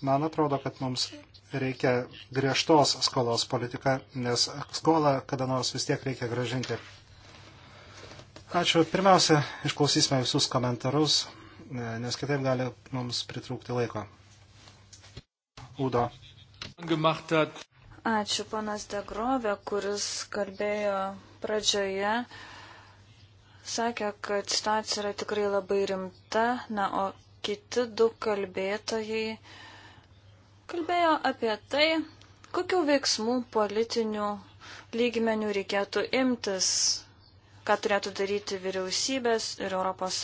Man atrodo, kad mums reikia griežtos skolos politiką, nes skolą kada nors vis tiek reikia gražinti. Ačiū. Pirmiausia, išklausysime visus komentarus, nes kitaip gali mums pritrūkti laiko. Udo. Ačiū panas Degrovė, kuris kalbėjo pradžioje. Sakė, kad situacija yra tikrai labai rimta, na, o kiti du kalbėtojai kalbėjo apie tai, kokiu veiksmu politiniu lygmeniu reikėtų imtis, ką turėtų daryti vyriausybės ir ES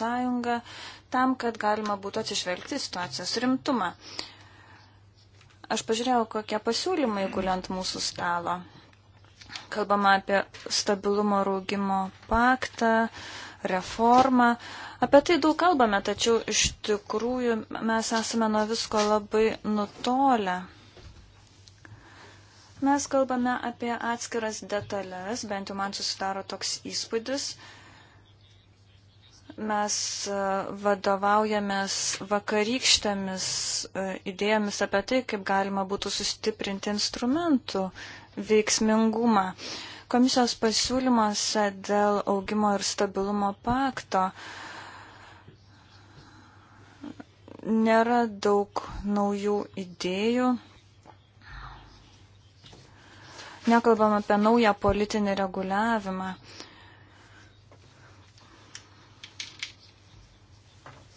tam, kad galima būtų atsižvelgti situacijos rimtumą. Aš pažiūrėjau, kokie pasiūlymai guliant mūsų stalo. Kalbama apie stabilumo rūgimo paktą, reformą. Apie tai daug kalbame, tačiau iš tikrųjų mes esame nuo visko labai nutolę. Mes kalbame apie atskiras detalės, bent jau man susidaro toks įspūdis, mes e, vadovaujamės vakarykštėmis e, idėjomis apie tai, kaip galima būtų sustiprinti instrumentų veiksmingumą. Komisijos pasiūlymuose dėl augimo ir stabilumo pakto nėra daug naujų idėjų. Nekalbam apie naują politinį reguliavimą. Uh,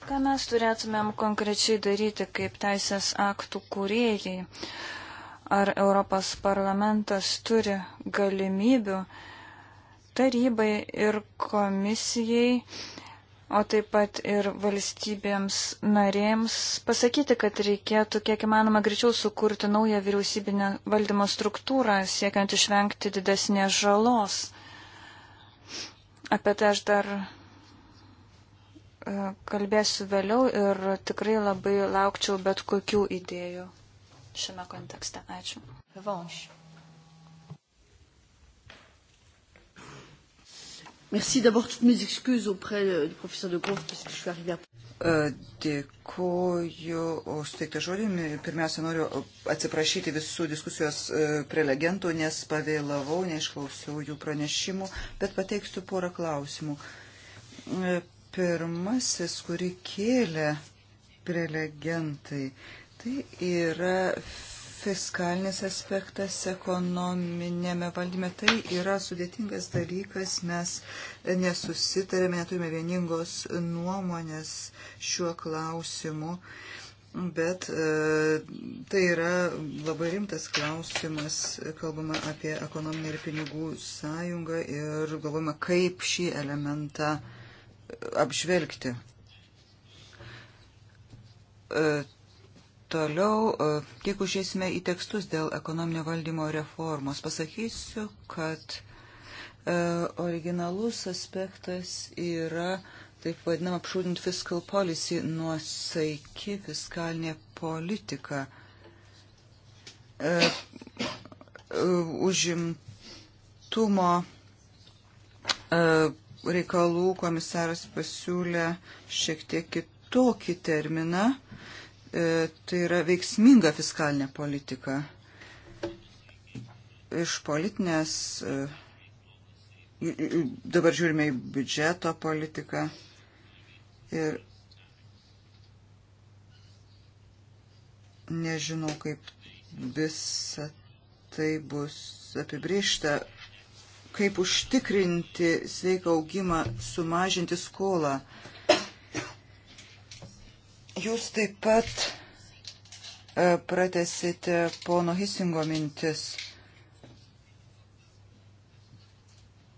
Ką mes turėtumėm konkrečiai daryti kaip teisės aktų kūrėjai? Ar Europos parlamentas turi galimybių tarybai ir komisijai, o taip pat ir valstybėms narėms pasakyti, kad reikėtų kiek įmanoma greičiau sukurti naują vyriausybinę valdymo struktūrą, siekiant išvengti didesnės žalos? Apie tai aš dar E, kalbėsiu vėliau ir tikrai labai laukčiau bet kokių idėjų šiame kontekste. Ačiū. Revanš. Merci d'abord toutes mes excuses auprès du professeur de Groff parce que je suis arrivée à... E, Dėkuoju už teiktą žodį. Pirmiausia, noriu atsiprašyti visų diskusijos e, prelegentų, nes pavėlavau, neišklausiau jų pranešimų, bet pateiksiu porą klausimų pirmasis, kurį kėlė prelegentai, tai yra fiskalinis aspektas ekonominėme valdyme. Tai yra sudėtingas dalykas, mes nesusitarėme, neturime vieningos nuomonės šiuo klausimu, bet e, tai yra labai rimtas klausimas, kalbama apie ekonominę ir pinigų sąjungą ir galvojama, kaip šį elementą e, apžvelgti. E, toliau, kiek e, užėsime į tekstus dėl ekonominio valdymo reformos, pasakysiu, kad e, originalus aspektas yra taip vadinama prudent fiscal policy, nuosaiki fiskalinė politika. Užimtumo reikalų komisaras pasiūlė šiek tiek kitokį terminą, e, tai yra veiksminga fiskalinė politika. Iš politinės, e, dabar žiūrime į biudžeto politiką ir nežinau, kaip visa tai bus apibriešta kaip užtikrinti sveiką augimą, sumažinti skolą. Jūs taip pat e, pratesite pono Hisingo mintis,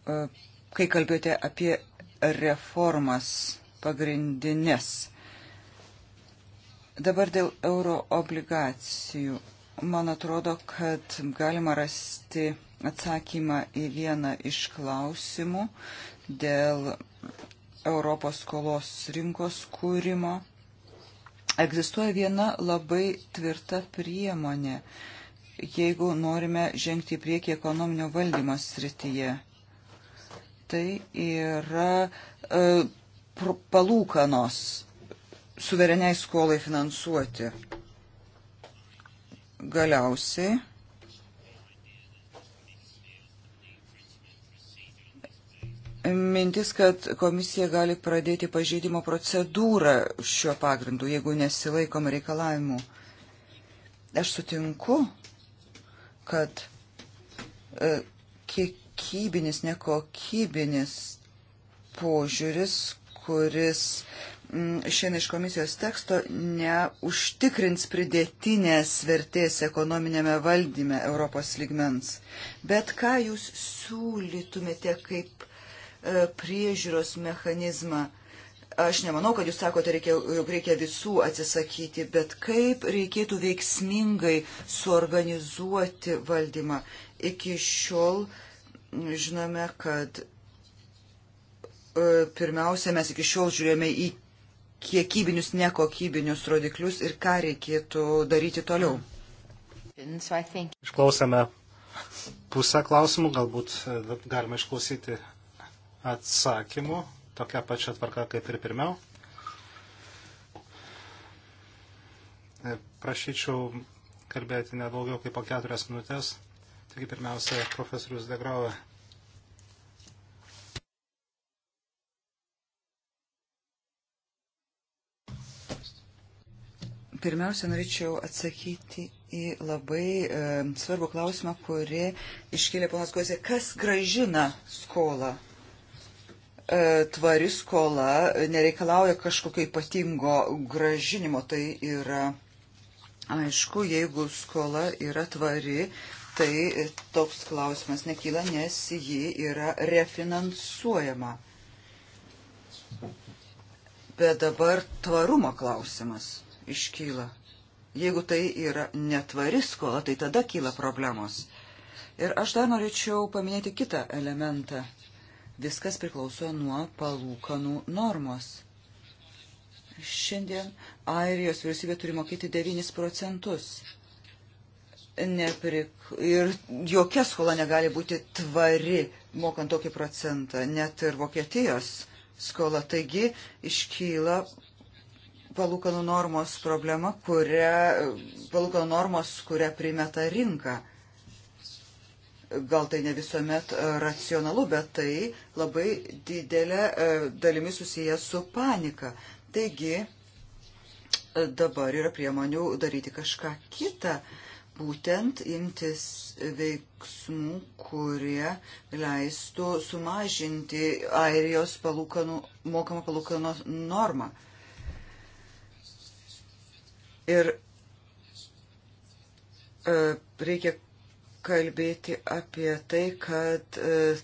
e, kai kalbėjote apie reformas pagrindinės. Dabar dėl euro obligacijų Man atrodo, kad galima rasti atsakymą į vieną iš klausimų dėl Europos skolos rinkos kūrimo. Egzistuoja viena labai tvirta priemonė, jeigu norime žengti į priekį ekonominio valdymo srityje. Tai yra e, palūkanos suvereniai skolai finansuoti galiausiai mintis, kad komisija gali pradėti pažeidimo procedūrą šiuo pagrindu, jeigu nesilaikom reikalavimų. Aš sutinku, kad e, kiekybinis, nekokybinis požiūris, kuris Mm, šiandien iš komisijos teksto neužtikrins pridėtinės vertės ekonominėme valdyme Europos lygmens. Bet ką jūs siūlytumėte kaip e, priežiūros mechanizmą? Aš nemanau, kad jūs sakote, reikia, jog reikia visų atsisakyti, bet kaip reikėtų veiksmingai suorganizuoti valdymą. Iki šiol žinome, kad e, pirmiausia, mes iki šiol žiūrėjome į kiekybinius, nekokybinius rodiklius ir ką reikėtų daryti toliau. Išklausėme pusę klausimų, galbūt e, galima išklausyti atsakymų, tokia pačia tvarka kaip ir pirmiau. E, prašyčiau kalbėti nedaugiau kaip po keturias minutės. Taigi pirmiausia, profesorius Degrauė. Pirmiausia, norėčiau atsakyti į labai e, svarbų klausimą, kurį iškėlė ponas Kozė. Kas gražina skolą? E, tvari skola nereikalauja kažkokio ypatingo gražinimo. Tai yra aišku, jeigu skola yra tvari, tai toks klausimas nekyla, nes ji yra refinansuojama. Bet dabar tvarumo klausimas iškyla. Jeigu tai yra netvari skola, tai tada kyla problemos. Ir aš dar norėčiau paminėti kitą elementą. Viskas priklauso nuo palūkanų normos. Šiandien Airijos vyriausybė turi mokėti 9 procentus. Neprik... Ir jokia skola negali būti tvari, mokant tokį procentą, net ir Vokietijos skola. Taigi iškyla palūkanų normos problema, kuria, palūkanų normos, kurią primeta rinka. Gal tai ne visuomet e, racionalu, bet tai labai didelė e, dalimi susiję su panika. Taigi e, dabar yra priemonių daryti kažką kitą, būtent imtis veiksmų, kurie leistų sumažinti Airijos palūkanų, mokamą palūkanų normą. Ir e, reikia kalbėti apie tai, kad e,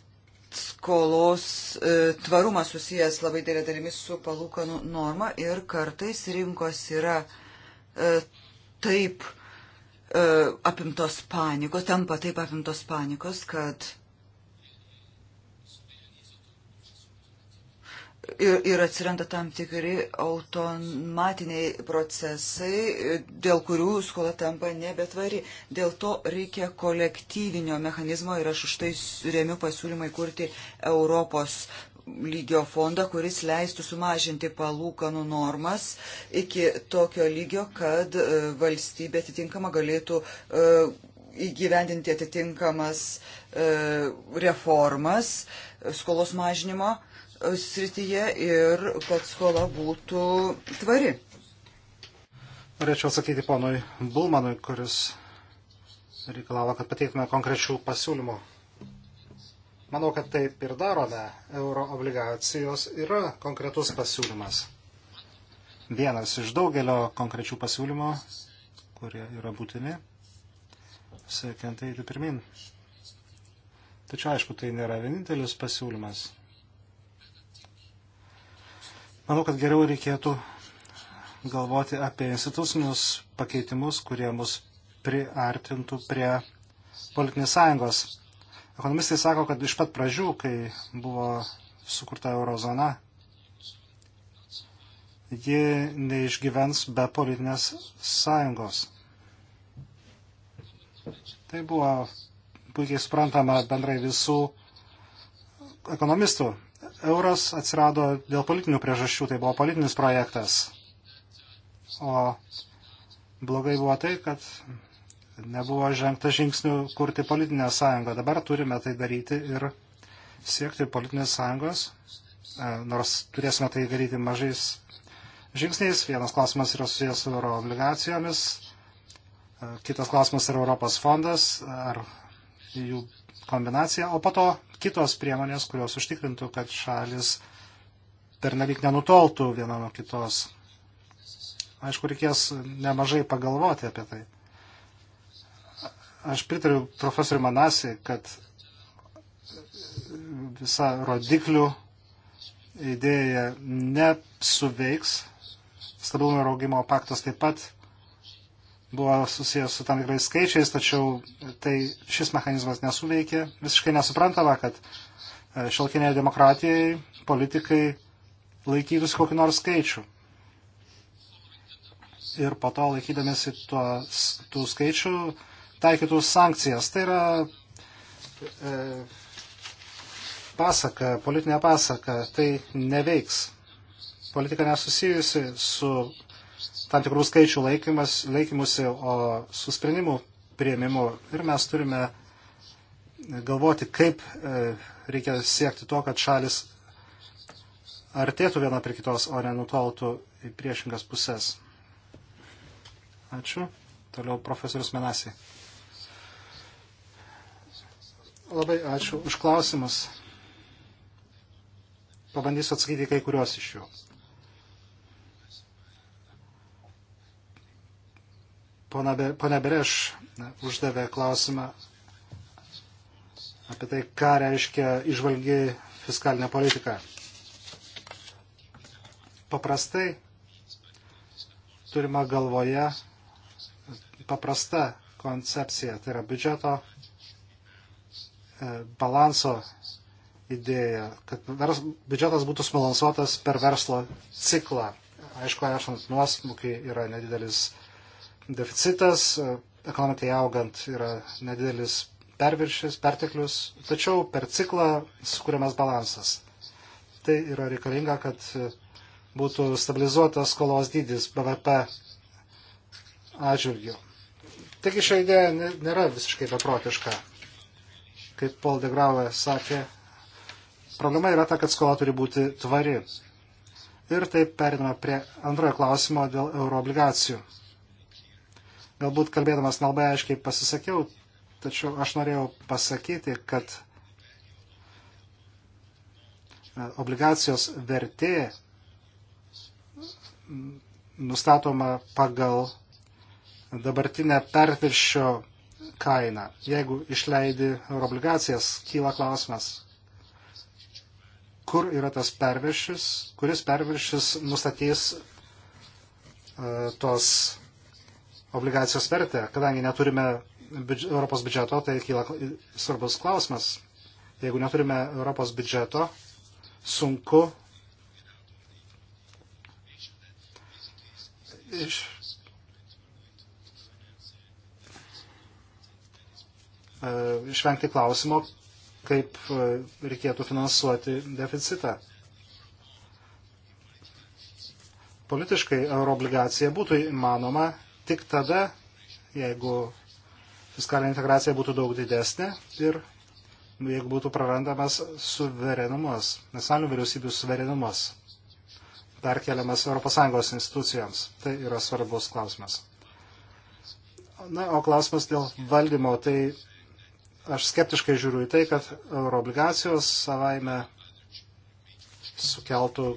skolos e, tvarumas susijęs labai dėlė dalimi su palūkanų norma ir kartais rinkos yra taip apimtos panikos, tampa taip apimtos panikos, kad Ir, ir atsiranda tam tikri automatiniai procesai, dėl kurių skola tampa nebetvari. Dėl to reikia kolektyvinio mechanizmo ir aš už tai remiu pasiūlymą įkurti Europos lygio fondą, kuris leistų sumažinti palūkanų normas iki tokio lygio, kad e, valstybė atitinkama galėtų e, įgyvendinti atitinkamas e, reformas skolos mažinimo srityje ir kad skola būtų tvari. Norėčiau atsakyti ponui Bulmanui, kuris reikalavo, kad pateiktume konkrečių pasiūlymų. Manau, kad taip ir darome. Euro obligacijos yra konkretus pasiūlymas. Vienas iš daugelio konkrečių pasiūlymų, kurie yra būtini, siekiant eiti pirmin. Tačiau, aišku, tai nėra vienintelis pasiūlymas. Manau, kad geriau reikėtų galvoti apie institucinius pakeitimus, kurie mus priartintų prie politinės sąjungos. Ekonomistai sako, kad iš pat pradžių, kai buvo sukurta eurozona, ji neišgyvens be politinės sąjungos. Tai buvo puikiai suprantama bendrai visų ekonomistų euras atsirado dėl politinių priežasčių, tai buvo politinis projektas. O blogai buvo tai, kad nebuvo žengta žingsnių kurti politinę sąjungą. Dabar turime tai daryti ir siekti politinės sąjungos, e, nors turėsime tai daryti mažais žingsniais. Vienas klausimas yra susijęs su euro obligacijomis, e, kitas klausimas yra Europos fondas, ar jų kombinacija, o po to kitos priemonės, kurios užtikrintų, kad šalis pernelyg nenutoltų viena nuo kitos. Aišku, reikės nemažai pagalvoti apie tai. Aš pritariu profesoriui Manasi, kad visa rodiklių idėja nesuveiks. Stabilumo ir augimo paktas taip pat buvo susijęs su tam tikrais skaičiais, tačiau tai šis mechanizmas nesuveikė. Visiškai nesuprantama, kad e, šalkinėje demokratijai politikai laikytųsi kokiu nors skaičiu. Ir po to laikydamėsi tuo, tų skaičių taikytų sankcijas. Tai yra e, pasaka, politinė pasaka. Tai neveiks. Politika nesusijusi su tam tikrų skaičių laikymas, laikymusi, o su sprendimu prieimimu. Ir mes turime galvoti, kaip e, reikia siekti to, kad šalis artėtų viena prie kitos, o ne nutoltų į priešingas pusės. Ačiū. Toliau profesorius Menasi. Labai ačiū už klausimus. Pabandysiu atsakyti kai kuriuos iš jų. Pone Bereš uždavė klausimą apie tai, ką reiškia išvalgi fiskalinė politika. Paprastai turima galvoje paprasta koncepcija, tai yra biudžeto e, balanso idėja, kad vers, biudžetas būtų subalansuotas per verslo ciklą. Aišku, esant nuosmukį yra nedidelis deficitas, ekonomikai augant yra nedidelis perviršis, perteklius, tačiau per ciklą sukūriamas balansas. Tai yra reikalinga, kad būtų stabilizuotas skolos dydis BVP atžvilgių. Taigi šią idėją nėra visiškai beprotiška. Kaip Paul de Grauer sakė, problema yra ta, kad skola turi būti tvari. Ir taip periname prie antrojo klausimo dėl euroobligacijų. obligacijų Galbūt kalbėdamas nelabai aiškiai pasisakiau, tačiau aš norėjau pasakyti, kad e, obligacijos vertė nustatoma pagal dabartinę perviršio kainą. Jeigu išleidi obligacijas, kyla klausimas, kur yra tas perviršis, kuris perviršis nustatys uh, tos obligacijos vertę. Kadangi neturime biudž Europos biudžeto, tai kyla svarbus klausimas. Jeigu neturime Europos biudžeto, sunku iš. E, išvengti klausimo, kaip e, reikėtų finansuoti deficitą. Politiškai euroobligacija būtų įmanoma, tik tada, jeigu fiskalinė integracija būtų daug didesnė ir jeigu būtų prarandamas suverenumas, nacionalinių vyriausybių suverenumas, dar keliamas ES institucijoms. Tai yra svarbus klausimas. Na, o klausimas dėl valdymo, tai aš skeptiškai žiūriu į tai, kad euroobligacijos savaime sukeltų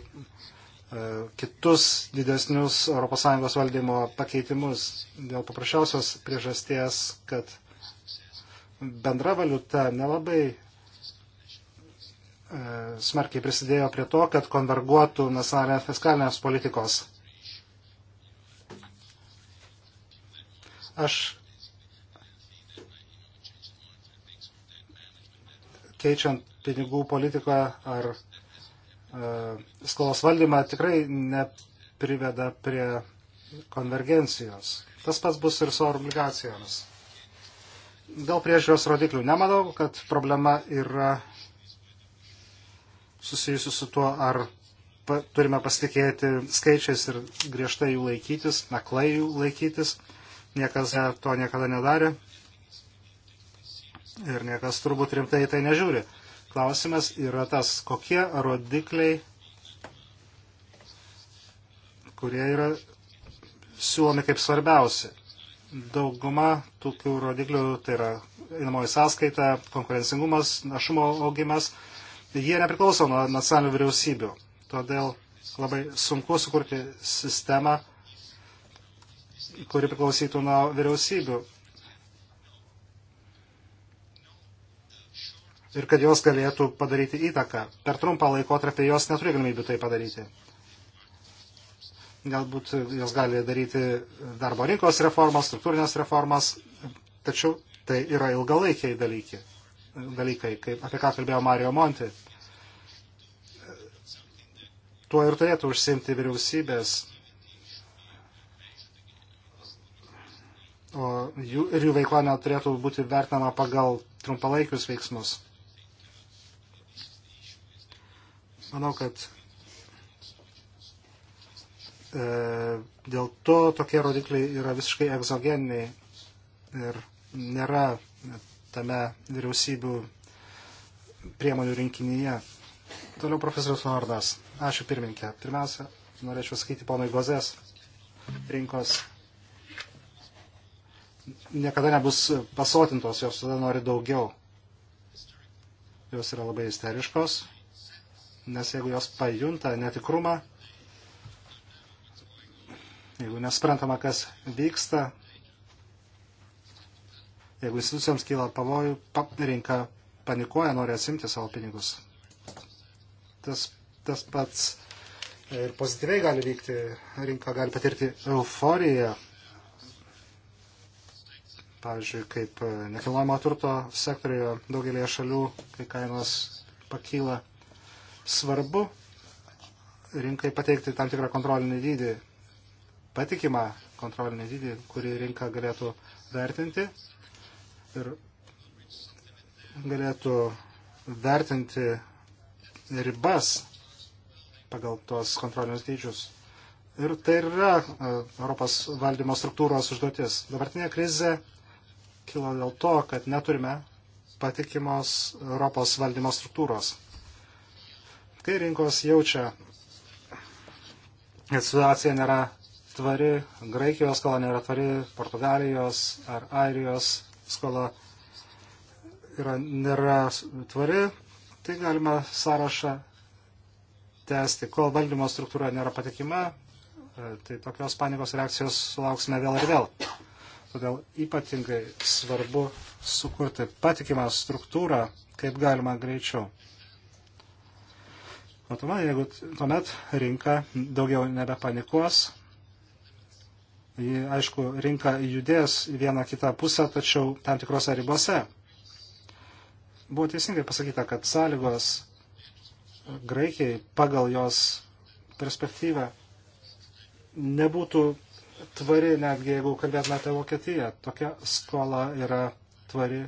E, kitus didesnius ES valdymo pakeitimus dėl paprasčiausios priežasties, kad bendra valiuta nelabai e, smarkiai prisidėjo prie to, kad konverguotų nacionalinės fiskalinės politikos. Aš keičiant pinigų politiką ar E, skolos valdymą tikrai nepriveda prie konvergencijos. Tas pats bus ir su obligacijomis. Dėl priežiūros rodiklių nemanau, kad problema yra susijusi su tuo, ar pa, turime pasitikėti skaičiais ir griežtai jų laikytis, naklai jų laikytis. Niekas to niekada nedarė ir niekas turbūt rimtai tai nežiūri. Klausimas yra tas, kokie rodikliai, kurie yra siūlomi kaip svarbiausi. Dauguma tokių rodiklių tai yra einamoji sąskaita, konkurencingumas, našumo augimas. Jie nepriklauso nuo nacionalinių vyriausybių. Todėl labai sunku sukurti sistemą, kuri priklausytų nuo vyriausybių. ir kad jos galėtų padaryti įtaką. Per trumpą laikotarpį jos neturi galimybių tai padaryti. Galbūt jos gali daryti darbo rinkos reformas, struktūrinės reformas, tačiau tai yra ilgalaikiai dalykai, dalykai kaip, apie ką kalbėjo Mario Monti. Tuo ir turėtų užsimti vyriausybės, o jų, ir jų veikla neturėtų būti vertinama pagal trumpalaikius veiksmus. Manau, kad e, dėl to tokie rodikliai yra visiškai egzogeniniai ir nėra tame vyriausybių priemonių rinkinyje. Toliau profesorius Nordas. Ačiū pirmininkė. Pirmiausia, norėčiau sakyti ponui Gozės rinkos. Niekada nebus pasotintos, jos tada nori daugiau. Jos yra labai isteriškos, nes jeigu jos pajunta netikrumą, jeigu nesprantama, kas vyksta, jeigu institucijoms kyla pavojų, rinka panikuoja, nori atsimti savo pinigus. Tas, tas pats e, ir pozityviai gali vykti, rinka gali patirti euforiją, pavyzdžiui, kaip e, nekilnojamo turto sektorijoje daugelėje šalių, kai kainos pakyla. Svarbu rinkai pateikti tam tikrą kontrolinį dydį, patikimą kontrolinį dydį, kurį rinka galėtų vertinti ir galėtų vertinti ribas pagal tuos kontrolinius dydžius. Ir tai yra e, Europos valdymo struktūros užduotis. Dabartinė krizė kilo dėl to, kad neturime patikimos Europos valdymo struktūros kai rinkos jaučia, kad situacija nėra tvari, Graikijos skola nėra tvari, Portugalijos ar Airijos skola yra, nėra tvari, tai galima sąrašą tęsti. Kol valdymo struktūra nėra patikima, e, tai tokios panikos reakcijos sulauksime vėl ir vėl. Todėl ypatingai svarbu sukurti patikimą struktūrą, kaip galima greičiau matomai, jeigu tuomet rinka daugiau nebepanikuos, aišku, rinka judės į vieną kitą pusę, tačiau tam tikrose ribose. Buvo teisingai pasakyta, kad sąlygos Graikijai pagal jos perspektyvą nebūtų tvari, netgi jeigu kalbėtume apie Vokietiją. Tokia skola yra tvari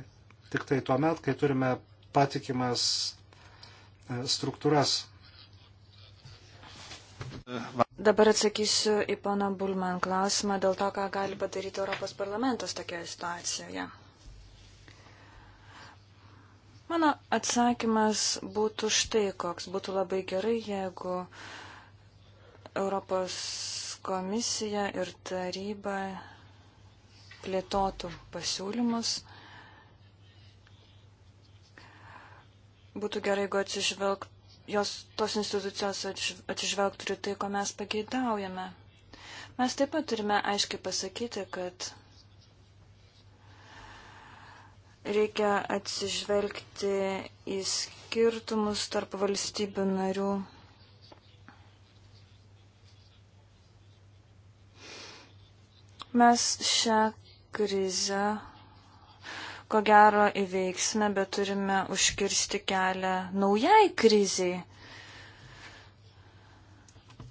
tik tai tuo met, kai turime patikimas e, struktūras Dabar atsakysiu į pono Bulman klausimą dėl to, ką gali padaryti Europos parlamentas tokioje situacijoje. Mano atsakymas būtų štai koks. Būtų labai gerai, jeigu Europos komisija ir taryba plėtotų pasiūlymus. Būtų gerai, jeigu atsižvelgtų jos tos institucijos atsižvelgtų ir tai, ko mes pageidaujame. Mes taip pat turime aiškiai pasakyti, kad reikia atsižvelgti į skirtumus tarp valstybių narių. Mes šią krizę ko gero įveiksime, bet turime užkirsti kelią naujai kriziai.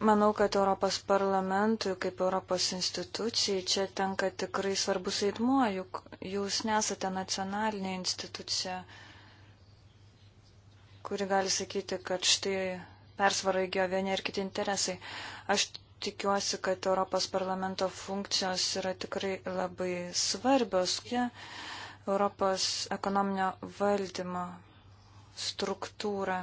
Manau, kad Europos parlamentui, kaip Europos institucijai, čia tenka tikrai svarbus vaidmuo, juk jūs nesate nacionalinė institucija, kuri gali sakyti, kad štai persvarą įgijo vieni ir kiti interesai. Aš tikiuosi, kad Europos parlamento funkcijos yra tikrai labai svarbios. Jie ja Europos ekonominio valdymo struktūrą.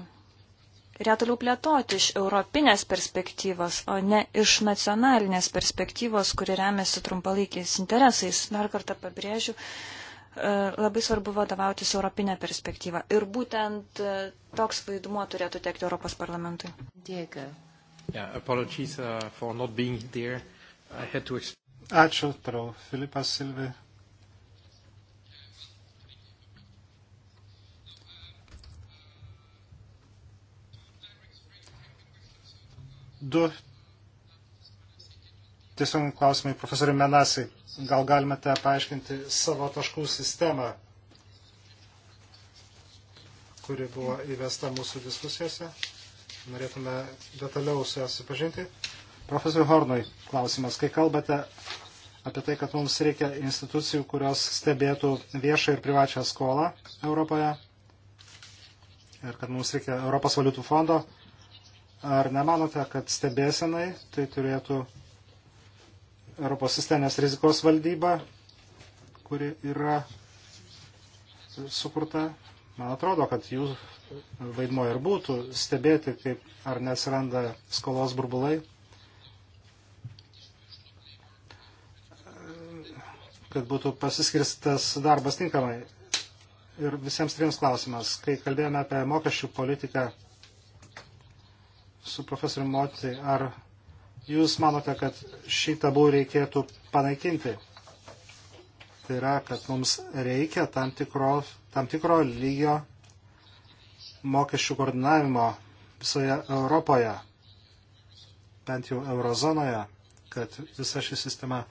Ir ją toliau plėtoti iš europinės perspektyvos, o ne iš nacionalinės perspektyvos, kuri remiasi trumpalaikiais interesais. Dar kartą pabrėžiu, e, labai svarbu vadovautis europinę perspektyvą. Ir būtent e, toks vaidmuo turėtų tekti Europos parlamentui. Diego. Yeah, apologies, uh, Ačiū, toliau Filipas Silvi. du tiesiog klausimai profesoriui Menasai. Gal galite paaiškinti savo taškų sistemą, kuri buvo įvesta mūsų diskusijose. Norėtume detaliau su ją supažinti. Profesoriui Hornui klausimas. Kai kalbate apie tai, kad mums reikia institucijų, kurios stebėtų viešą ir privačią skolą Europoje ir kad mums reikia Europos valiutų fondo, Ar nemanote, kad stebėsenai tai turėtų Europos sisteminės rizikos valdyba, kuri yra sukurta? Man atrodo, kad jų vaidmo ir būtų stebėti, kaip ar nesiranda skolos burbulai. kad būtų pasiskirstas darbas tinkamai. Ir visiems trims klausimas. Kai kalbėjome apie mokesčių politiką su profesoriumi Moti, ar jūs manote, kad šį tabų reikėtų panaikinti? Tai yra, kad mums reikia tam tikro, tam tikro lygio mokesčių koordinavimo visoje Europoje, bent jau eurozonoje, kad visa ši sistema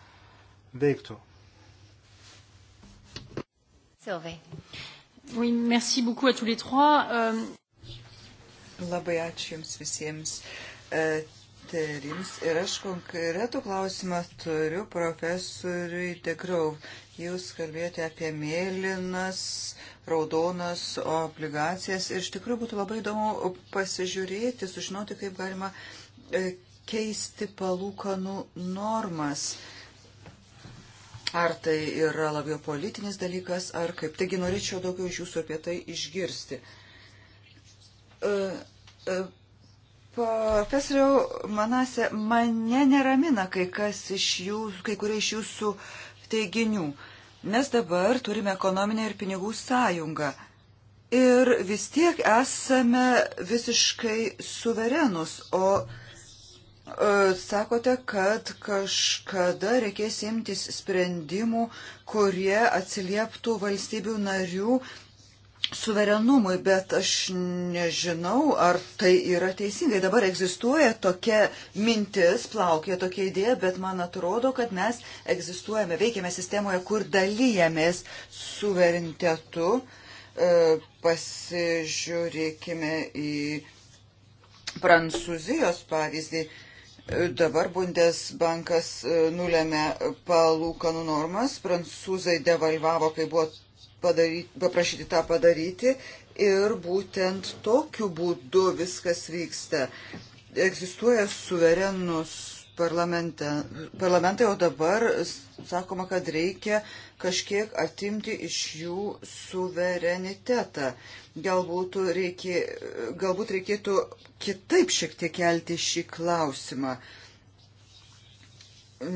veiktų. Sylvie. Oui, merci beaucoup à tous les trois. Euh... Labai ačiū Jums visiems e, trims. Ir aš konkretų klausimą turiu profesoriui Degrau. Jūs kalbėjote apie mėlynas, raudonas obligacijas ir iš tikrųjų būtų labai įdomu pasižiūrėti, sužinoti, kaip galima e, keisti palūkanų normas. Ar tai yra labiau politinis dalykas, ar kaip. Taigi norėčiau daugiau iš jūsų apie tai išgirsti. Uh, E, e, profesoriau Manase, mane neramina kai kas iš jūsų, kai kurie iš jūsų teiginių. Mes dabar turime ekonominę ir pinigų sąjungą. Ir vis tiek esame visiškai suverenus, o e, sakote, kad kažkada reikės imtis sprendimų, kurie atsilieptų valstybių narių suverenumui, bet aš nežinau, ar tai yra teisingai. Dabar egzistuoja tokia mintis, plaukia tokia idėja, bet man atrodo, kad mes egzistuojame, veikiame sistemoje, kur dalyjamės suverenitetu. E, pasižiūrėkime į Prancūzijos pavyzdį. E, dabar Bundesbankas e, nulėmė palūkanų normas, prancūzai devalvavo, kai buvo padaryti, paprašyti tą padaryti ir būtent tokiu būdu viskas vyksta. Egzistuoja suverenus parlamentai, o dabar sakoma, kad reikia kažkiek atimti iš jų suverenitetą. Galbūt, reikė, galbūt reikėtų kitaip šiek tiek kelti šį klausimą.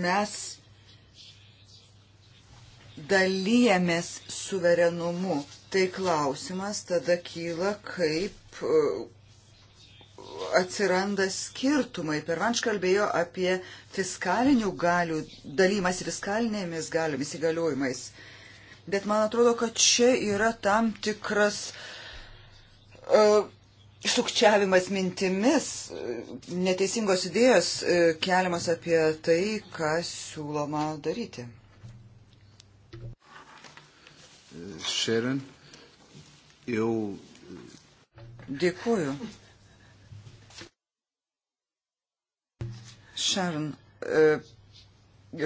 Mes dalyjamės suverenumu. Tai klausimas tada kyla, kaip e, atsiranda skirtumai. Pervanš kalbėjo apie fiskalinių galių dalymas fiskalinėmis galiomis įgaliojimais. Bet man atrodo, kad čia yra tam tikras uh, sukčiavimas mintimis, e, neteisingos idėjos keliamas apie tai, ką siūloma daryti. Sharon. Eu. Dėkuoju. Sharon, e,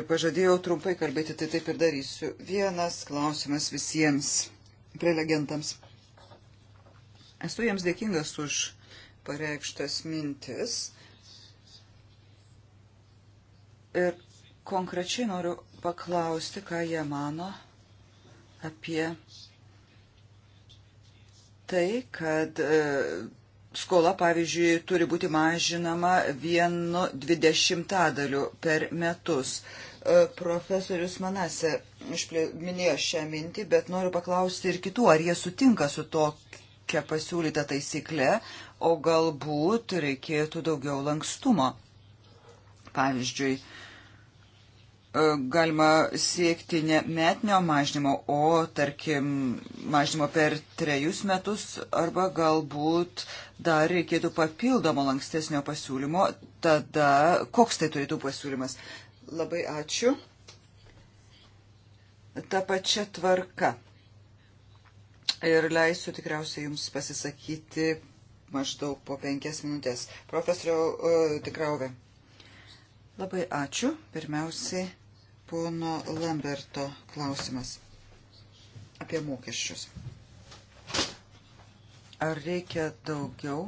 pažadėjau trumpai kalbėti, tai taip ir darysiu. Vienas klausimas visiems prelegentams. Esu jiems dėkingas už pareikštas mintis. Ir konkrečiai noriu paklausti, ką jie mano apie tai, kad e, skola, pavyzdžiui, turi būti mažinama vienu dvidešimtadaliu per metus. E, profesorius Manase minėjo šią mintį, bet noriu paklausti ir kitų, ar jie sutinka su tokia pasiūlyta taisykle, o galbūt reikėtų daugiau lankstumo. Pavyzdžiui, E, galima siekti ne metinio mažnymo, o tarkim mažnymo per trejus metus arba galbūt dar reikėtų papildomo lankstesnio pasiūlymo. Tada koks tai turėtų pasiūlymas? Labai ačiū. Ta pačia tvarka. Ir leisiu tikriausiai Jums pasisakyti maždaug po penkias minutės. Profesoriau e, Tikrauvė. Labai ačiū. Pirmiausiai pono Lamberto klausimas apie mokesčius. Ar reikia daugiau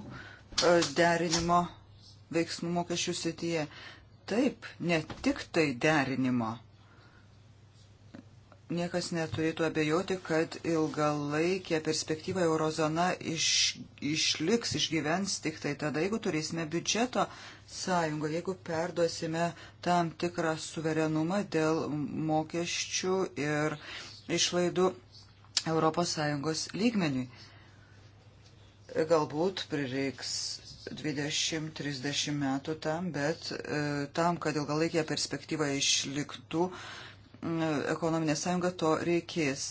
e, derinimo veiksmų mokesčių sityje? Taip, ne tik tai derinimo. Niekas neturėtų abejoti, kad ilgalaikė perspektyva eurozona iš, išliks, išgyvens tik tai tada, jeigu turėsime biudžeto sąjungą, jeigu perduosime tam tikrą suverenumą dėl mokesčių ir išlaidų Europos Sąjungos lygmeniui. Galbūt prireiks 20-30 metų tam, bet e, tam, kad ilgalaikėje perspektyvoje išliktų e, ekonominė sąjunga, to reikės.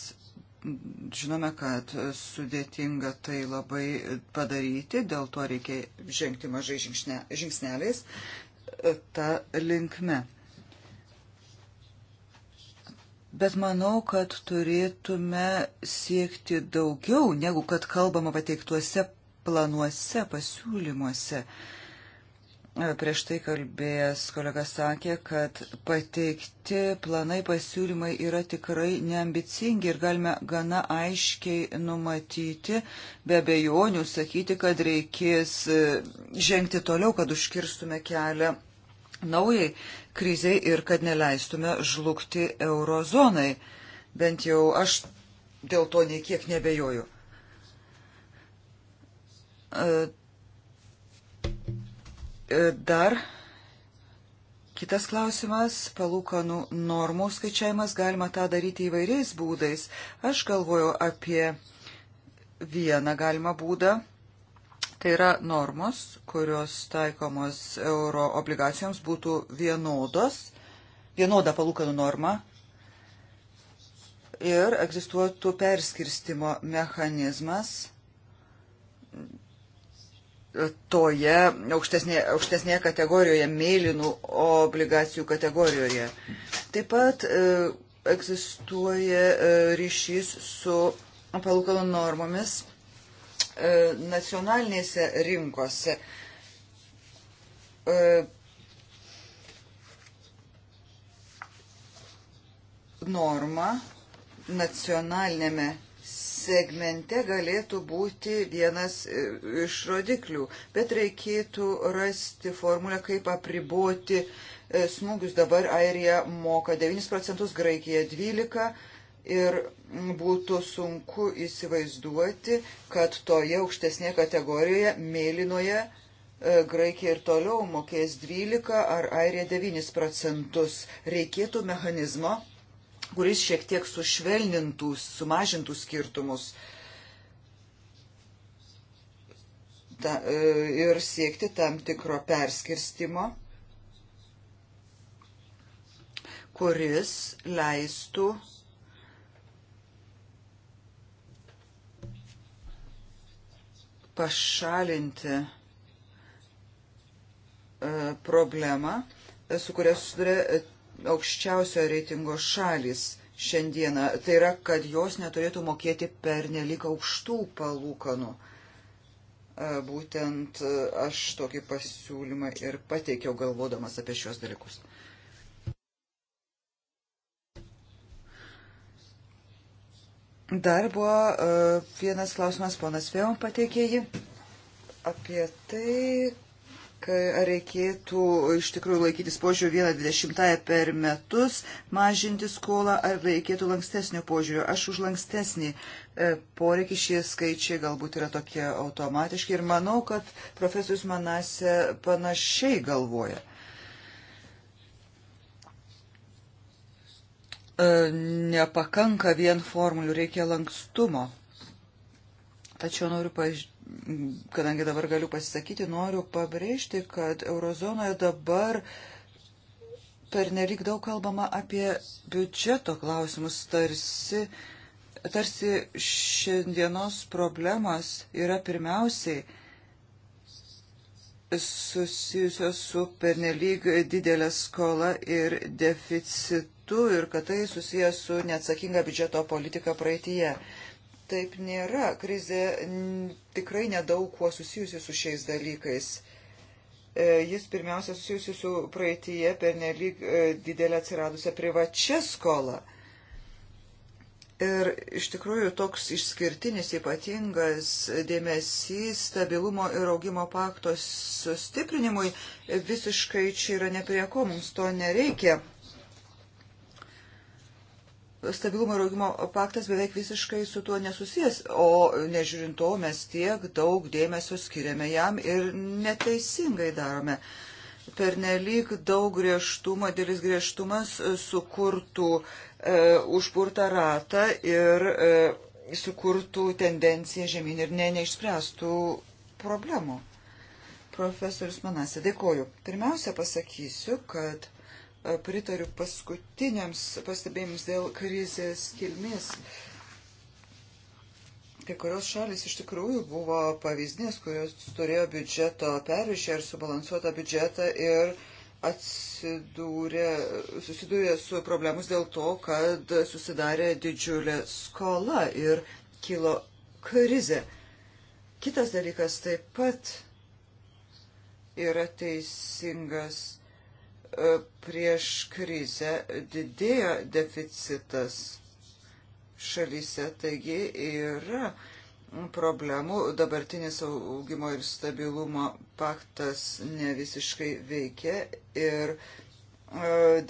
Žinome, kad sudėtinga tai labai padaryti, dėl to reikia žengti mažai žingsne, žingsneliais tą linkme. Bet manau, kad turėtume siekti daugiau, negu kad kalbama pateiktuose planuose, pasiūlymuose. Uh, prieš tai kalbėjęs kolega sakė, kad pateikti planai pasiūlymai yra tikrai neambicingi ir galime gana aiškiai numatyti, be abejonių sakyti, kad reikės e, žengti toliau, kad užkirstume kelią naujai kriziai ir kad neleistume žlugti eurozonai. Bent jau aš dėl to niekiek nebejoju e, E, dar Kitas klausimas - palūkanų normų skaičiavimas galima tą daryti įvairiais būdais. Aš galvoju apie vieną galimą būdą. Tai yra normos, kurios taikomos euro obligacijoms būtų vienodos, vienoda palūkanų norma ir egzistuotų perskirstimo mechanizmas toje aukštesnėje, aukštesnėje kategorijoje, mėlynų obligacijų kategorijoje. Taip pat e, egzistuoja e, ryšys su palūkanų normomis e, nacionalinėse rinkose. E, norma nacionalinėme segmente galėtų būti vienas e, iš rodiklių, bet reikėtų rasti formulę, kaip apriboti e, smūgius. Dabar Airija moka 9 procentus, Graikija 12 ir būtų sunku įsivaizduoti, kad toje aukštesnėje kategorijoje, mėlynoje, e, Graikija ir toliau mokės 12 ar Airija 9 procentus. Reikėtų mechanizmo kuris šiek tiek sušvelnintų, sumažintų skirtumus ta, e, ir siekti tam tikro perskirstimo, kuris leistų pašalinti e, problemą, su kuria susiduria e, aukščiausio reitingo šalis šiandieną. Tai yra, kad jos neturėtų mokėti per nelik aukštų palūkanų. E, būtent e, aš tokį pasiūlymą ir pateikiau galvodamas apie šios dalykus. Dar buvo uh, vienas klausimas, ponas Vėjom pateikė jį, apie tai, ar reikėtų iš tikrųjų laikytis požiūrių 1,20 per metus, mažinti skolą, ar reikėtų lankstesnio požiūrio. Aš už lankstesnį e, poreikį šie skaičiai galbūt yra tokie automatiški ir manau, kad profesorius Manase panašiai galvoja. E, nepakanka vien formulių, reikia lankstumo. Tačiau noriu paž kadangi dabar galiu pasisakyti, noriu pabrėžti, kad eurozonoje dabar per nelik daug kalbama apie biudžeto klausimus, tarsi, tarsi šiandienos problemas yra pirmiausiai susijusios su pernelyg didelė skola ir deficitu ir kad tai susijęs su neatsakinga biudžeto politika praeitie taip nėra. Krizė tikrai nedaug kuo susijusi su šiais dalykais. E, jis pirmiausia susijusi su praeitie per nelik e, didelę atsiradusią privačią skolą. Ir iš tikrųjų toks išskirtinis ypatingas dėmesys stabilumo ir augimo paktos sustiprinimui visiškai čia yra neprie ko, mums to nereikia stabilumo ir augimo paktas beveik visiškai su tuo nesusijęs, o nežiūrint to mes tiek daug dėmesio skiriame jam ir neteisingai darome. Per nelik daug griežtumo, dėlis griežtumas sukurtų e, užpurtą ratą ir e, sukurtų tendenciją žemyn ir ne, neišspręstų problemų. Profesorius Manasė, dėkoju. Pirmiausia pasakysiu, kad pritariu paskutiniams pastebėjimams dėl krizės kilmės. Kai kurios šalis iš tikrųjų buvo pavyzdinės, kurios turėjo biudžeto pervišę ir subalansuotą biudžetą ir atsidūrė, susidūrė su problemus dėl to, kad susidarė didžiulė skola ir kilo krizė. Kitas dalykas taip pat yra teisingas E, prieš krizę didėjo deficitas šalyse, taigi yra problemų. Dabartinis augimo ir stabilumo paktas ne visiškai veikia ir e,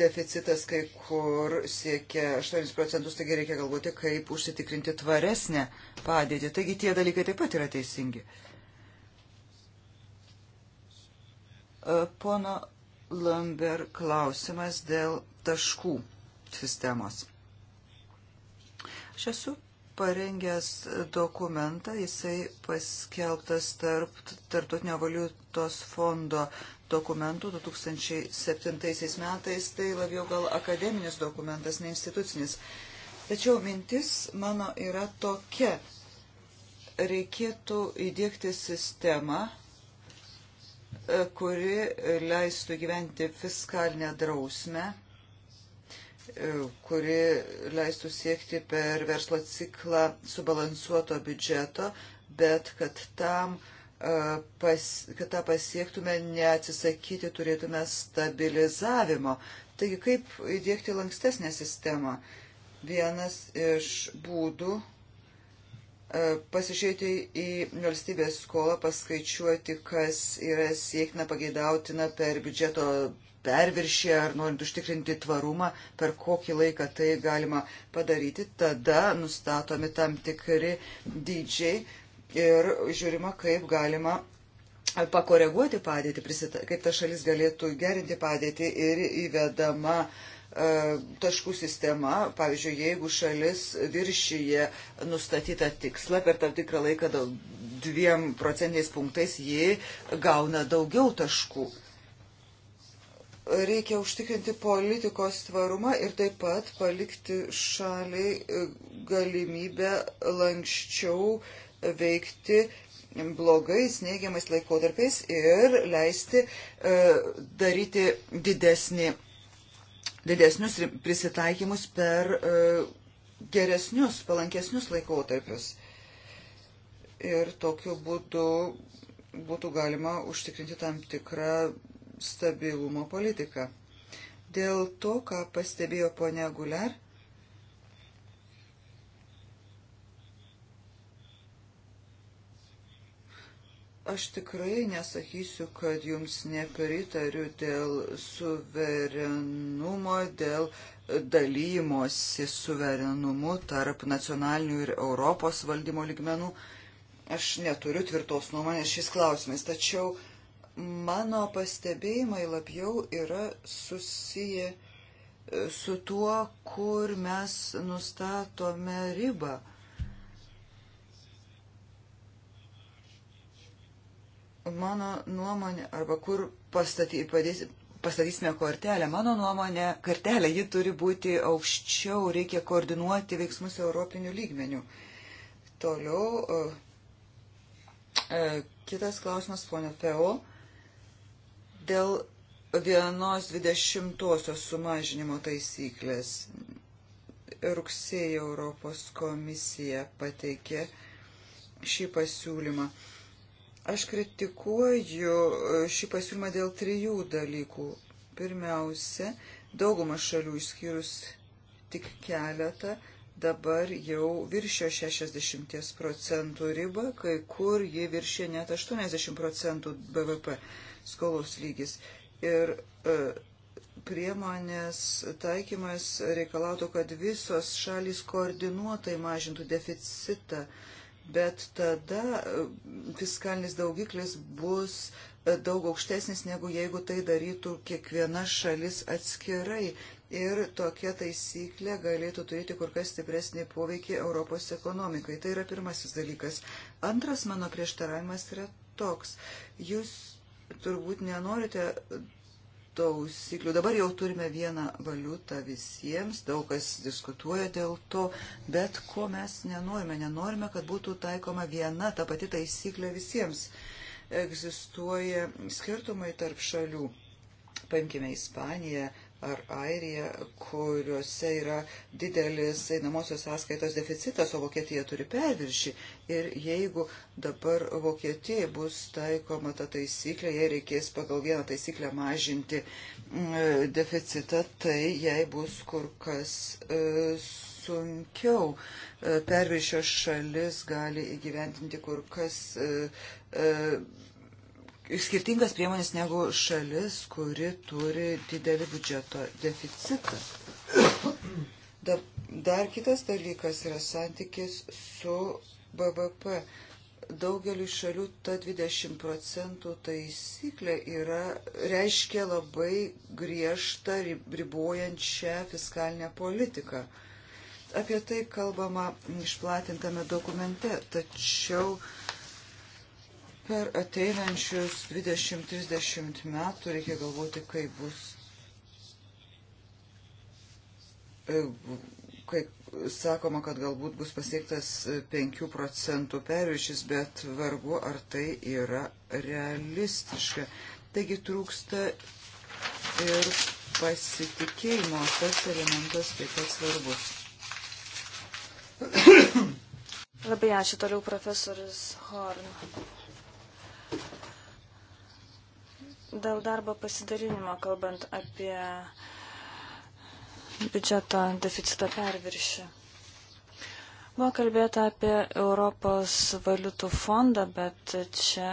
deficitas kai kur siekia 8 procentus, taigi reikia galvoti, kaip užsitikrinti tvaresnę padėtį. Taigi tie dalykai taip pat yra teisingi. E, pono Lambert klausimas dėl taškų sistemos. Aš esu parengęs dokumentą, jisai paskelbtas tarp Tartutinio valiutos fondo dokumentų 2007 metais, tai labiau gal akademinis dokumentas, ne institucinis. Tačiau mintis mano yra tokia. Reikėtų įdėkti sistemą, E, kuri leistų gyventi fiskalinę drausmę, e, kuri leistų siekti per verslo ciklą subalansuoto biudžeto, bet kad tam e, pas, kad tą pasiektume, neatsisakyti turėtume stabilizavimo. Taigi kaip įdėkti lankstesnę sistemą? Vienas iš būdų E, pasižiūrėti į valstybės skolą, paskaičiuoti, kas yra siektina pageidautina per biudžeto perviršį ar norint užtikrinti tvarumą, per kokį laiką tai galima padaryti, tada nustatomi tam tikri dydžiai ir žiūrima, kaip galima pakoreguoti padėtį, kaip ta šalis galėtų gerinti padėtį ir įvedama uh, E, taškų sistema, pavyzdžiui, jeigu šalis viršyje nustatytą tikslą per tam tikrą laiką dviem procentiniais punktais, ji gauna daugiau taškų. Reikia užtikrinti politikos tvarumą ir taip pat palikti šaliai e, galimybę lankščiau veikti blogais, neigiamais laikotarpiais ir leisti e, daryti didesnį didesnius prisitaikymus per e, geresnius, palankesnius laikotarpius. Ir tokiu būdu būtų galima užtikrinti tam tikrą stabilumo politiką. Dėl to, ką pastebėjo ponia Guler, Aš tikrai nesakysiu, kad jums nepritariu dėl suverenumo, dėl dalymosi suverenumu tarp nacionalinių ir Europos valdymo ligmenų. Aš neturiu tvirtos nuomonės šis klausimais, tačiau mano pastebėjimai labiau yra susiję e, su tuo, kur mes nustatome ribą Mano nuomonė, arba kur pastaty, padės, pastatysime kortelę, mano nuomonė, kartelė, ji turi būti aukščiau, reikia koordinuoti veiksmus europinių lygmenių. Toliau, e, e, kitas klausimas, ponio Peo, dėl vienos dvidešimtosios sumažinimo taisyklės. Rugsėjo Europos komisija pateikė šį pasiūlymą. Aš kritikuoju e, šį pasiūlymą dėl trijų dalykų. Pirmiausia, dauguma šalių išskyrus tik keletą dabar jau viršio 60 procentų ribą, kai kur ji viršė net 80 procentų BVP skolos lygis. Ir e, priemonės taikymas reikalautų, kad visos šalys koordinuotai mažintų deficitą. E, bet tada e, fiskalinis daugiklis bus e, daug aukštesnis, negu jeigu tai darytų kiekviena šalis atskirai. Ir tokia taisyklė galėtų turėti kur kas stipresnį poveikį Europos ekonomikai. Tai yra pirmasis dalykas. Antras mano prieštaravimas yra toks. Jūs turbūt nenorite tausyklių. Dabar jau turime vieną valiutą visiems, daug kas diskutuoja dėl to, bet ko mes nenorime? Nenorime, kad būtų taikoma viena ta pati taisyklė visiems. Egzistuoja skirtumai tarp šalių. Paimkime Ispaniją ar Airiją, kuriuose yra didelis einamosios sąskaitos deficitas, o Vokietija turi perviršį. Ir jeigu dabar Vokietijai bus taikoma ta taisyklė, jei reikės pagal vieną taisyklę mažinti mm, e, deficitą, tai jai bus kur kas e, sunkiau. E, perviršio šalis gali įgyventinti kur kas skirtingas priemonės negu šalis, kuri turi didelį biudžeto deficitą. Dar kitas dalykas yra santykis su BVP. Daugeliu šalių ta 20 procentų taisyklė yra, reiškia labai griežtą ribojančią fiskalinę politiką. Apie tai kalbama išplatintame dokumente, tačiau per ateinančius 20-30 metų reikia galvoti, kaip bus, e, kaip sakoma, kad galbūt bus pasiektas 5 procentų perviršis, bet vargu ar tai yra realistiška. Taigi trūksta ir pasitikėjimo, tas elementas taip pat svarbus. Labai ačiū toliau profesorius Horn. Dėl darbo pasidalinimo, kalbant apie uh, biudžeto deficito perviršį. Buvo kalbėta apie Europos valiutų fondą, bet čia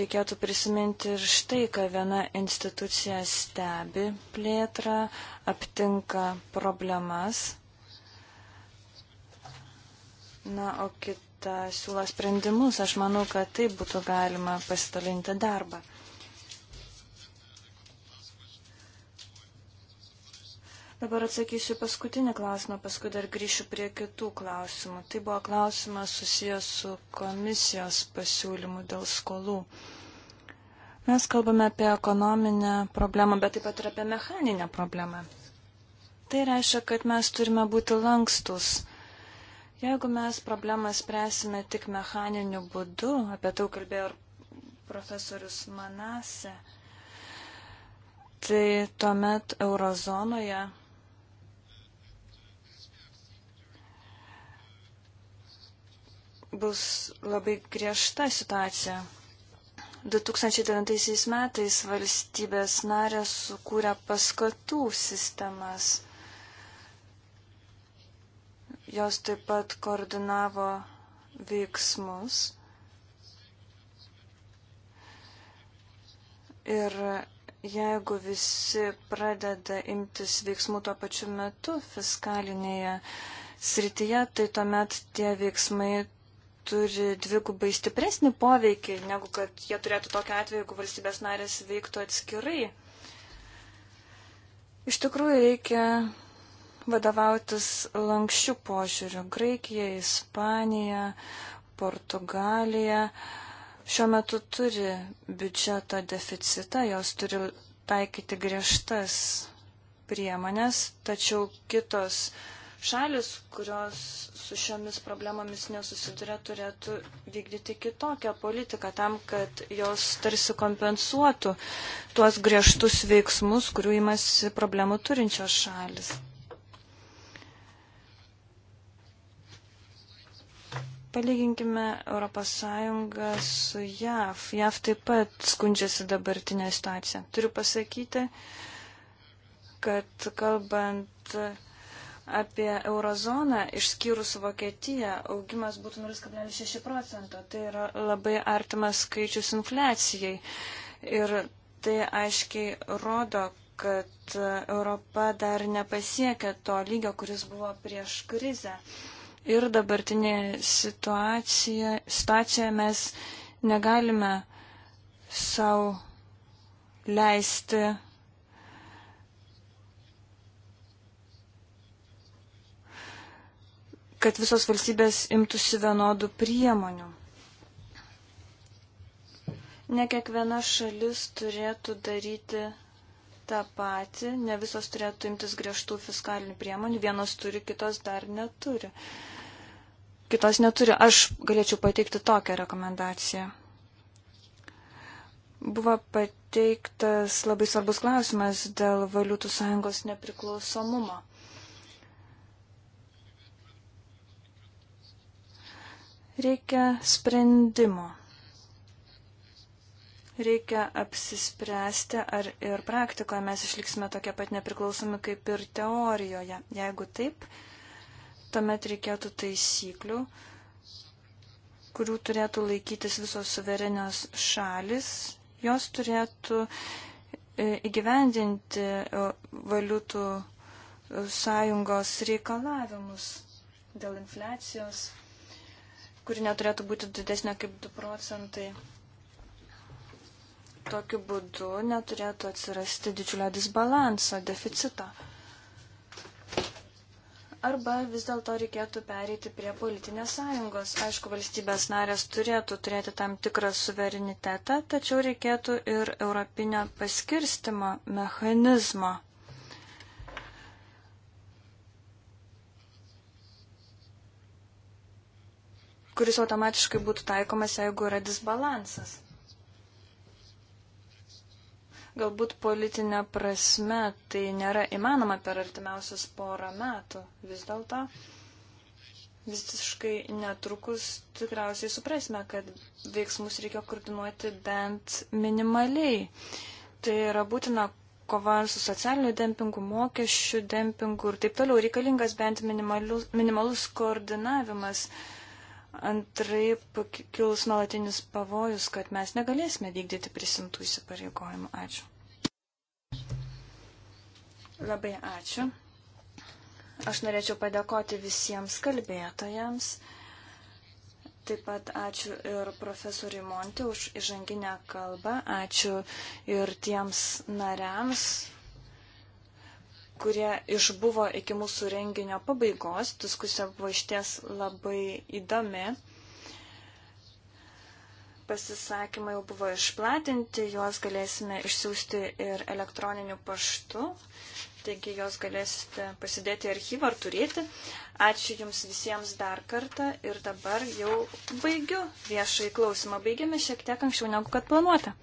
reikėtų prisiminti ir štai, kad viena institucija stebi plėtrą, aptinka problemas, na, o kita siūlo sprendimus. Aš manau, kad taip būtų galima pasidalinti darbą. Dabar atsakysiu paskutinį klausimą, paskui dar grįšiu prie kitų klausimų. Tai buvo klausimas susijęs su komisijos pasiūlymu dėl skolų. Mes kalbame apie ekonominę problemą, bet taip pat ir apie mechaninę problemą. Tai reiškia, kad mes turime būti lankstus. Jeigu mes problemą spręsime tik mechaniniu būdu, apie tai kalbėjo ir profesorius Manase, tai tuomet eurozonoje bus labai griežta situacija. 2009 metais valstybės narės sukūrė paskatų sistemas. Jos taip pat koordinavo veiksmus. Ir jeigu visi pradeda imtis veiksmų tuo pačiu metu fiskalinėje srityje, tai tuomet tie veiksmai turi dvigubai stipresnį poveikį, negu kad jie turėtų tokią atveju, jeigu valstybės narės veiktų atskirai. Iš tikrųjų reikia vadovautis lankščių požiūrių. Graikija, Ispanija, Portugalija šiuo metu turi biudžeto deficitą, jos turi taikyti griežtas priemonės, tačiau kitos Šalis, kurios su šiomis problemomis nesusiduria, turėtų vykdyti kitokią politiką tam, kad jos tarsi kompensuotų tuos griežtus veiksmus, kurių imasi problemų turinčios šalis. palyginkime ES su JAV. JAV taip pat skundžiasi dabartinę situaciją. Turiu pasakyti, kad kalbant apie eurozoną, išskyrus Vokietiją, augimas būtų 0,6 procento. Tai yra labai artimas skaičius infliacijai. Ir tai aiškiai rodo, kad Europa dar nepasiekė to lygio, kuris buvo prieš krizę. Ir dabartinėje situacijoje mes negalime savo leisti kad visos valstybės imtųsi vienodų priemonių. Ne kiekviena šalis turėtų daryti tą patį, ne visos turėtų imtis griežtų fiskalinių priemonių, vienos turi, kitos dar neturi. Kitos neturi. Aš galėčiau pateikti tokią rekomendaciją. Buvo pateiktas labai svarbus klausimas dėl valiutų sąjungos nepriklausomumo. Reikia sprendimo. Reikia apsispręsti, ar ir praktikoje mes išliksime tokie pat nepriklausomi kaip ir teorijoje. Jeigu taip, tuomet reikėtų taisyklių, kurių turėtų laikytis visos suverenios šalis. Jos turėtų e, įgyvendinti e, valiutų e, sąjungos reikalavimus dėl infliacijos kuri neturėtų būti didesnė kaip 2 procentai. Tokiu būdu neturėtų atsirasti didžiulio disbalanso, deficito. Arba vis dėlto reikėtų pereiti prie politinės sąjungos. Aišku, valstybės narės turėtų turėti tam tikrą suverenitetą, tačiau reikėtų ir europinio paskirstimo mechanizmo. kuris automatiškai būtų taikomas, jeigu yra disbalansas. Galbūt politinė prasme tai nėra įmanoma per artimiausius porą metų. Vis dėlto visiškai netrukus tikriausiai suprasime, kad veiksmus reikia koordinuoti bent minimaliai. Tai yra būtina kova su socialiniu dempingu, mokesčių dempingu ir taip toliau. Reikalingas bent minimalus, minimalus koordinavimas. Uh, Antraip kils nuolatinis pavojus, kad mes negalėsime vykdyti prisimtų įsipareigojimų. Ačiū. Labai ačiū. Aš norėčiau padėkoti visiems kalbėtojams. Taip pat ačiū ir profesoriui Monti už įžanginę kalbą. Ačiū ir tiems nariams, kurie išbuvo iki mūsų renginio pabaigos. Diskusija buvo išties labai įdomi. Pasisakymai jau buvo išplatinti, juos galėsime išsiųsti ir elektroniniu paštu, taigi juos galėsite pasidėti į archyvą ar turėti. Ačiū Jums visiems dar kartą ir dabar jau baigiu viešai klausimą. Baigėme šiek tiek anksčiau negu kad planuota.